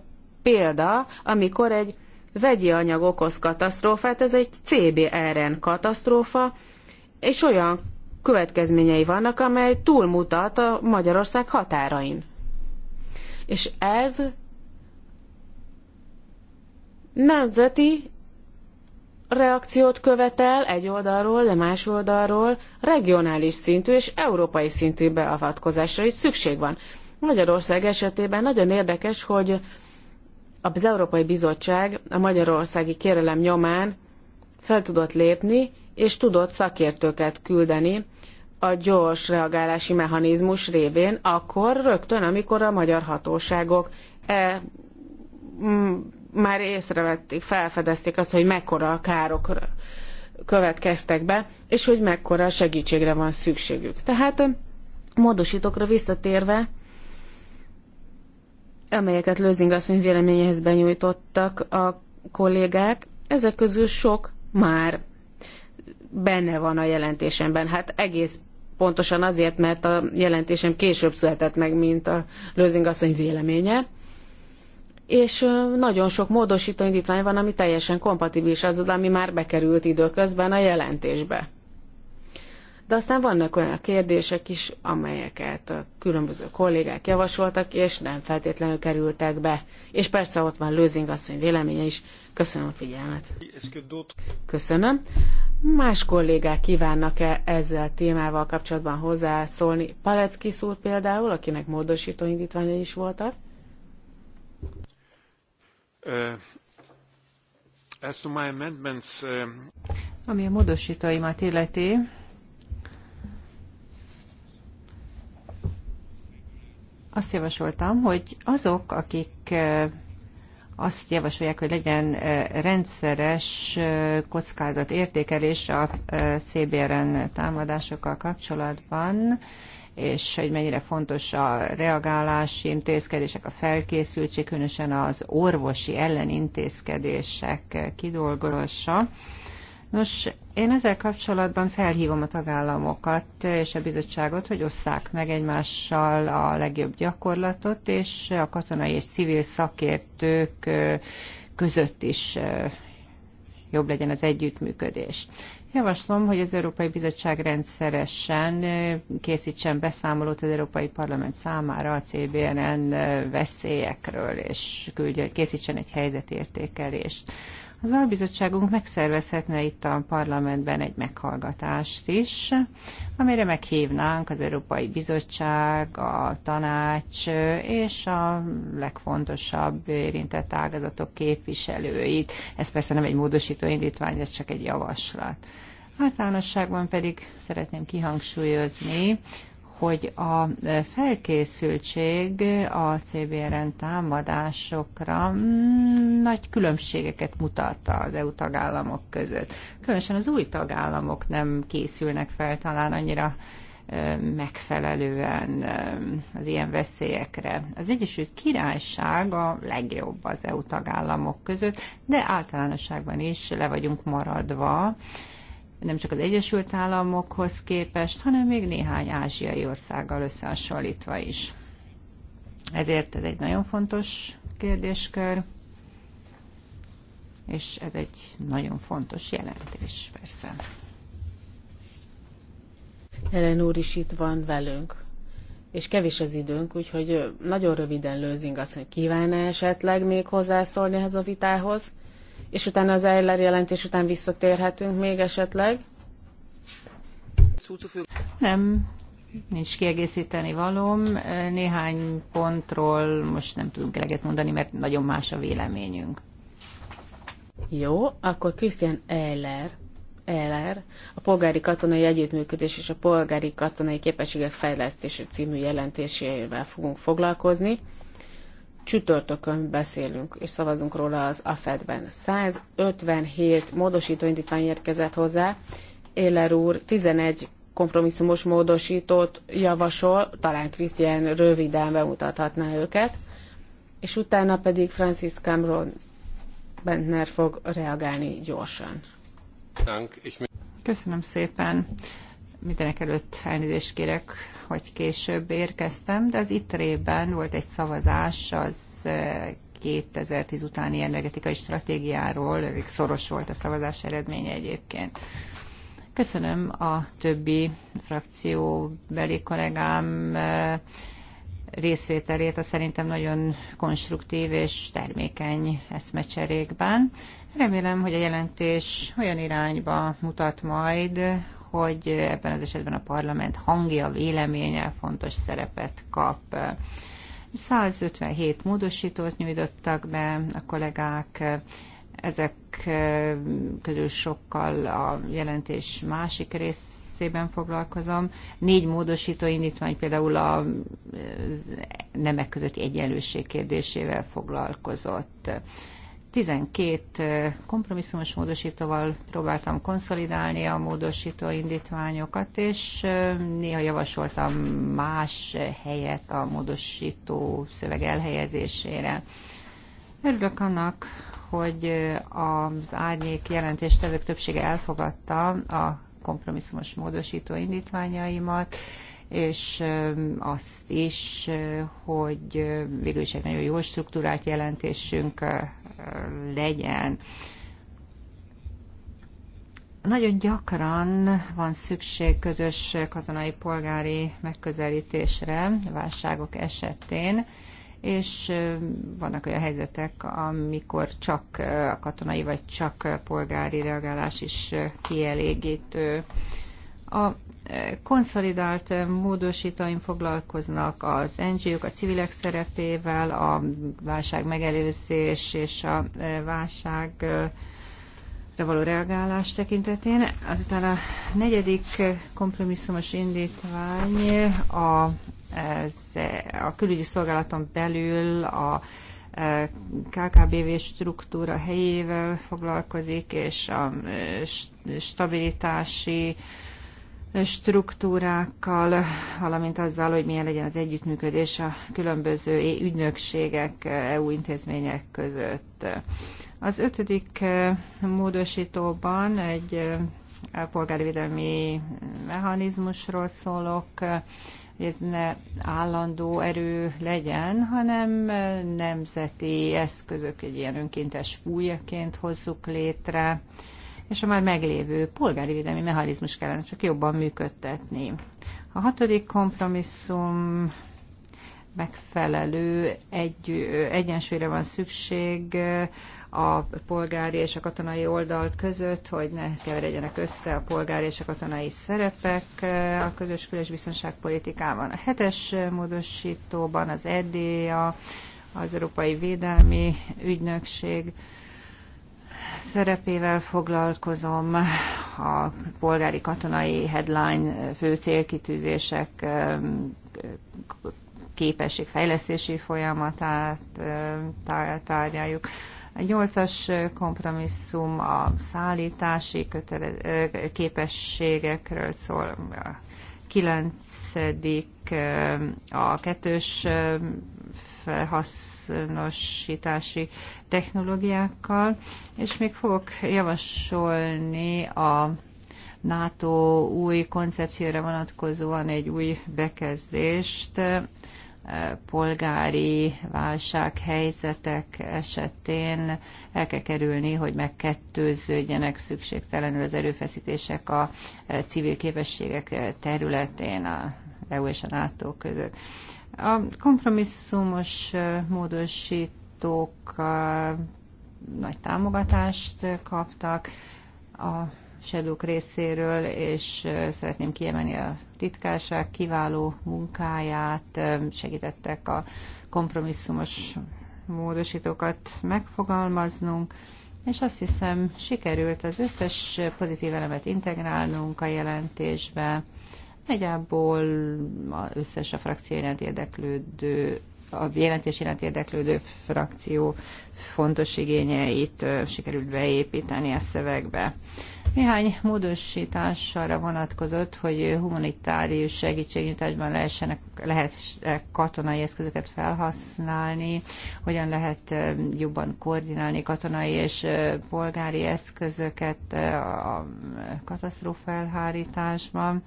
példa, amikor egy vegyi anyag okoz katasztrófát, ez egy CBRN katasztrófa, és olyan következményei vannak, amely túlmutat a Magyarország határain. És ez nemzeti reakciót követel egy oldalról, de más oldalról regionális szintű és európai szintű beavatkozásra is szükség van. Magyarország esetében nagyon érdekes, hogy az Európai Bizottság a magyarországi kérelem nyomán fel tudott lépni, és tudott szakértőket küldeni a gyors reagálási mechanizmus révén, akkor rögtön, amikor a magyar hatóságok e, már észrevették, felfedezték azt, hogy mekkora a károk következtek be, és hogy mekkora segítségre van szükségük. Tehát módosítókra visszatérve, amelyeket Lőzing asszony véleményehez benyújtottak a kollégák, ezek közül sok már benne van a jelentésemben. Hát egész pontosan azért, mert a jelentésem később született meg, mint a Lőzing asszony véleménye. És nagyon sok módosító indítvány van, ami teljesen kompatibilis azzal, ami már bekerült időközben a jelentésbe. De aztán vannak olyan kérdések is, amelyeket a különböző kollégák javasoltak, és nem feltétlenül kerültek be. És persze ott van Lőzing asszony véleménye is. Köszönöm a figyelmet. Köszönöm. Más kollégák kívánnak-e ezzel a témával kapcsolatban hozzászólni? Palecki úr például, akinek módosító indítványa is voltak? Uh, as to my amendments, uh... Ami a módosítóimat illeti, azt javasoltam, hogy azok, akik azt javasolják, hogy legyen rendszeres kockázat értékelés a CBRN támadásokkal kapcsolatban, és hogy mennyire fontos a reagálási intézkedések, a felkészültség, különösen az orvosi ellenintézkedések kidolgozása. Nos, én ezzel kapcsolatban felhívom a tagállamokat és a bizottságot, hogy osszák meg egymással a legjobb gyakorlatot, és a katonai és civil szakértők között is jobb legyen az együttműködés. Javaslom, hogy az Európai Bizottság rendszeresen készítsen beszámolót az Európai Parlament számára a CBNN veszélyekről, és küldje, készítsen egy helyzetértékelést. Az albizottságunk megszervezhetne itt a parlamentben egy meghallgatást is, amire meghívnánk az Európai Bizottság, a tanács és a legfontosabb érintett ágazatok képviselőit. Ez persze nem egy módosító indítvány, ez csak egy javaslat. Általánosságban pedig szeretném kihangsúlyozni, hogy a felkészültség a CBRN támadásokra mm, nagy különbségeket mutat az EU tagállamok között. Különösen az új tagállamok nem készülnek fel talán annyira megfelelően az ilyen veszélyekre. Az Egyesült Királyság a legjobb az EU tagállamok között, de általánosságban is le vagyunk maradva nem csak az Egyesült Államokhoz képest, hanem még néhány ázsiai országgal összehasonlítva is. Ezért ez egy nagyon fontos kérdéskör, és ez egy nagyon fontos jelentés, persze. Ellen úr is itt van velünk, és kevés az időnk, úgyhogy nagyon röviden lőzünk azt, hogy kívánna esetleg még hozzászólni ehhez a vitához és utána az Eiler jelentés után visszatérhetünk még esetleg. Nem, nincs kiegészíteni valóm. Néhány pontról most nem tudunk eleget mondani, mert nagyon más a véleményünk. Jó, akkor Christian Eller, Eller, a Polgári Katonai Együttműködés és a Polgári Katonai Képességek Fejlesztése című jelentésével fogunk foglalkozni csütörtökön beszélünk és szavazunk róla az AFED-ben. 157 módosító indítvány érkezett hozzá. Éler úr 11 kompromisszumos módosítót javasol, talán Krisztián röviden bemutathatná őket, és utána pedig Francis Cameron Bentner fog reagálni gyorsan. Köszönöm szépen. Mindenek előtt elnézést kérek hogy később érkeztem, de az ITRE-ben volt egy szavazás az 2010 eh, utáni energetikai stratégiáról, elég szoros volt a szavazás eredménye egyébként. Köszönöm a többi frakcióbeli kollégám eh, részvételét a szerintem nagyon konstruktív és termékeny eszmecserékben. Remélem, hogy a jelentés olyan irányba mutat majd, hogy ebben az esetben a parlament hangja, véleménye fontos szerepet kap. 157 módosítót nyújtottak be a kollégák, ezek közül sokkal a jelentés másik részében foglalkozom. Négy módosító indítvány például a nemek közötti egyenlőség kérdésével foglalkozott. 12 kompromisszumos módosítóval próbáltam konszolidálni a módosító indítványokat, és néha javasoltam más helyet a módosító szöveg elhelyezésére. Örülök annak, hogy az árnyék jelentéstevők többsége elfogadta a kompromisszumos módosító indítványaimat, és azt is, hogy végül is egy nagyon jó struktúrált jelentésünk legyen. Nagyon gyakran van szükség közös katonai polgári megközelítésre válságok esetén, és vannak olyan helyzetek, amikor csak a katonai vagy csak polgári reagálás is kielégítő. A eh, konszolidált eh, módosítóim foglalkoznak az NGO-k, a civilek szerepével, a válság megelőzés és a eh, válság való reagálás tekintetén. Azután a negyedik kompromisszumos indítvány a, ez, a külügyi szolgálaton belül a KKBV struktúra helyével foglalkozik, és a stabilitási struktúrákkal, valamint azzal, hogy milyen legyen az együttműködés a különböző ügynökségek, e- EU intézmények között. Az ötödik e, módosítóban egy e, polgárvédelmi mechanizmusról szólok, hogy ez ne állandó erő legyen, hanem nemzeti eszközök, egy ilyen önkéntes újjaként hozzuk létre, és a már meglévő polgári védelmi mechanizmus kellene csak jobban működtetni. A hatodik kompromisszum megfelelő egy, egyensúlyra van szükség a polgári és a katonai oldal között, hogy ne keveredjenek össze a polgári és a katonai szerepek a közös kül- és biztonságpolitikában. A hetes módosítóban az EDA, az Európai Védelmi Ügynökség, szerepével foglalkozom, a polgári katonai headline fő célkitűzések képességfejlesztési folyamatát tárgyaljuk. A nyolcas kompromisszum a szállítási kötele- képességekről szól, a kilencedik a kettős felhasználás, azonosítási technológiákkal, és még fogok javasolni a NATO új koncepcióra vonatkozóan egy új bekezdést eh, polgári válsághelyzetek esetén el kell kerülni, hogy megkettőződjenek szükségtelenül az erőfeszítések a eh, civil képességek eh, területén a EU és a NATO között. A kompromisszumos módosítók nagy támogatást kaptak a Seduk részéről, és szeretném kiemelni a titkárság kiváló munkáját, segítettek a kompromisszumos módosítókat megfogalmaznunk, és azt hiszem sikerült az összes pozitív elemet integrálnunk a jelentésbe Nagyjából összes a frakció iránt érdeklődő a jelentés iránt érdeklődő frakció fontos igényeit sikerült beépíteni a szövegbe. Néhány módosításra vonatkozott, hogy humanitárius segítségnyújtásban lehessenek, lehet katonai eszközöket felhasználni, hogyan lehet jobban koordinálni katonai és polgári eszközöket a katasztrófa elhárításban.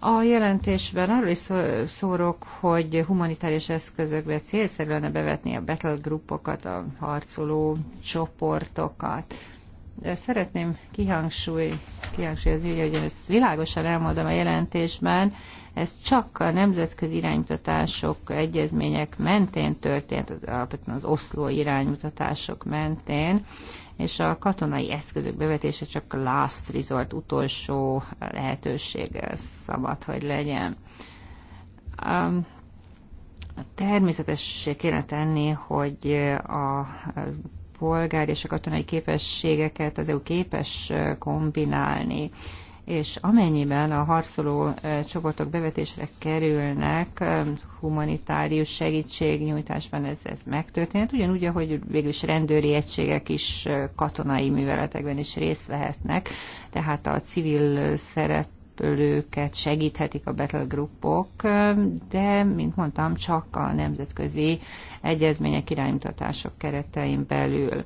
A jelentésben arról is szórok, hogy humanitárius eszközökbe célszerű lenne bevetni a groupokat, a harcoló csoportokat. De szeretném kihangsúly, kihangsúlyozni, hogy ezt világosan elmondom a jelentésben, ez csak a nemzetközi iránymutatások, egyezmények mentén történt, az, az oszló iránymutatások mentén, és a katonai eszközök bevetése csak last resort, utolsó lehetőség szabad, hogy legyen. Um, Természetessé kéne tenni, hogy a polgár és a katonai képességeket az EU képes kombinálni, és amennyiben a harcoló csoportok bevetésre kerülnek, humanitárius segítségnyújtásban ez, ez megtörténhet, ugyanúgy, ahogy végül is rendőri egységek is katonai műveletekben is részt vehetnek, tehát a civil szerep őket segíthetik a groupok, de, mint mondtam, csak a nemzetközi egyezmények iránymutatások keretein belül.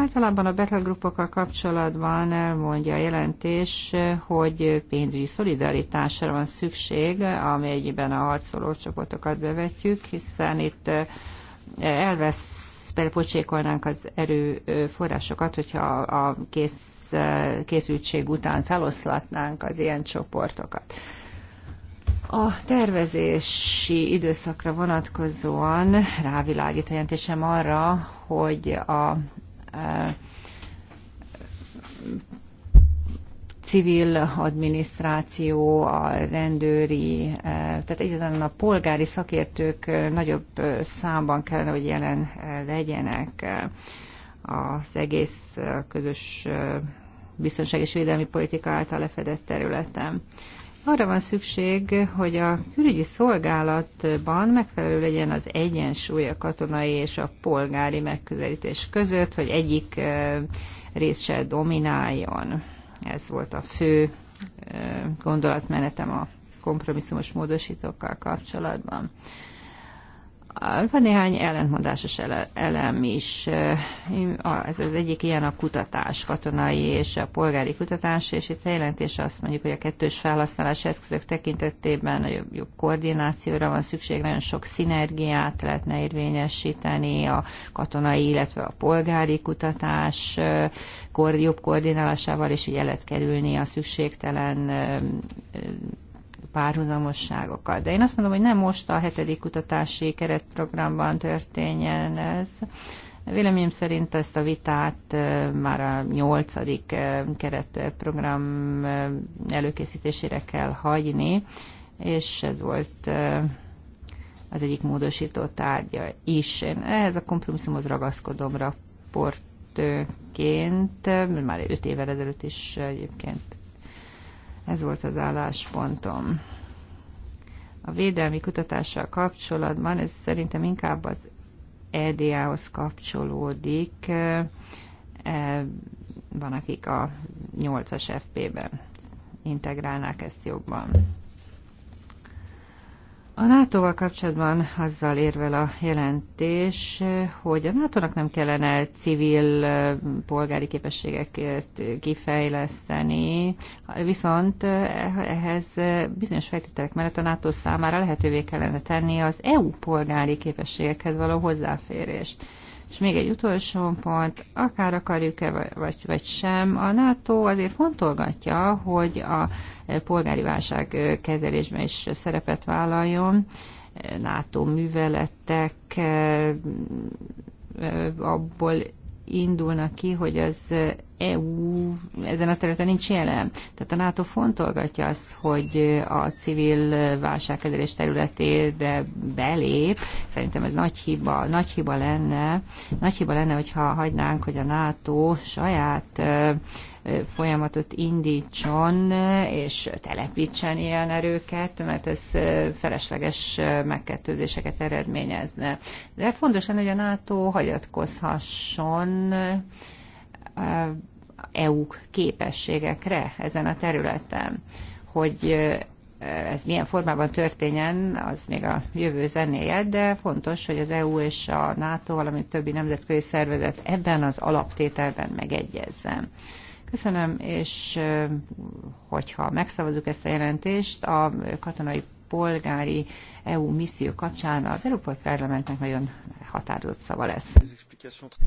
Általában a beteggrupokkal kapcsolatban elmondja a jelentés, hogy pénzügyi szolidaritásra van szükség, amelyben a harcoló csoportokat bevetjük, hiszen itt eh, elvesz pocsékolnánk az erőforrásokat, hogyha a kész, eh, készültség után feloszlatnánk az ilyen csoportokat. A tervezési időszakra vonatkozóan rávilágít a jelentésem arra, hogy a Eh, civil adminisztráció, a rendőri, eh, tehát egyáltalán a polgári szakértők eh, nagyobb számban kellene, hogy jelen legyenek az egész közös biztonság és védelmi politika által lefedett területen. Arra van szükség, hogy a külügyi szolgálatban megfelelő legyen az egyensúly a katonai és a polgári megközelítés között, hogy egyik rész se domináljon. Ez volt a fő gondolatmenetem a kompromisszumos módosítókkal kapcsolatban. Van néhány ellentmondásos elem is. Ez az egyik ilyen a kutatás, katonai és a polgári kutatás, és itt a jelentés azt mondjuk, hogy a kettős felhasználási eszközök tekintetében nagyobb jobb koordinációra van szükség, nagyon sok szinergiát lehetne érvényesíteni, a katonai, illetve a polgári kutatás jobb koordinálásával, és így el lehet kerülni a szükségtelen párhuzamosságokat. De én azt mondom, hogy nem most a hetedik kutatási keretprogramban történjen ez. Véleményem szerint ezt a vitát már a nyolcadik keretprogram előkészítésére kell hagyni, és ez volt az egyik módosító tárgya is. Én ehhez a kompromisszumhoz ragaszkodom raportként, mert már öt évvel ezelőtt is egyébként ez volt az álláspontom. A védelmi kutatással kapcsolatban ez szerintem inkább az EDA-hoz kapcsolódik. E, e, van, akik a 8-as FP-ben integrálnák ezt jobban. A NATO-val kapcsolatban azzal érvel a jelentés, hogy a NATO-nak nem kellene civil polgári képességeket kifejleszteni, viszont ehhez bizonyos feltételek mellett a NATO számára lehetővé kellene tenni az EU polgári képességekhez való hozzáférést. És még egy utolsó pont, akár akarjuk-e vagy, vagy sem, a NATO azért fontolgatja, hogy a polgári válság kezelésben is szerepet vállaljon, NATO műveletek eh, abból indulnak ki, hogy az EU ezen a területen nincs jelen. Tehát a NATO fontolgatja azt, hogy a civil válságkezelés területére belép. Szerintem ez nagy hiba, nagy hiba lenne. Nagy hiba lenne, hogyha hagynánk, hogy a NATO saját folyamatot indítson és telepítsen ilyen erőket, mert ez felesleges megkettőzéseket eredményezne. De fontos lenne, hogy a NATO hagyatkozhasson EU képességekre ezen a területen. Hogy ez milyen formában történjen, az még a jövő zenéje, de fontos, hogy az EU és a NATO, valamint többi nemzetközi szervezet ebben az alaptételben megegyezzen. Köszönöm, és hogyha megszavazzuk ezt a jelentést, a katonai polgári EU misszió kapcsán az Európai Parlamentnek nagyon határozott szava lesz.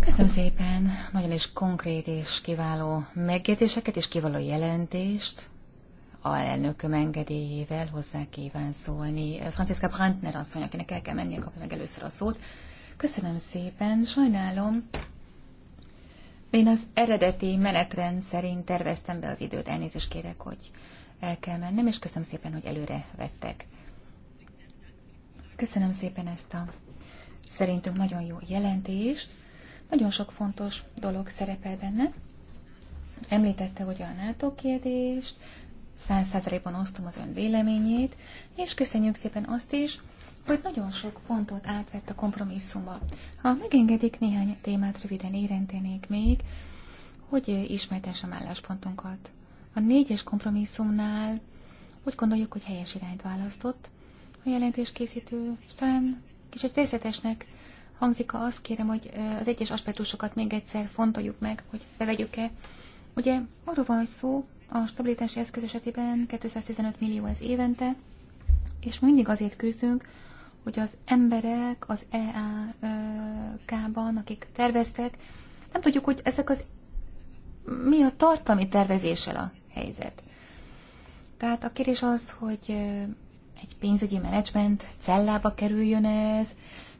Köszönöm szépen, nagyon is konkrét és kiváló megjegyzéseket és kiváló jelentést. A elnököm engedélyével hozzá kíván szólni. Franciska Brandner asszony, akinek el kell mennie, kapja meg először a szót. Köszönöm szépen, sajnálom. Én az eredeti menetrend szerint terveztem be az időt, elnézést kérek, hogy el kell mennem, és köszönöm szépen, hogy előre vettek. Köszönöm szépen ezt a szerintünk nagyon jó jelentést. Nagyon sok fontos dolog szerepel benne. Említette ugye a NATO kérdést, száz százalékban osztom az ön véleményét, és köszönjük szépen azt is, hogy nagyon sok pontot átvett a kompromisszumba. Ha megengedik, néhány témát röviden érentenék még, hogy ismertessem álláspontunkat. A négyes kompromisszumnál úgy gondoljuk, hogy helyes irányt választott a jelentéskészítő, és talán kicsit részletesnek hangzik azt kérem, hogy az egyes aspektusokat még egyszer fontoljuk meg, hogy bevegyük-e. Ugye arról van szó, a stabilitási eszköz esetében 215 millió ez évente, és mindig azért küzdünk, hogy az emberek az EAK-ban, akik terveztek, nem tudjuk, hogy ezek az mi a tartalmi tervezéssel a helyzet. Tehát a kérdés az, hogy egy pénzügyi menedzsment cellába kerüljön ez,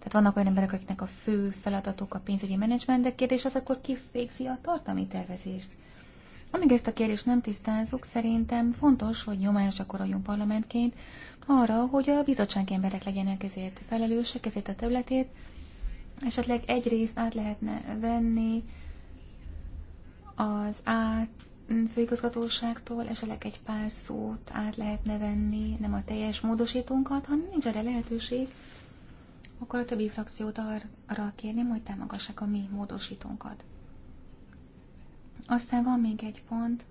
tehát vannak olyan emberek, akiknek a fő feladatok a pénzügyi menedzsment, de kérdés az akkor ki végzi a tartalmi tervezést. Amíg ezt a kérdést nem tisztázzuk, szerintem fontos, hogy nyomás gyakoroljunk parlamentként arra, hogy a bizottság emberek legyenek ezért felelősek, ezért a területét. Esetleg egy részt át lehetne venni az át főigazgatóságtól, esetleg egy pár szót át lehetne venni, nem a teljes módosítónkat, hanem nincs erre lehetőség, akkor a többi frakciót arra kérném, hogy támogassák a mi módosítónkat. Aztán van még egy pont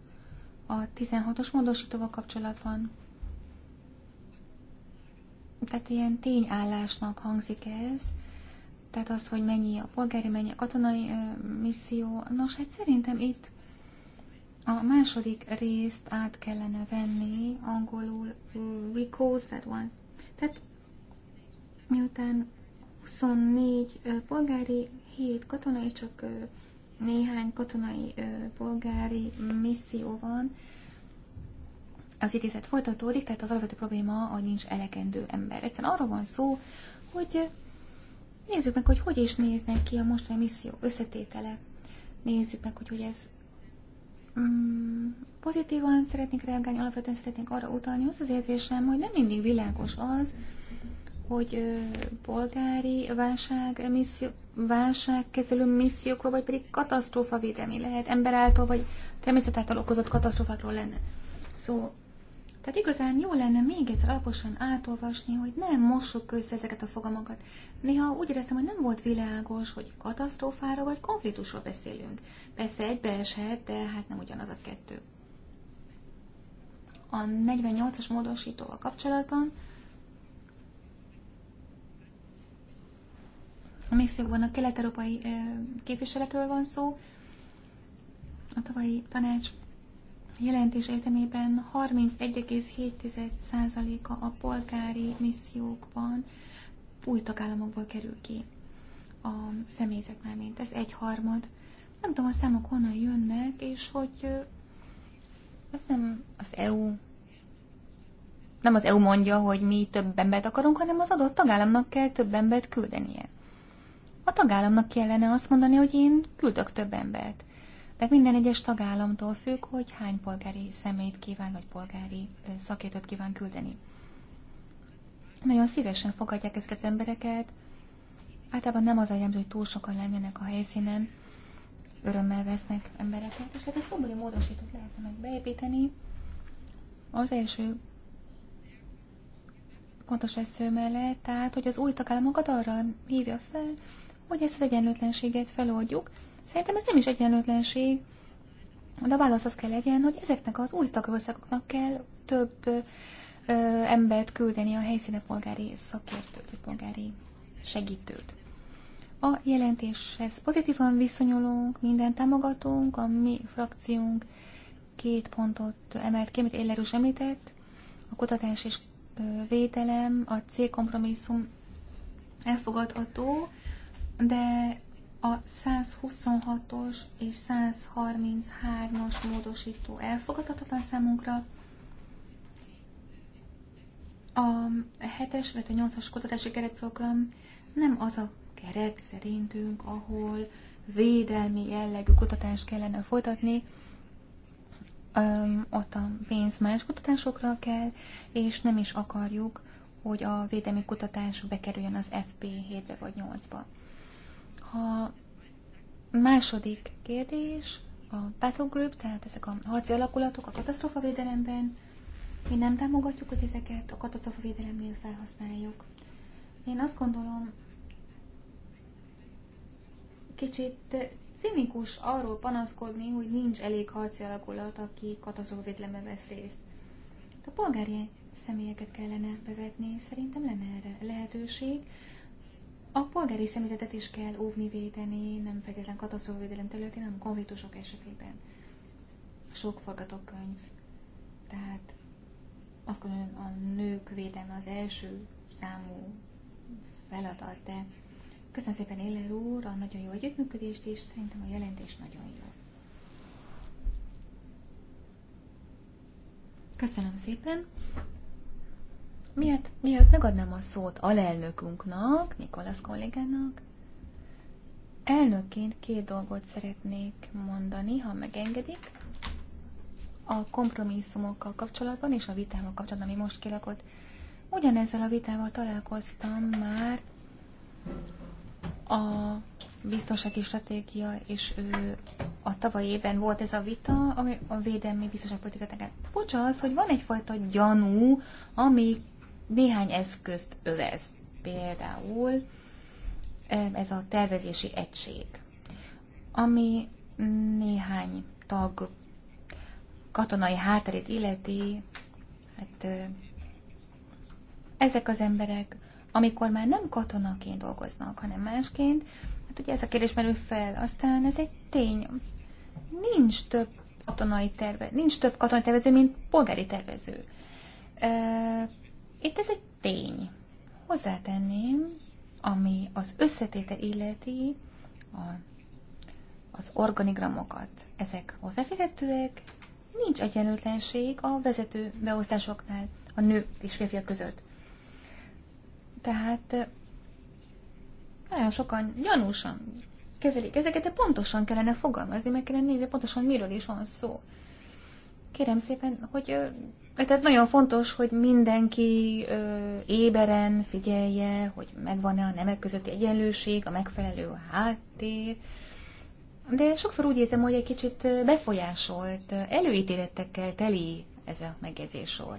a 16-os módosítóval kapcsolatban. Tehát ilyen tényállásnak hangzik ez, tehát az, hogy mennyi a polgári, mennyi a katonai misszió. Nos, hát szerintem itt a második részt át kellene venni angolul recalls that one. Tehát miután 24 polgári, 7 katonai, csak néhány katonai polgári misszió van. Az idézet folytatódik, tehát az alapvető probléma, hogy nincs elegendő ember. Egyszerűen arról van szó, hogy nézzük meg, hogy hogy is néznek ki a mostani misszió összetétele. Nézzük meg, hogy, hogy ez mm, pozitívan szeretnék reagálni, alapvetően szeretnék arra utalni, az az érzésem, hogy nem mindig világos az, hogy polgári válság, misszió, válságkezelő missziókról, vagy pedig védelmi lehet, ember által, vagy természet által okozott katasztrófákról lenne szó. Szóval, tehát igazán jó lenne még egyszer alaposan átolvasni, hogy nem mossuk össze ezeket a fogalmakat. Néha úgy éreztem, hogy nem volt világos, hogy katasztrófára vagy konfliktusról beszélünk. Persze egybeeshet, de hát nem ugyanaz a kettő. A 48-as módosítóval kapcsolatban A Mexikóban a kelet-európai képviseletről van szó. A tavalyi tanács jelentés egyetemében 31,7%-a a polgári missziókban új tagállamokból kerül ki a személyzet már mint. Ez egy harmad. Nem tudom, a számok honnan jönnek, és hogy ez nem az EU nem az EU mondja, hogy mi több embert akarunk, hanem az adott tagállamnak kell több embert küldenie. A tagállamnak kellene azt mondani, hogy én küldök több embert. De minden egyes tagállamtól függ, hogy hány polgári személyt kíván, vagy polgári szakértőt kíván küldeni. Nagyon szívesen fogadják ezeket az embereket. Általában nem az a jelző, hogy túl sokan lennének a helyszínen, örömmel vesznek embereket, és lehet szomorú módosítót lehetne meg beépíteni. Az első pontos vesző mellett, tehát hogy az új tagállamokat arra hívja fel, hogy ezt az egyenlőtlenséget feloldjuk. Szerintem ez nem is egyenlőtlenség, de a válasz az kell legyen, hogy ezeknek az új tagországoknak kell több ö, embert küldeni a helyszíne polgári szakértőt, vagy polgári segítőt. A jelentéshez pozitívan viszonyulunk, mindent támogatunk, a mi frakciónk két pontot emelt ki, amit Éller is említett, a kutatás és védelem, a C kompromisszum elfogadható, de a 126-os és 133-as módosító elfogadhatatlan számunkra. A 7-es vagy a 8-as kutatási keretprogram nem az a keret szerintünk, ahol védelmi jellegű kutatást kellene folytatni, Öm, ott a pénz más kutatásokra kell, és nem is akarjuk, hogy a védelmi kutatás bekerüljön az FP 7-be vagy 8-ba. A második kérdés, a battle group, tehát ezek a harci alakulatok a védelemben mi nem támogatjuk, hogy ezeket a katasztrófavédelemnél felhasználjuk. Én azt gondolom, kicsit cinikus arról panaszkodni, hogy nincs elég harci alakulat, aki védelembe vesz részt. A polgári személyeket kellene bevetni, szerintem lenne erre lehetőség. A polgári személyzetet is kell óvni, védeni, nem feltétlen katasztrófavédelem területén, hanem konfliktusok esetében. Sok forgatókönyv. Tehát azt gondolom, hogy a nők védelme az első számú feladat, de köszönöm szépen Éler úr, a nagyon jó együttműködést, és szerintem a jelentés nagyon jó. Köszönöm szépen! Miért, miért megadnám a szót alelnökünknek, Nikolas kollégának, elnökként két dolgot szeretnék mondani, ha megengedik. A kompromisszumokkal kapcsolatban és a vitával kapcsolatban, ami most kilakott. Ugyanezzel a vitával találkoztam már a biztonsági stratégia, és ő a tavaly évben volt ez a vita, ami a védelmi biztonságpolitikának. Furcsa az, hogy van egyfajta gyanú, ami néhány eszközt övez. Például ez a tervezési egység, ami néhány tag katonai hátterét illeti, hát ezek az emberek, amikor már nem katonaként dolgoznak, hanem másként, hát ugye ez a kérdés merül fel, aztán ez egy tény. Nincs több katonai terve, nincs több katonai tervező, mint polgári tervező. Itt ez egy tény. Hozzátenném, ami az összetétel illeti a, az organigramokat. Ezek hozzáférhetőek, nincs egyenlőtlenség a vezető beosztásoknál a nő és férfiak között. Tehát eh, nagyon sokan gyanúsan kezelik ezeket, de pontosan kellene fogalmazni, meg kellene nézni pontosan miről is van szó. Kérem szépen, hogy eh, tehát nagyon fontos, hogy mindenki ö, éberen figyelje, hogy megvan-e a nemek közötti egyenlőség, a megfelelő háttér. De sokszor úgy érzem, hogy egy kicsit befolyásolt, előítéletekkel teli ez a megjegyzés sor.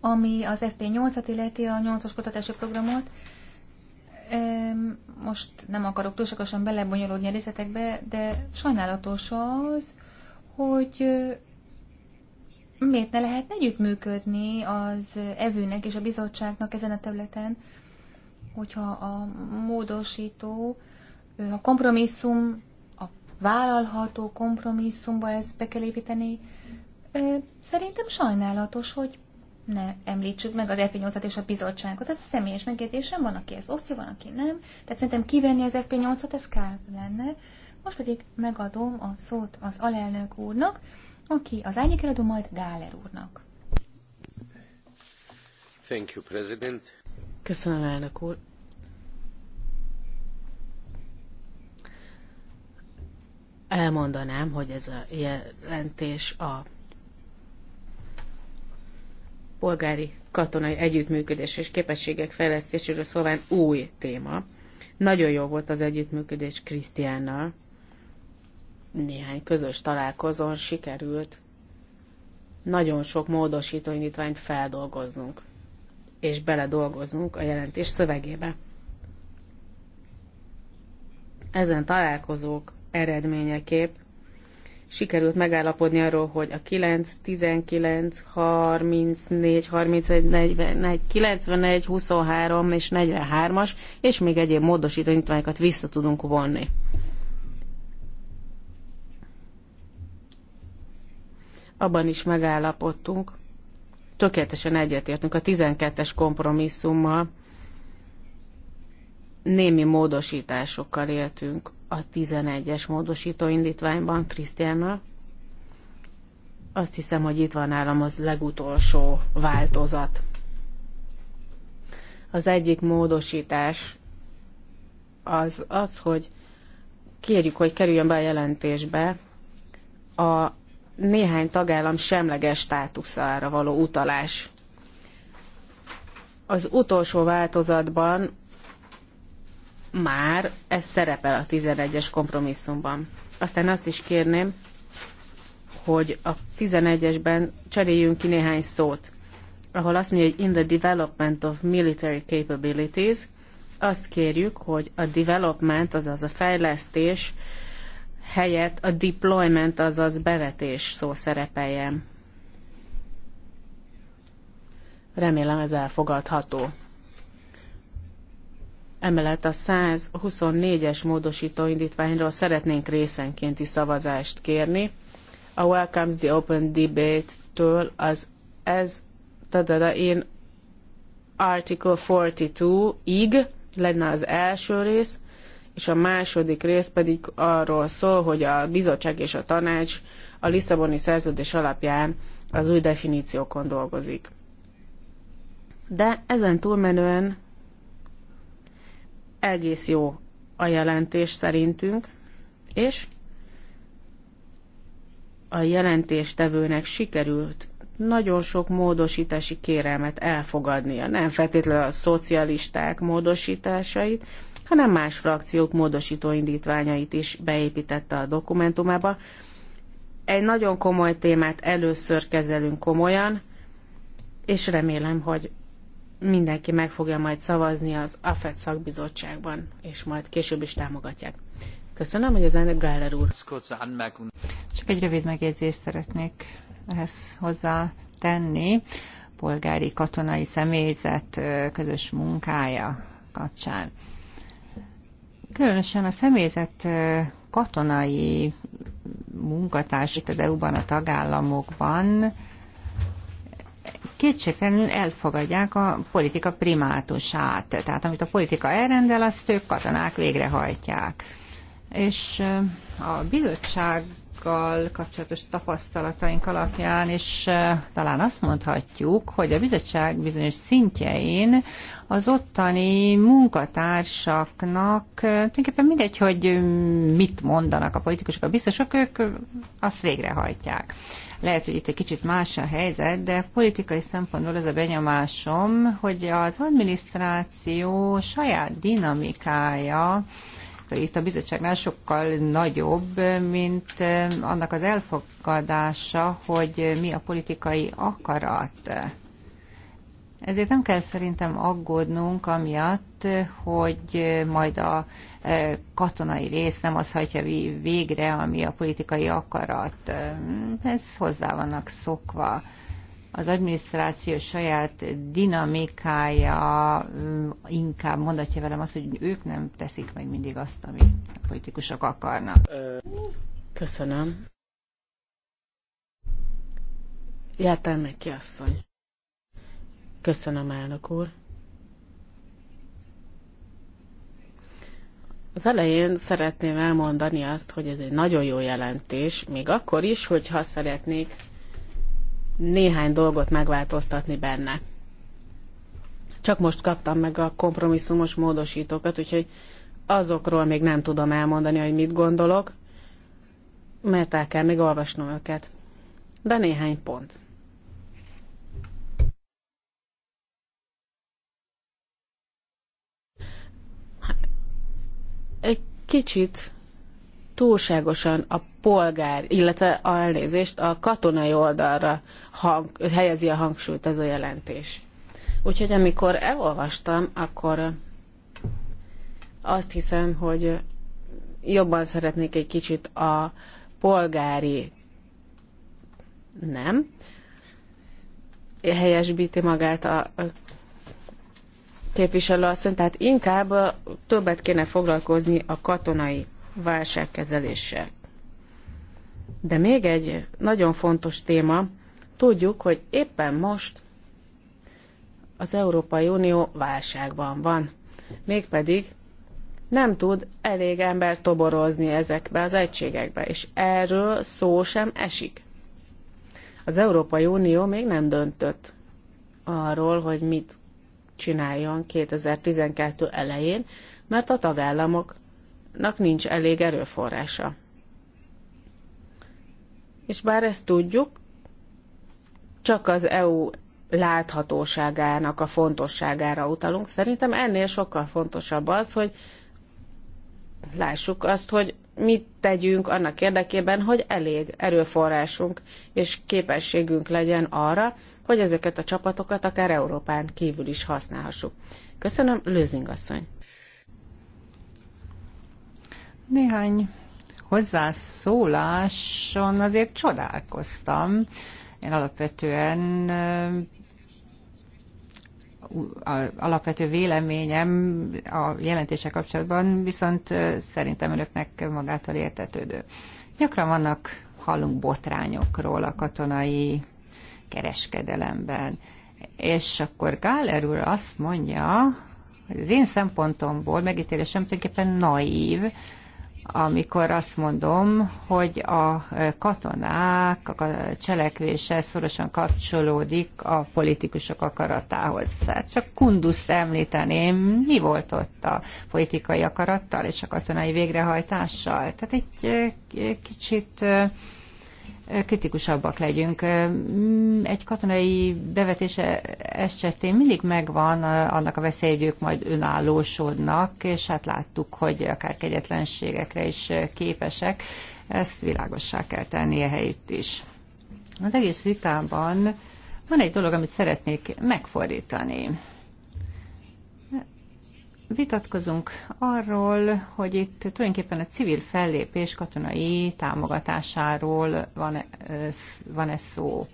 Ami az FP8-at illeti a 8-as kutatási programot, most nem akarok túlságosan belebonyolódni a részletekbe, de sajnálatos az, hogy miért ne lehet együttműködni az evőnek és a bizottságnak ezen a területen, hogyha a módosító, a kompromisszum, a vállalható kompromisszumba ezt be kell építeni. Szerintem sajnálatos, hogy ne említsük meg az FP8-at és a bizottságot. Ez a személyes megjegyzésem, van, aki ezt osztja, van, aki nem. Tehát szerintem kivenni az FP8-at, ez kár lenne. Most pedig megadom a szót az alelnök úrnak, aki az árnyék eladó majd Gáler úrnak. Thank you, President. Köszönöm, elnök úr. Elmondanám, hogy ez a jelentés a polgári katonai együttműködés és képességek fejlesztéséről szóval új téma. Nagyon jó volt az együttműködés Krisztiánnal, néhány közös találkozón sikerült nagyon sok módosító indítványt feldolgoznunk, és beledolgoznunk a jelentés szövegébe. Ezen találkozók eredményeképp sikerült megállapodni arról, hogy a 9, 19, 34, 31, 41, 91, 23 és 43-as, és még egyéb módosítványokat vissza tudunk vonni. abban is megállapodtunk, tökéletesen egyetértünk a 12-es kompromisszummal, némi módosításokkal éltünk a 11-es módosító indítványban Krisztiánnal. Azt hiszem, hogy itt van nálam az legutolsó változat. Az egyik módosítás az az, hogy kérjük, hogy kerüljön be a jelentésbe a néhány tagállam semleges státuszára való utalás. Az utolsó változatban már ez szerepel a 11-es kompromisszumban. Aztán azt is kérném, hogy a 11-esben cseréljünk ki néhány szót, ahol azt mondja, hogy in the development of military capabilities, azt kérjük, hogy a development, azaz a fejlesztés helyett a deployment, azaz bevetés szó szerepeljen. Remélem ez elfogadható. Emellett a 124-es módosító indítványról szeretnénk részenkénti szavazást kérni. A Welcomes the Open Debate-től az ez, tadada, én Article 42-ig lenne az első rész, és a második rész pedig arról szól, hogy a bizottság és a tanács a Lisszaboni szerződés alapján az új definíciókon dolgozik. De ezen túlmenően egész jó a jelentés szerintünk, és a jelentéstevőnek sikerült nagyon sok módosítási kérelmet elfogadnia. Nem feltétlenül a szocialisták módosításait, hanem más frakciók módosító indítványait is beépítette a dokumentumába. Egy nagyon komoly témát először kezelünk komolyan, és remélem, hogy mindenki meg fogja majd szavazni az AFET szakbizottságban, és majd később is támogatják. Köszönöm, hogy az ennek Gáler úr. Csak egy rövid megjegyzést szeretnék ehhez hozzá tenni. Polgári katonai személyzet közös munkája kapcsán. Különösen a személyzet katonai munkatárs itt az EU-ban, a tagállamokban kétségtelenül elfogadják a politika primátusát. Tehát amit a politika elrendel, azt ők katonák végrehajtják. És a bizottság bizottsággal kapcsolatos tapasztalataink alapján, és eh, talán azt mondhatjuk, hogy a bizottság bizonyos szintjein az ottani munkatársaknak eh, tulajdonképpen mindegy, hogy mit mondanak a politikusok, a biztosok, ők eh, azt végrehajtják. Lehet, hogy itt egy kicsit más a helyzet, de politikai szempontból ez a benyomásom, hogy az adminisztráció saját dinamikája, Hát itt a bizottságnál sokkal nagyobb, mint annak az elfogadása, hogy mi a politikai akarat. Ezért nem kell szerintem aggódnunk amiatt, hogy majd a katonai rész nem az hagyja végre, ami a politikai akarat. Ez hozzá vannak szokva az adminisztráció saját dinamikája mm, inkább mondatja velem azt, hogy ők nem teszik meg mindig azt, amit a politikusok akarnak. Köszönöm. Jártál neki, asszony. Köszönöm, elnök úr. Az elején szeretném elmondani azt, hogy ez egy nagyon jó jelentés, még akkor is, hogyha szeretnék néhány dolgot megváltoztatni benne. Csak most kaptam meg a kompromisszumos módosítókat, úgyhogy azokról még nem tudom elmondani, hogy mit gondolok, mert el kell még olvasnom őket. De néhány pont. Egy kicsit túlságosan a polgár, illetve a elnézést a katonai oldalra hang, helyezi a hangsúlyt ez a jelentés. Úgyhogy amikor elolvastam, akkor azt hiszem, hogy jobban szeretnék egy kicsit a polgári nem helyesbíti magát a képviselő asszony, tehát inkább többet kéne foglalkozni a katonai válságkezeléssel. De még egy nagyon fontos téma, tudjuk, hogy éppen most az Európai Unió válságban van. Mégpedig nem tud elég ember toborozni ezekbe az egységekbe, és erről szó sem esik. Az Európai Unió még nem döntött arról, hogy mit csináljon 2012 elején, mert a tagállamok nak nincs elég erőforrása. És bár ezt tudjuk, csak az EU láthatóságának a fontosságára utalunk. Szerintem ennél sokkal fontosabb az, hogy lássuk azt, hogy mit tegyünk annak érdekében, hogy elég erőforrásunk és képességünk legyen arra, hogy ezeket a csapatokat akár Európán kívül is használhassuk. Köszönöm, Lőzing asszony! Néhány hozzászóláson azért csodálkoztam. Én alapvetően alapvető véleményem a jelentése kapcsolatban, viszont szerintem önöknek magától értetődő. Gyakran vannak, hallunk botrányokról a katonai kereskedelemben. És akkor Gáler úr azt mondja, hogy az én szempontomból megítélésem tulajdonképpen naív, amikor azt mondom, hogy a katonák a cselekvése szorosan kapcsolódik a politikusok akaratához. Hát csak Kunduszt említeném, mi volt ott a politikai akarattal és a katonai végrehajtással. Tehát egy eh, kicsit eh, kritikusabbak legyünk. Egy katonai bevetése esetén mindig megvan annak a veszély, hogy ők majd önállósodnak, és hát láttuk, hogy akár kegyetlenségekre is képesek. Ezt világossá kell tenni a helyütt is. Az egész vitában van egy dolog, amit szeretnék megfordítani vitatkozunk arról, hogy itt tulajdonképpen a civil fellépés katonai támogatásáról van, van-e szó.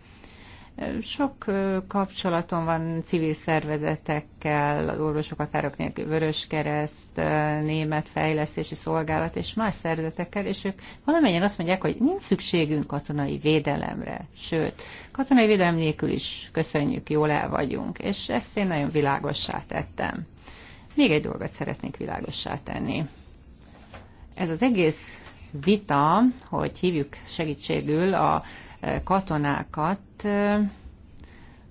Sok kapcsolatom van civil szervezetekkel, az Orvosok Határok nélkül Vöröskereszt, Német Fejlesztési Szolgálat és más szervezetekkel, és ők valamennyien azt mondják, hogy nincs szükségünk katonai védelemre, sőt, katonai védelem nélkül is köszönjük, jól el vagyunk, és ezt én nagyon világossá tettem. Még egy dolgot szeretnék világossá tenni. Ez az egész vita, hogy hívjuk segítségül a e, katonákat e,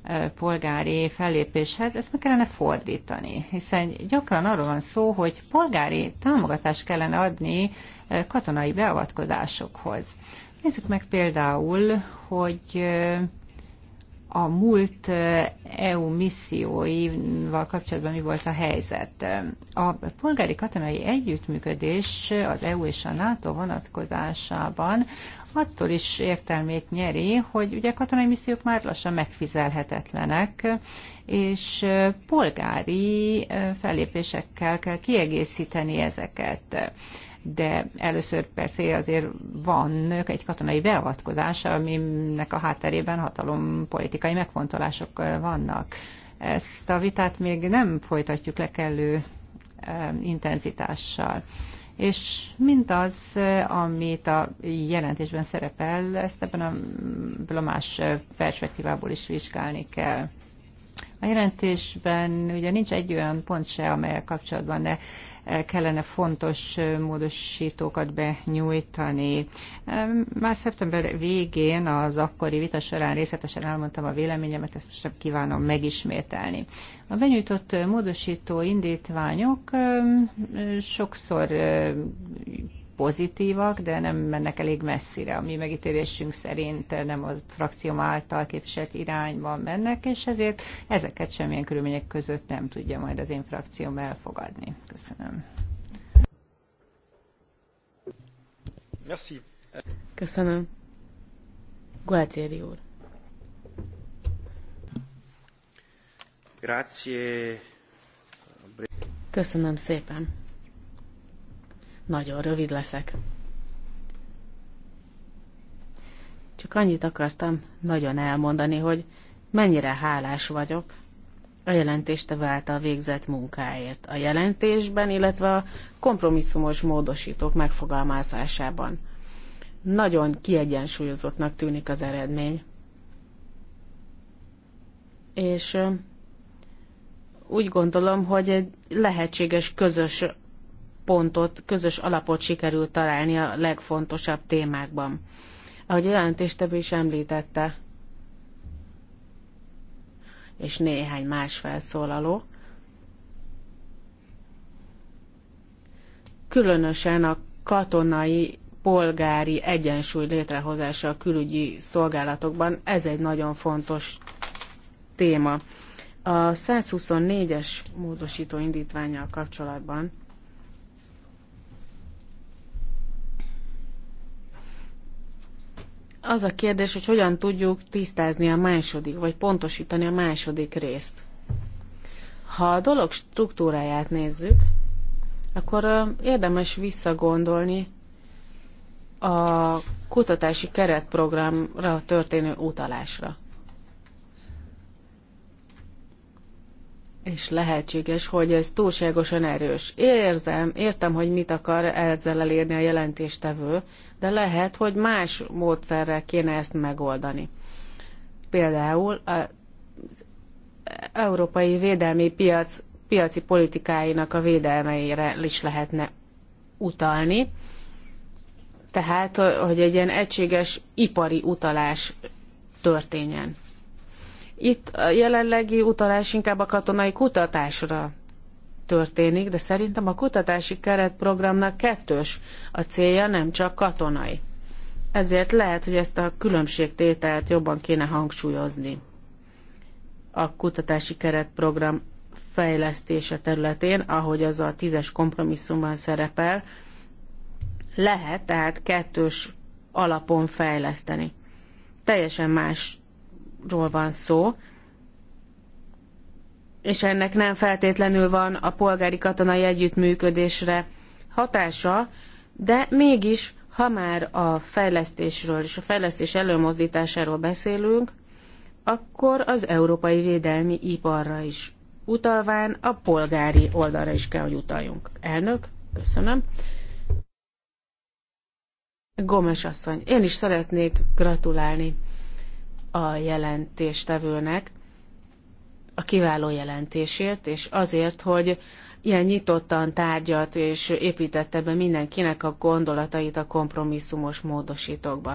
e, polgári fellépéshez, ezt meg kellene fordítani, hiszen gyakran arról van szó, hogy polgári támogatást kellene adni katonai beavatkozásokhoz. Nézzük meg például, hogy a múlt EU eh, e misszióival kapcsolatban mi volt a helyzet. A polgári katonai együttműködés az EU és a NATO vonatkozásában attól is értelmét nyeri, hogy ugye katonai missziók már lassan megfizelhetetlenek, és eh, polgári eh, fellépésekkel kell kiegészíteni ezeket de először persze azért van egy katonai beavatkozás, aminek a hátterében hatalom politikai megfontolások eh, vannak. Ezt a vitát még nem folytatjuk le kellő eh, intenzitással. És mint az, eh, amit a jelentésben szerepel, ezt ebben a, ebben a más perspektívából is vizsgálni kell. A jelentésben ugye nincs egy olyan pont se, amelyek kapcsolatban ne kellene fontos módosítókat benyújtani. Már szeptember végén az akkori vita során részletesen elmondtam a véleményemet, ezt most nem kívánom megismételni. A benyújtott módosító indítványok sokszor pozitívak, de nem mennek elég messzire. A mi megítélésünk szerint nem a frakcióm által képviselt irányban mennek, és ezért ezeket semmilyen körülmények között nem tudja majd az én frakcióm elfogadni. Köszönöm. Merci. Köszönöm. Gualtieri úr. Grazie. Köszönöm szépen. Nagyon rövid leszek. Csak annyit akartam nagyon elmondani, hogy mennyire hálás vagyok a jelentéstevő által végzett munkáért. A jelentésben, illetve a kompromisszumos módosítók megfogalmazásában. Nagyon kiegyensúlyozottnak tűnik az eredmény. És úgy gondolom, hogy egy lehetséges közös pontot, közös alapot sikerült találni a legfontosabb témákban. Ahogy a jelentéstevő is említette, és néhány más felszólaló, különösen a katonai polgári egyensúly létrehozása a külügyi szolgálatokban, ez egy nagyon fontos téma. A 124-es módosító indítványjal kapcsolatban az a kérdés, hogy hogyan tudjuk tisztázni a második, vagy pontosítani a második részt. Ha a dolog struktúráját nézzük, akkor érdemes visszagondolni a kutatási keretprogramra történő utalásra. és lehetséges, hogy ez túlságosan erős. Érzem, értem, hogy mit akar ezzel elérni a jelentéstevő, de lehet, hogy más módszerrel kéne ezt megoldani. Például az európai védelmi piac piaci politikáinak a védelmeire is lehetne utalni. Tehát, hogy egy ilyen egységes ipari utalás történjen. Itt a jelenlegi utalás inkább a katonai kutatásra történik, de szerintem a kutatási keretprogramnak kettős a célja, nem csak katonai. Ezért lehet, hogy ezt a különbségtételt jobban kéne hangsúlyozni a kutatási keretprogram fejlesztése területén, ahogy az a tízes kompromisszumban szerepel, lehet tehát kettős alapon fejleszteni. Teljesen más ról van szó, és ennek nem feltétlenül van a polgári katonai együttműködésre hatása, de mégis, ha már a fejlesztésről és a fejlesztés előmozdításáról beszélünk, akkor az európai védelmi iparra is utalván a polgári oldalra is kell, hogy utaljunk. Elnök, köszönöm. Gomes asszony, én is szeretnék gratulálni a jelentéstevőnek a kiváló jelentésért, és azért, hogy ilyen nyitottan tárgyat és építette be mindenkinek a gondolatait a kompromisszumos módosítókba.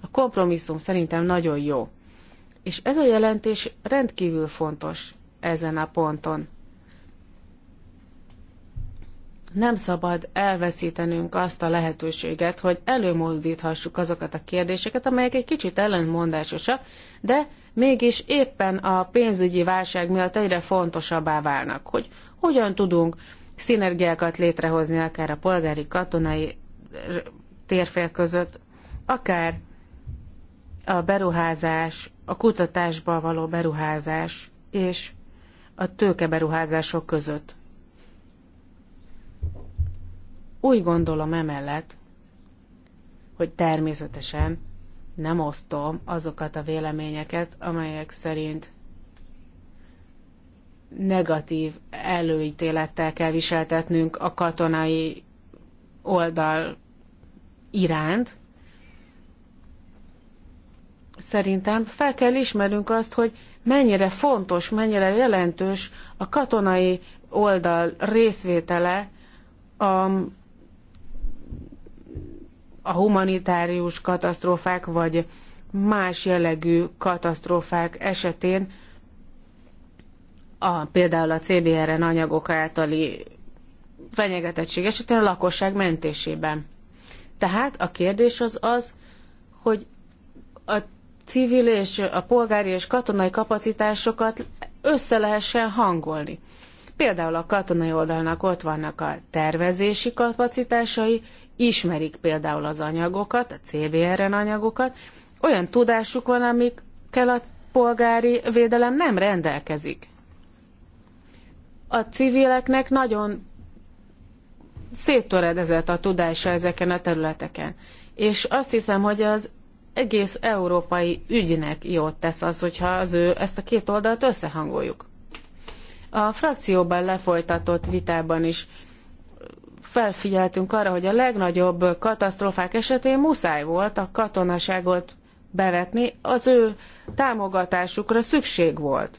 A kompromisszum szerintem nagyon jó. És ez a jelentés rendkívül fontos ezen a ponton nem szabad elveszítenünk azt a lehetőséget, hogy előmozdíthassuk azokat a kérdéseket, amelyek egy kicsit ellentmondásosak, de mégis éppen a pénzügyi válság miatt egyre fontosabbá válnak, hogy hogyan tudunk szinergiákat létrehozni akár a polgári katonai térfél között, akár a beruházás, a kutatásba való beruházás és a tőkeberuházások között. Úgy gondolom emellett, hogy természetesen nem osztom azokat a véleményeket, amelyek szerint negatív előítélettel kell viseltetnünk a katonai oldal iránt. Szerintem fel kell ismernünk azt, hogy mennyire fontos, mennyire jelentős a katonai oldal részvétele a a humanitárius katasztrófák vagy más jellegű katasztrófák esetén a, például a CBRN anyagok általi fenyegetettség esetén a lakosság mentésében. Tehát a kérdés az az, hogy a civil és a polgári és katonai kapacitásokat össze lehessen hangolni. Például a katonai oldalnak ott vannak a tervezési kapacitásai, ismerik például az anyagokat, a CBRN anyagokat, olyan tudásuk van, amikkel a polgári védelem nem rendelkezik. A civileknek nagyon széttöredezett a tudása ezeken a területeken. És azt hiszem, hogy az egész európai ügynek jót tesz az, hogyha az ő ezt a két oldalt összehangoljuk. A frakcióban lefolytatott vitában is felfigyeltünk arra, hogy a legnagyobb katasztrófák esetén muszáj volt a katonaságot bevetni, az ő támogatásukra szükség volt.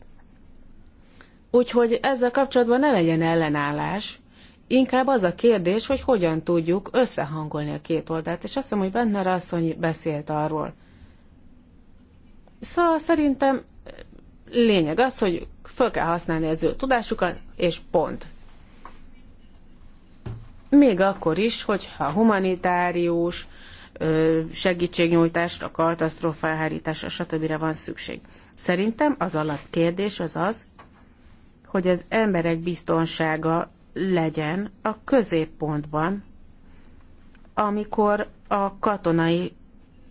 Úgyhogy ezzel kapcsolatban ne legyen ellenállás, inkább az a kérdés, hogy hogyan tudjuk összehangolni a két oldalt, és azt hiszem, hogy benne asszony beszélt arról. Szóval szerintem lényeg az, hogy föl kell használni az ő tudásukat, és pont még akkor is, hogyha humanitárius segítségnyújtásra, katasztrófa elhárításra, stb. van szükség. Szerintem az alapkérdés az az, hogy az emberek biztonsága legyen a középpontban, amikor a katonai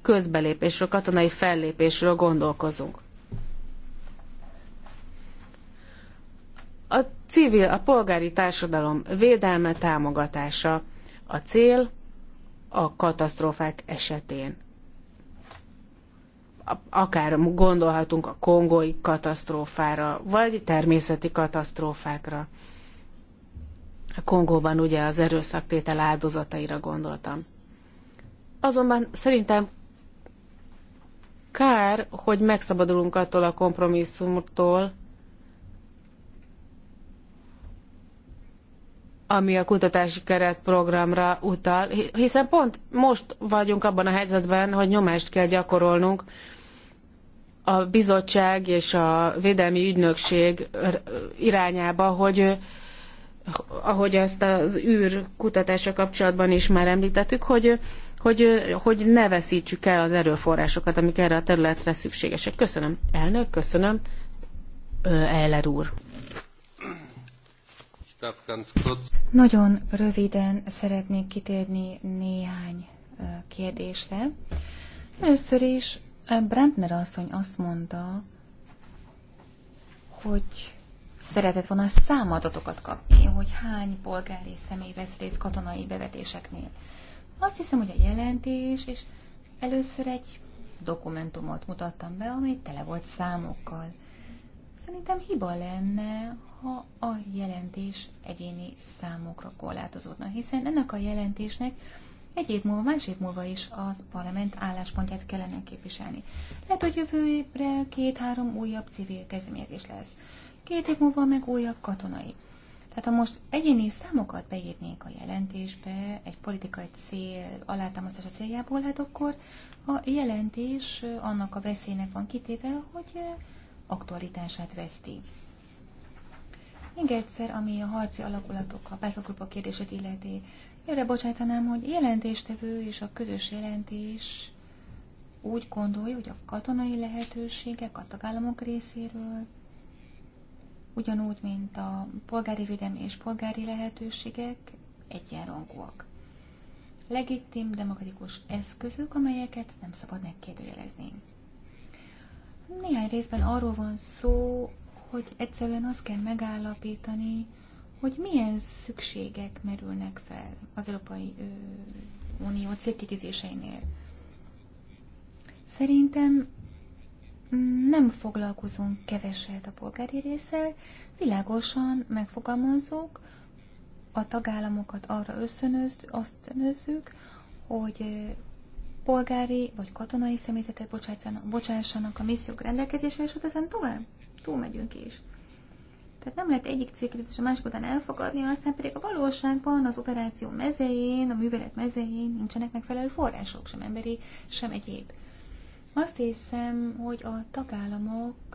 közbelépésről, katonai fellépésről gondolkozunk. A civil, a polgári társadalom védelme, támogatása a cél a katasztrófák esetén. Akár gondolhatunk a kongói katasztrófára, vagy természeti katasztrófákra. A Kongóban ugye az erőszaktétel áldozataira gondoltam. Azonban szerintem kár, hogy megszabadulunk attól a kompromisszumtól, ami a kutatási keretprogramra utal, hiszen pont most vagyunk abban a helyzetben, hogy nyomást kell gyakorolnunk a bizottság és a védelmi ügynökség irányába, hogy ahogy ezt az űr kutatása kapcsolatban is már említettük, hogy, hogy, hogy ne veszítsük el az erőforrásokat, amik erre a területre szükségesek. Köszönöm, elnök, köszönöm, Eller úr. Nagyon röviden szeretnék kitérni néhány kérdésre. Először is Brandner asszony azt mondta, hogy szeretett volna számadatokat kapni, hogy hány polgári személy vesz részt katonai bevetéseknél. Azt hiszem, hogy a jelentés, és először egy dokumentumot mutattam be, amely tele volt számokkal. Szerintem hiba lenne, ha a jelentés egyéni számokra korlátozódna, hiszen ennek a jelentésnek egy év múlva, más év múlva is az parlament álláspontját kellene képviselni. Lehet, hogy jövőre két-három újabb civil kezdeményezés lesz. Két év múlva meg újabb katonai. Tehát ha most egyéni számokat beírnék a jelentésbe, egy politikai cél alátámasztása céljából, hát akkor a jelentés annak a veszélynek van kitéve, hogy aktualitását veszti. Még egyszer, ami a harci alakulatok, a battlegroupok kérdését illeti, Előre bocsájtanám, hogy jelentéstevő és a közös jelentés úgy gondolja, hogy a katonai lehetőségek a tagállamok részéről, ugyanúgy, mint a polgári védelmi és polgári lehetőségek egyenrangúak. Legitim, demokratikus eszközök, amelyeket nem szabad megkérdőjelezni. Néhány részben arról van szó, hogy egyszerűen azt kell megállapítani, hogy milyen szükségek merülnek fel az Európai Unió célkitűzéseinél. Szerintem mm, nem foglalkozunk keveset a polgári részsel, világosan megfogalmazzuk, a tagállamokat arra összönözzük, azt önözzük, hogy polgári vagy katonai személyzetet bocsássanak, a missziók rendelkezésre, és ott ezen tovább túlmegyünk is. Tehát nem lehet egyik és a másik után elfogadni, aztán pedig a valóságban az operáció mezején, a művelet mezején nincsenek megfelelő források, sem emberi, sem egyéb. Azt hiszem, hogy a tagállamok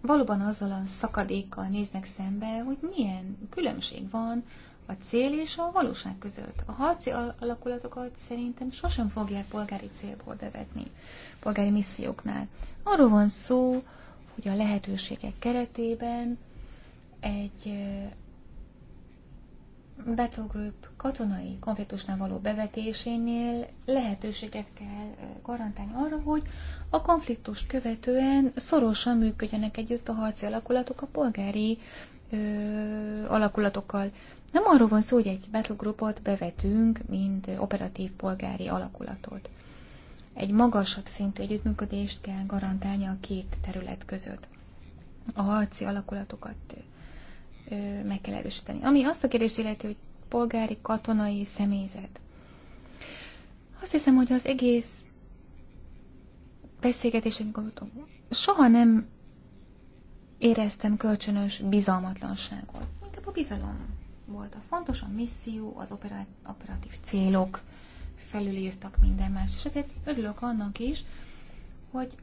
valóban azzal a szakadékkal néznek szembe, hogy milyen különbség van a cél és a valóság között. A harci alakulatokat szerintem sosem fogják polgári célból bevetni, polgári misszióknál. Arról van szó, hogy a lehetőségek keretében egy battle group katonai konfliktusnál való bevetésénél lehetőséget kell garantálni arra, hogy a konfliktust követően szorosan működjenek együtt a harci alakulatok a polgári ö, alakulatokkal. Nem arról van szó, hogy egy battlegroupot bevetünk, mint operatív polgári alakulatot. Egy magasabb szintű együttműködést kell garantálni a két terület között. A harci alakulatokat meg kell erősíteni. Ami azt a kérdést illeti, hogy polgári, katonai személyzet. Azt hiszem, hogy az egész beszélgetés, amikor soha nem éreztem kölcsönös bizalmatlanságot. Inkább a bizalom volt a fontos, a misszió, az operatív célok felülírtak minden más, és ezért örülök annak is, hogy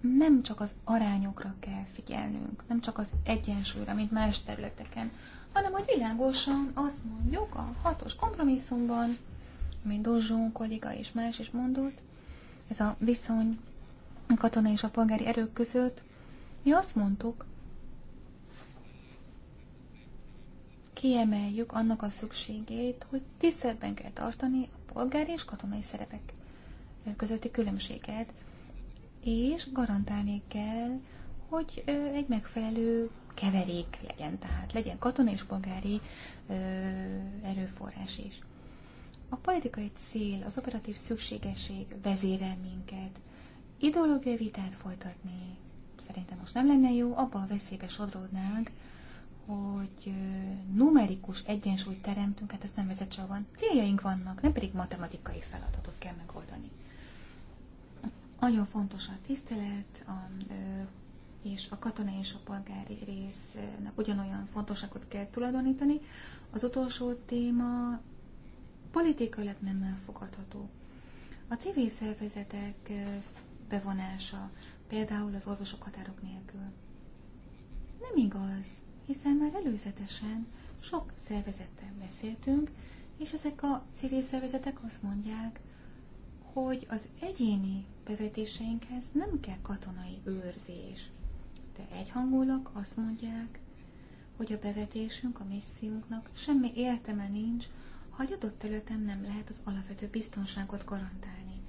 nem csak az arányokra kell figyelnünk, nem csak az egyensúlyra, mint más területeken, hanem hogy világosan azt mondjuk a hatos kompromisszumban, mint Dozsón kolléga és más is mondott, ez a viszony a katona és a polgári erők között, mi azt mondtuk, kiemeljük annak a szükségét, hogy tiszteletben kell tartani a polgári és katonai szerepek közötti különbséget, és garantálni kell, hogy egy megfelelő keverék legyen, tehát legyen katonai és polgári erőforrás is. A politikai cél, az operatív szükségesség vezérel minket. Ideológiai vitát folytatni szerintem most nem lenne jó, abba a veszélybe sodródnánk, hogy numerikus egyensúlyt teremtünk, hát ez nem vezet van. Céljaink vannak, nem pedig matematikai feladatot kell megoldani. Nagyon fontos a tisztelet, a, és a katonai és a polgári résznek ugyanolyan fontosságot kell tulajdonítani. Az utolsó téma politikailag nem elfogadható. A civil szervezetek bevonása, például az orvosok határok nélkül. Nem igaz, hiszen már előzetesen sok szervezettel beszéltünk, és ezek a civil szervezetek azt mondják, hogy az egyéni bevetéseinkhez nem kell katonai őrzés. De egyhangulak azt mondják, hogy a bevetésünk, a missziunknak semmi értelme nincs, ha egy adott területen nem lehet az alapvető biztonságot garantálni,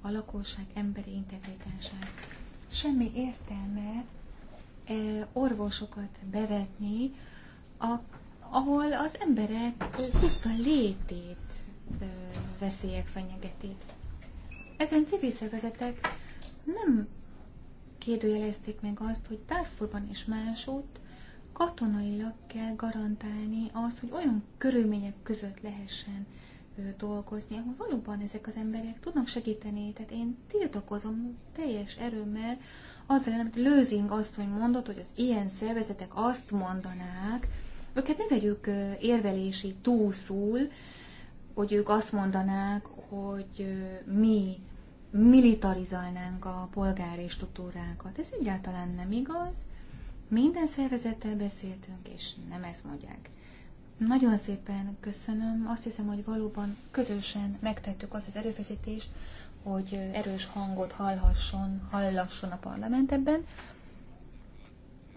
a lakosság emberi integritását. Semmi értelme orvosokat bevetni, a, ahol az emberek puszta létét ö, veszélyek fenyegetik. Ezen civil szervezetek nem kérdőjelezték meg azt, hogy Darfurban és másút katonailag kell garantálni az, hogy olyan körülmények között lehessen dolgozni, ahol valóban ezek az emberek tudnak segíteni. Tehát én tiltakozom teljes erőmmel az lenne, amit Lőzing asszony mondott, hogy az ilyen szervezetek azt mondanák, őket ne vegyük érvelési túlszul, hogy ők azt mondanák, hogy mi militarizálnánk a polgári struktúrákat. Ez egyáltalán nem igaz. Minden szervezettel beszéltünk, és nem ezt mondják. Nagyon szépen köszönöm. Azt hiszem, hogy valóban közösen megtettük azt az erőfeszítést, hogy erős hangot hallhasson, hallasson a parlament ebben.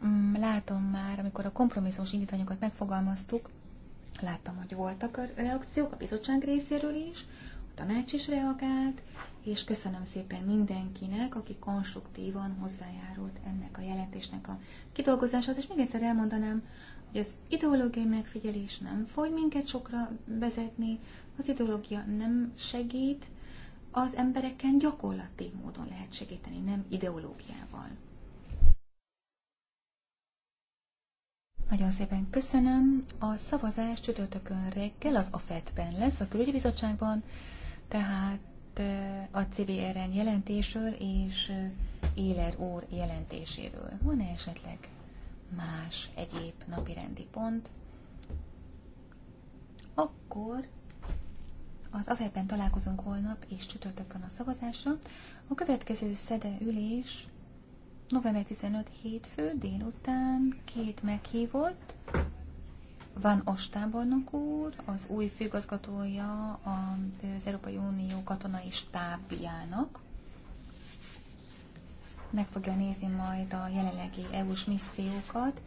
Mm, látom már, amikor a kompromisszumos indítványokat megfogalmaztuk, láttam, hogy voltak a reakciók a bizottság részéről is, a tanács is reagált, és köszönöm szépen mindenkinek, aki konstruktívan hozzájárult ennek a jelentésnek a kidolgozásához, és még egyszer elmondanám, hogy az ideológiai megfigyelés nem fog minket sokra vezetni, az ideológia nem segít, az embereken gyakorlati módon lehet segíteni, nem ideológiával. Nagyon szépen köszönöm. A szavazás csütörtökön reggel az AFET-ben lesz, a külügyi bizottságban, tehát eh, a CBRN jelentésről és eh, Éler úr jelentéséről. Van-e esetleg más egyéb napirendi pont? Akkor az AFEP-ben találkozunk holnap és csütörtökön a szavazásra. A következő szede ülés november 15 hétfő délután két meghívott. Van Ostábornok úr, az új főgazgatója az Európai Unió katonai stábjának. Meg fogja nézni majd a jelenlegi EU-s missziókat,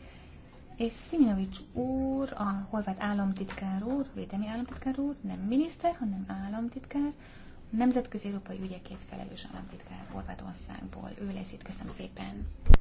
és Sziminovics úr, a horvát államtitkár úr, védelmi államtitkár úr, nem miniszter, hanem államtitkár, nemzetközi európai ügyekért felelős államtitkár Horvátországból. Ő lesz itt. Köszönöm szépen!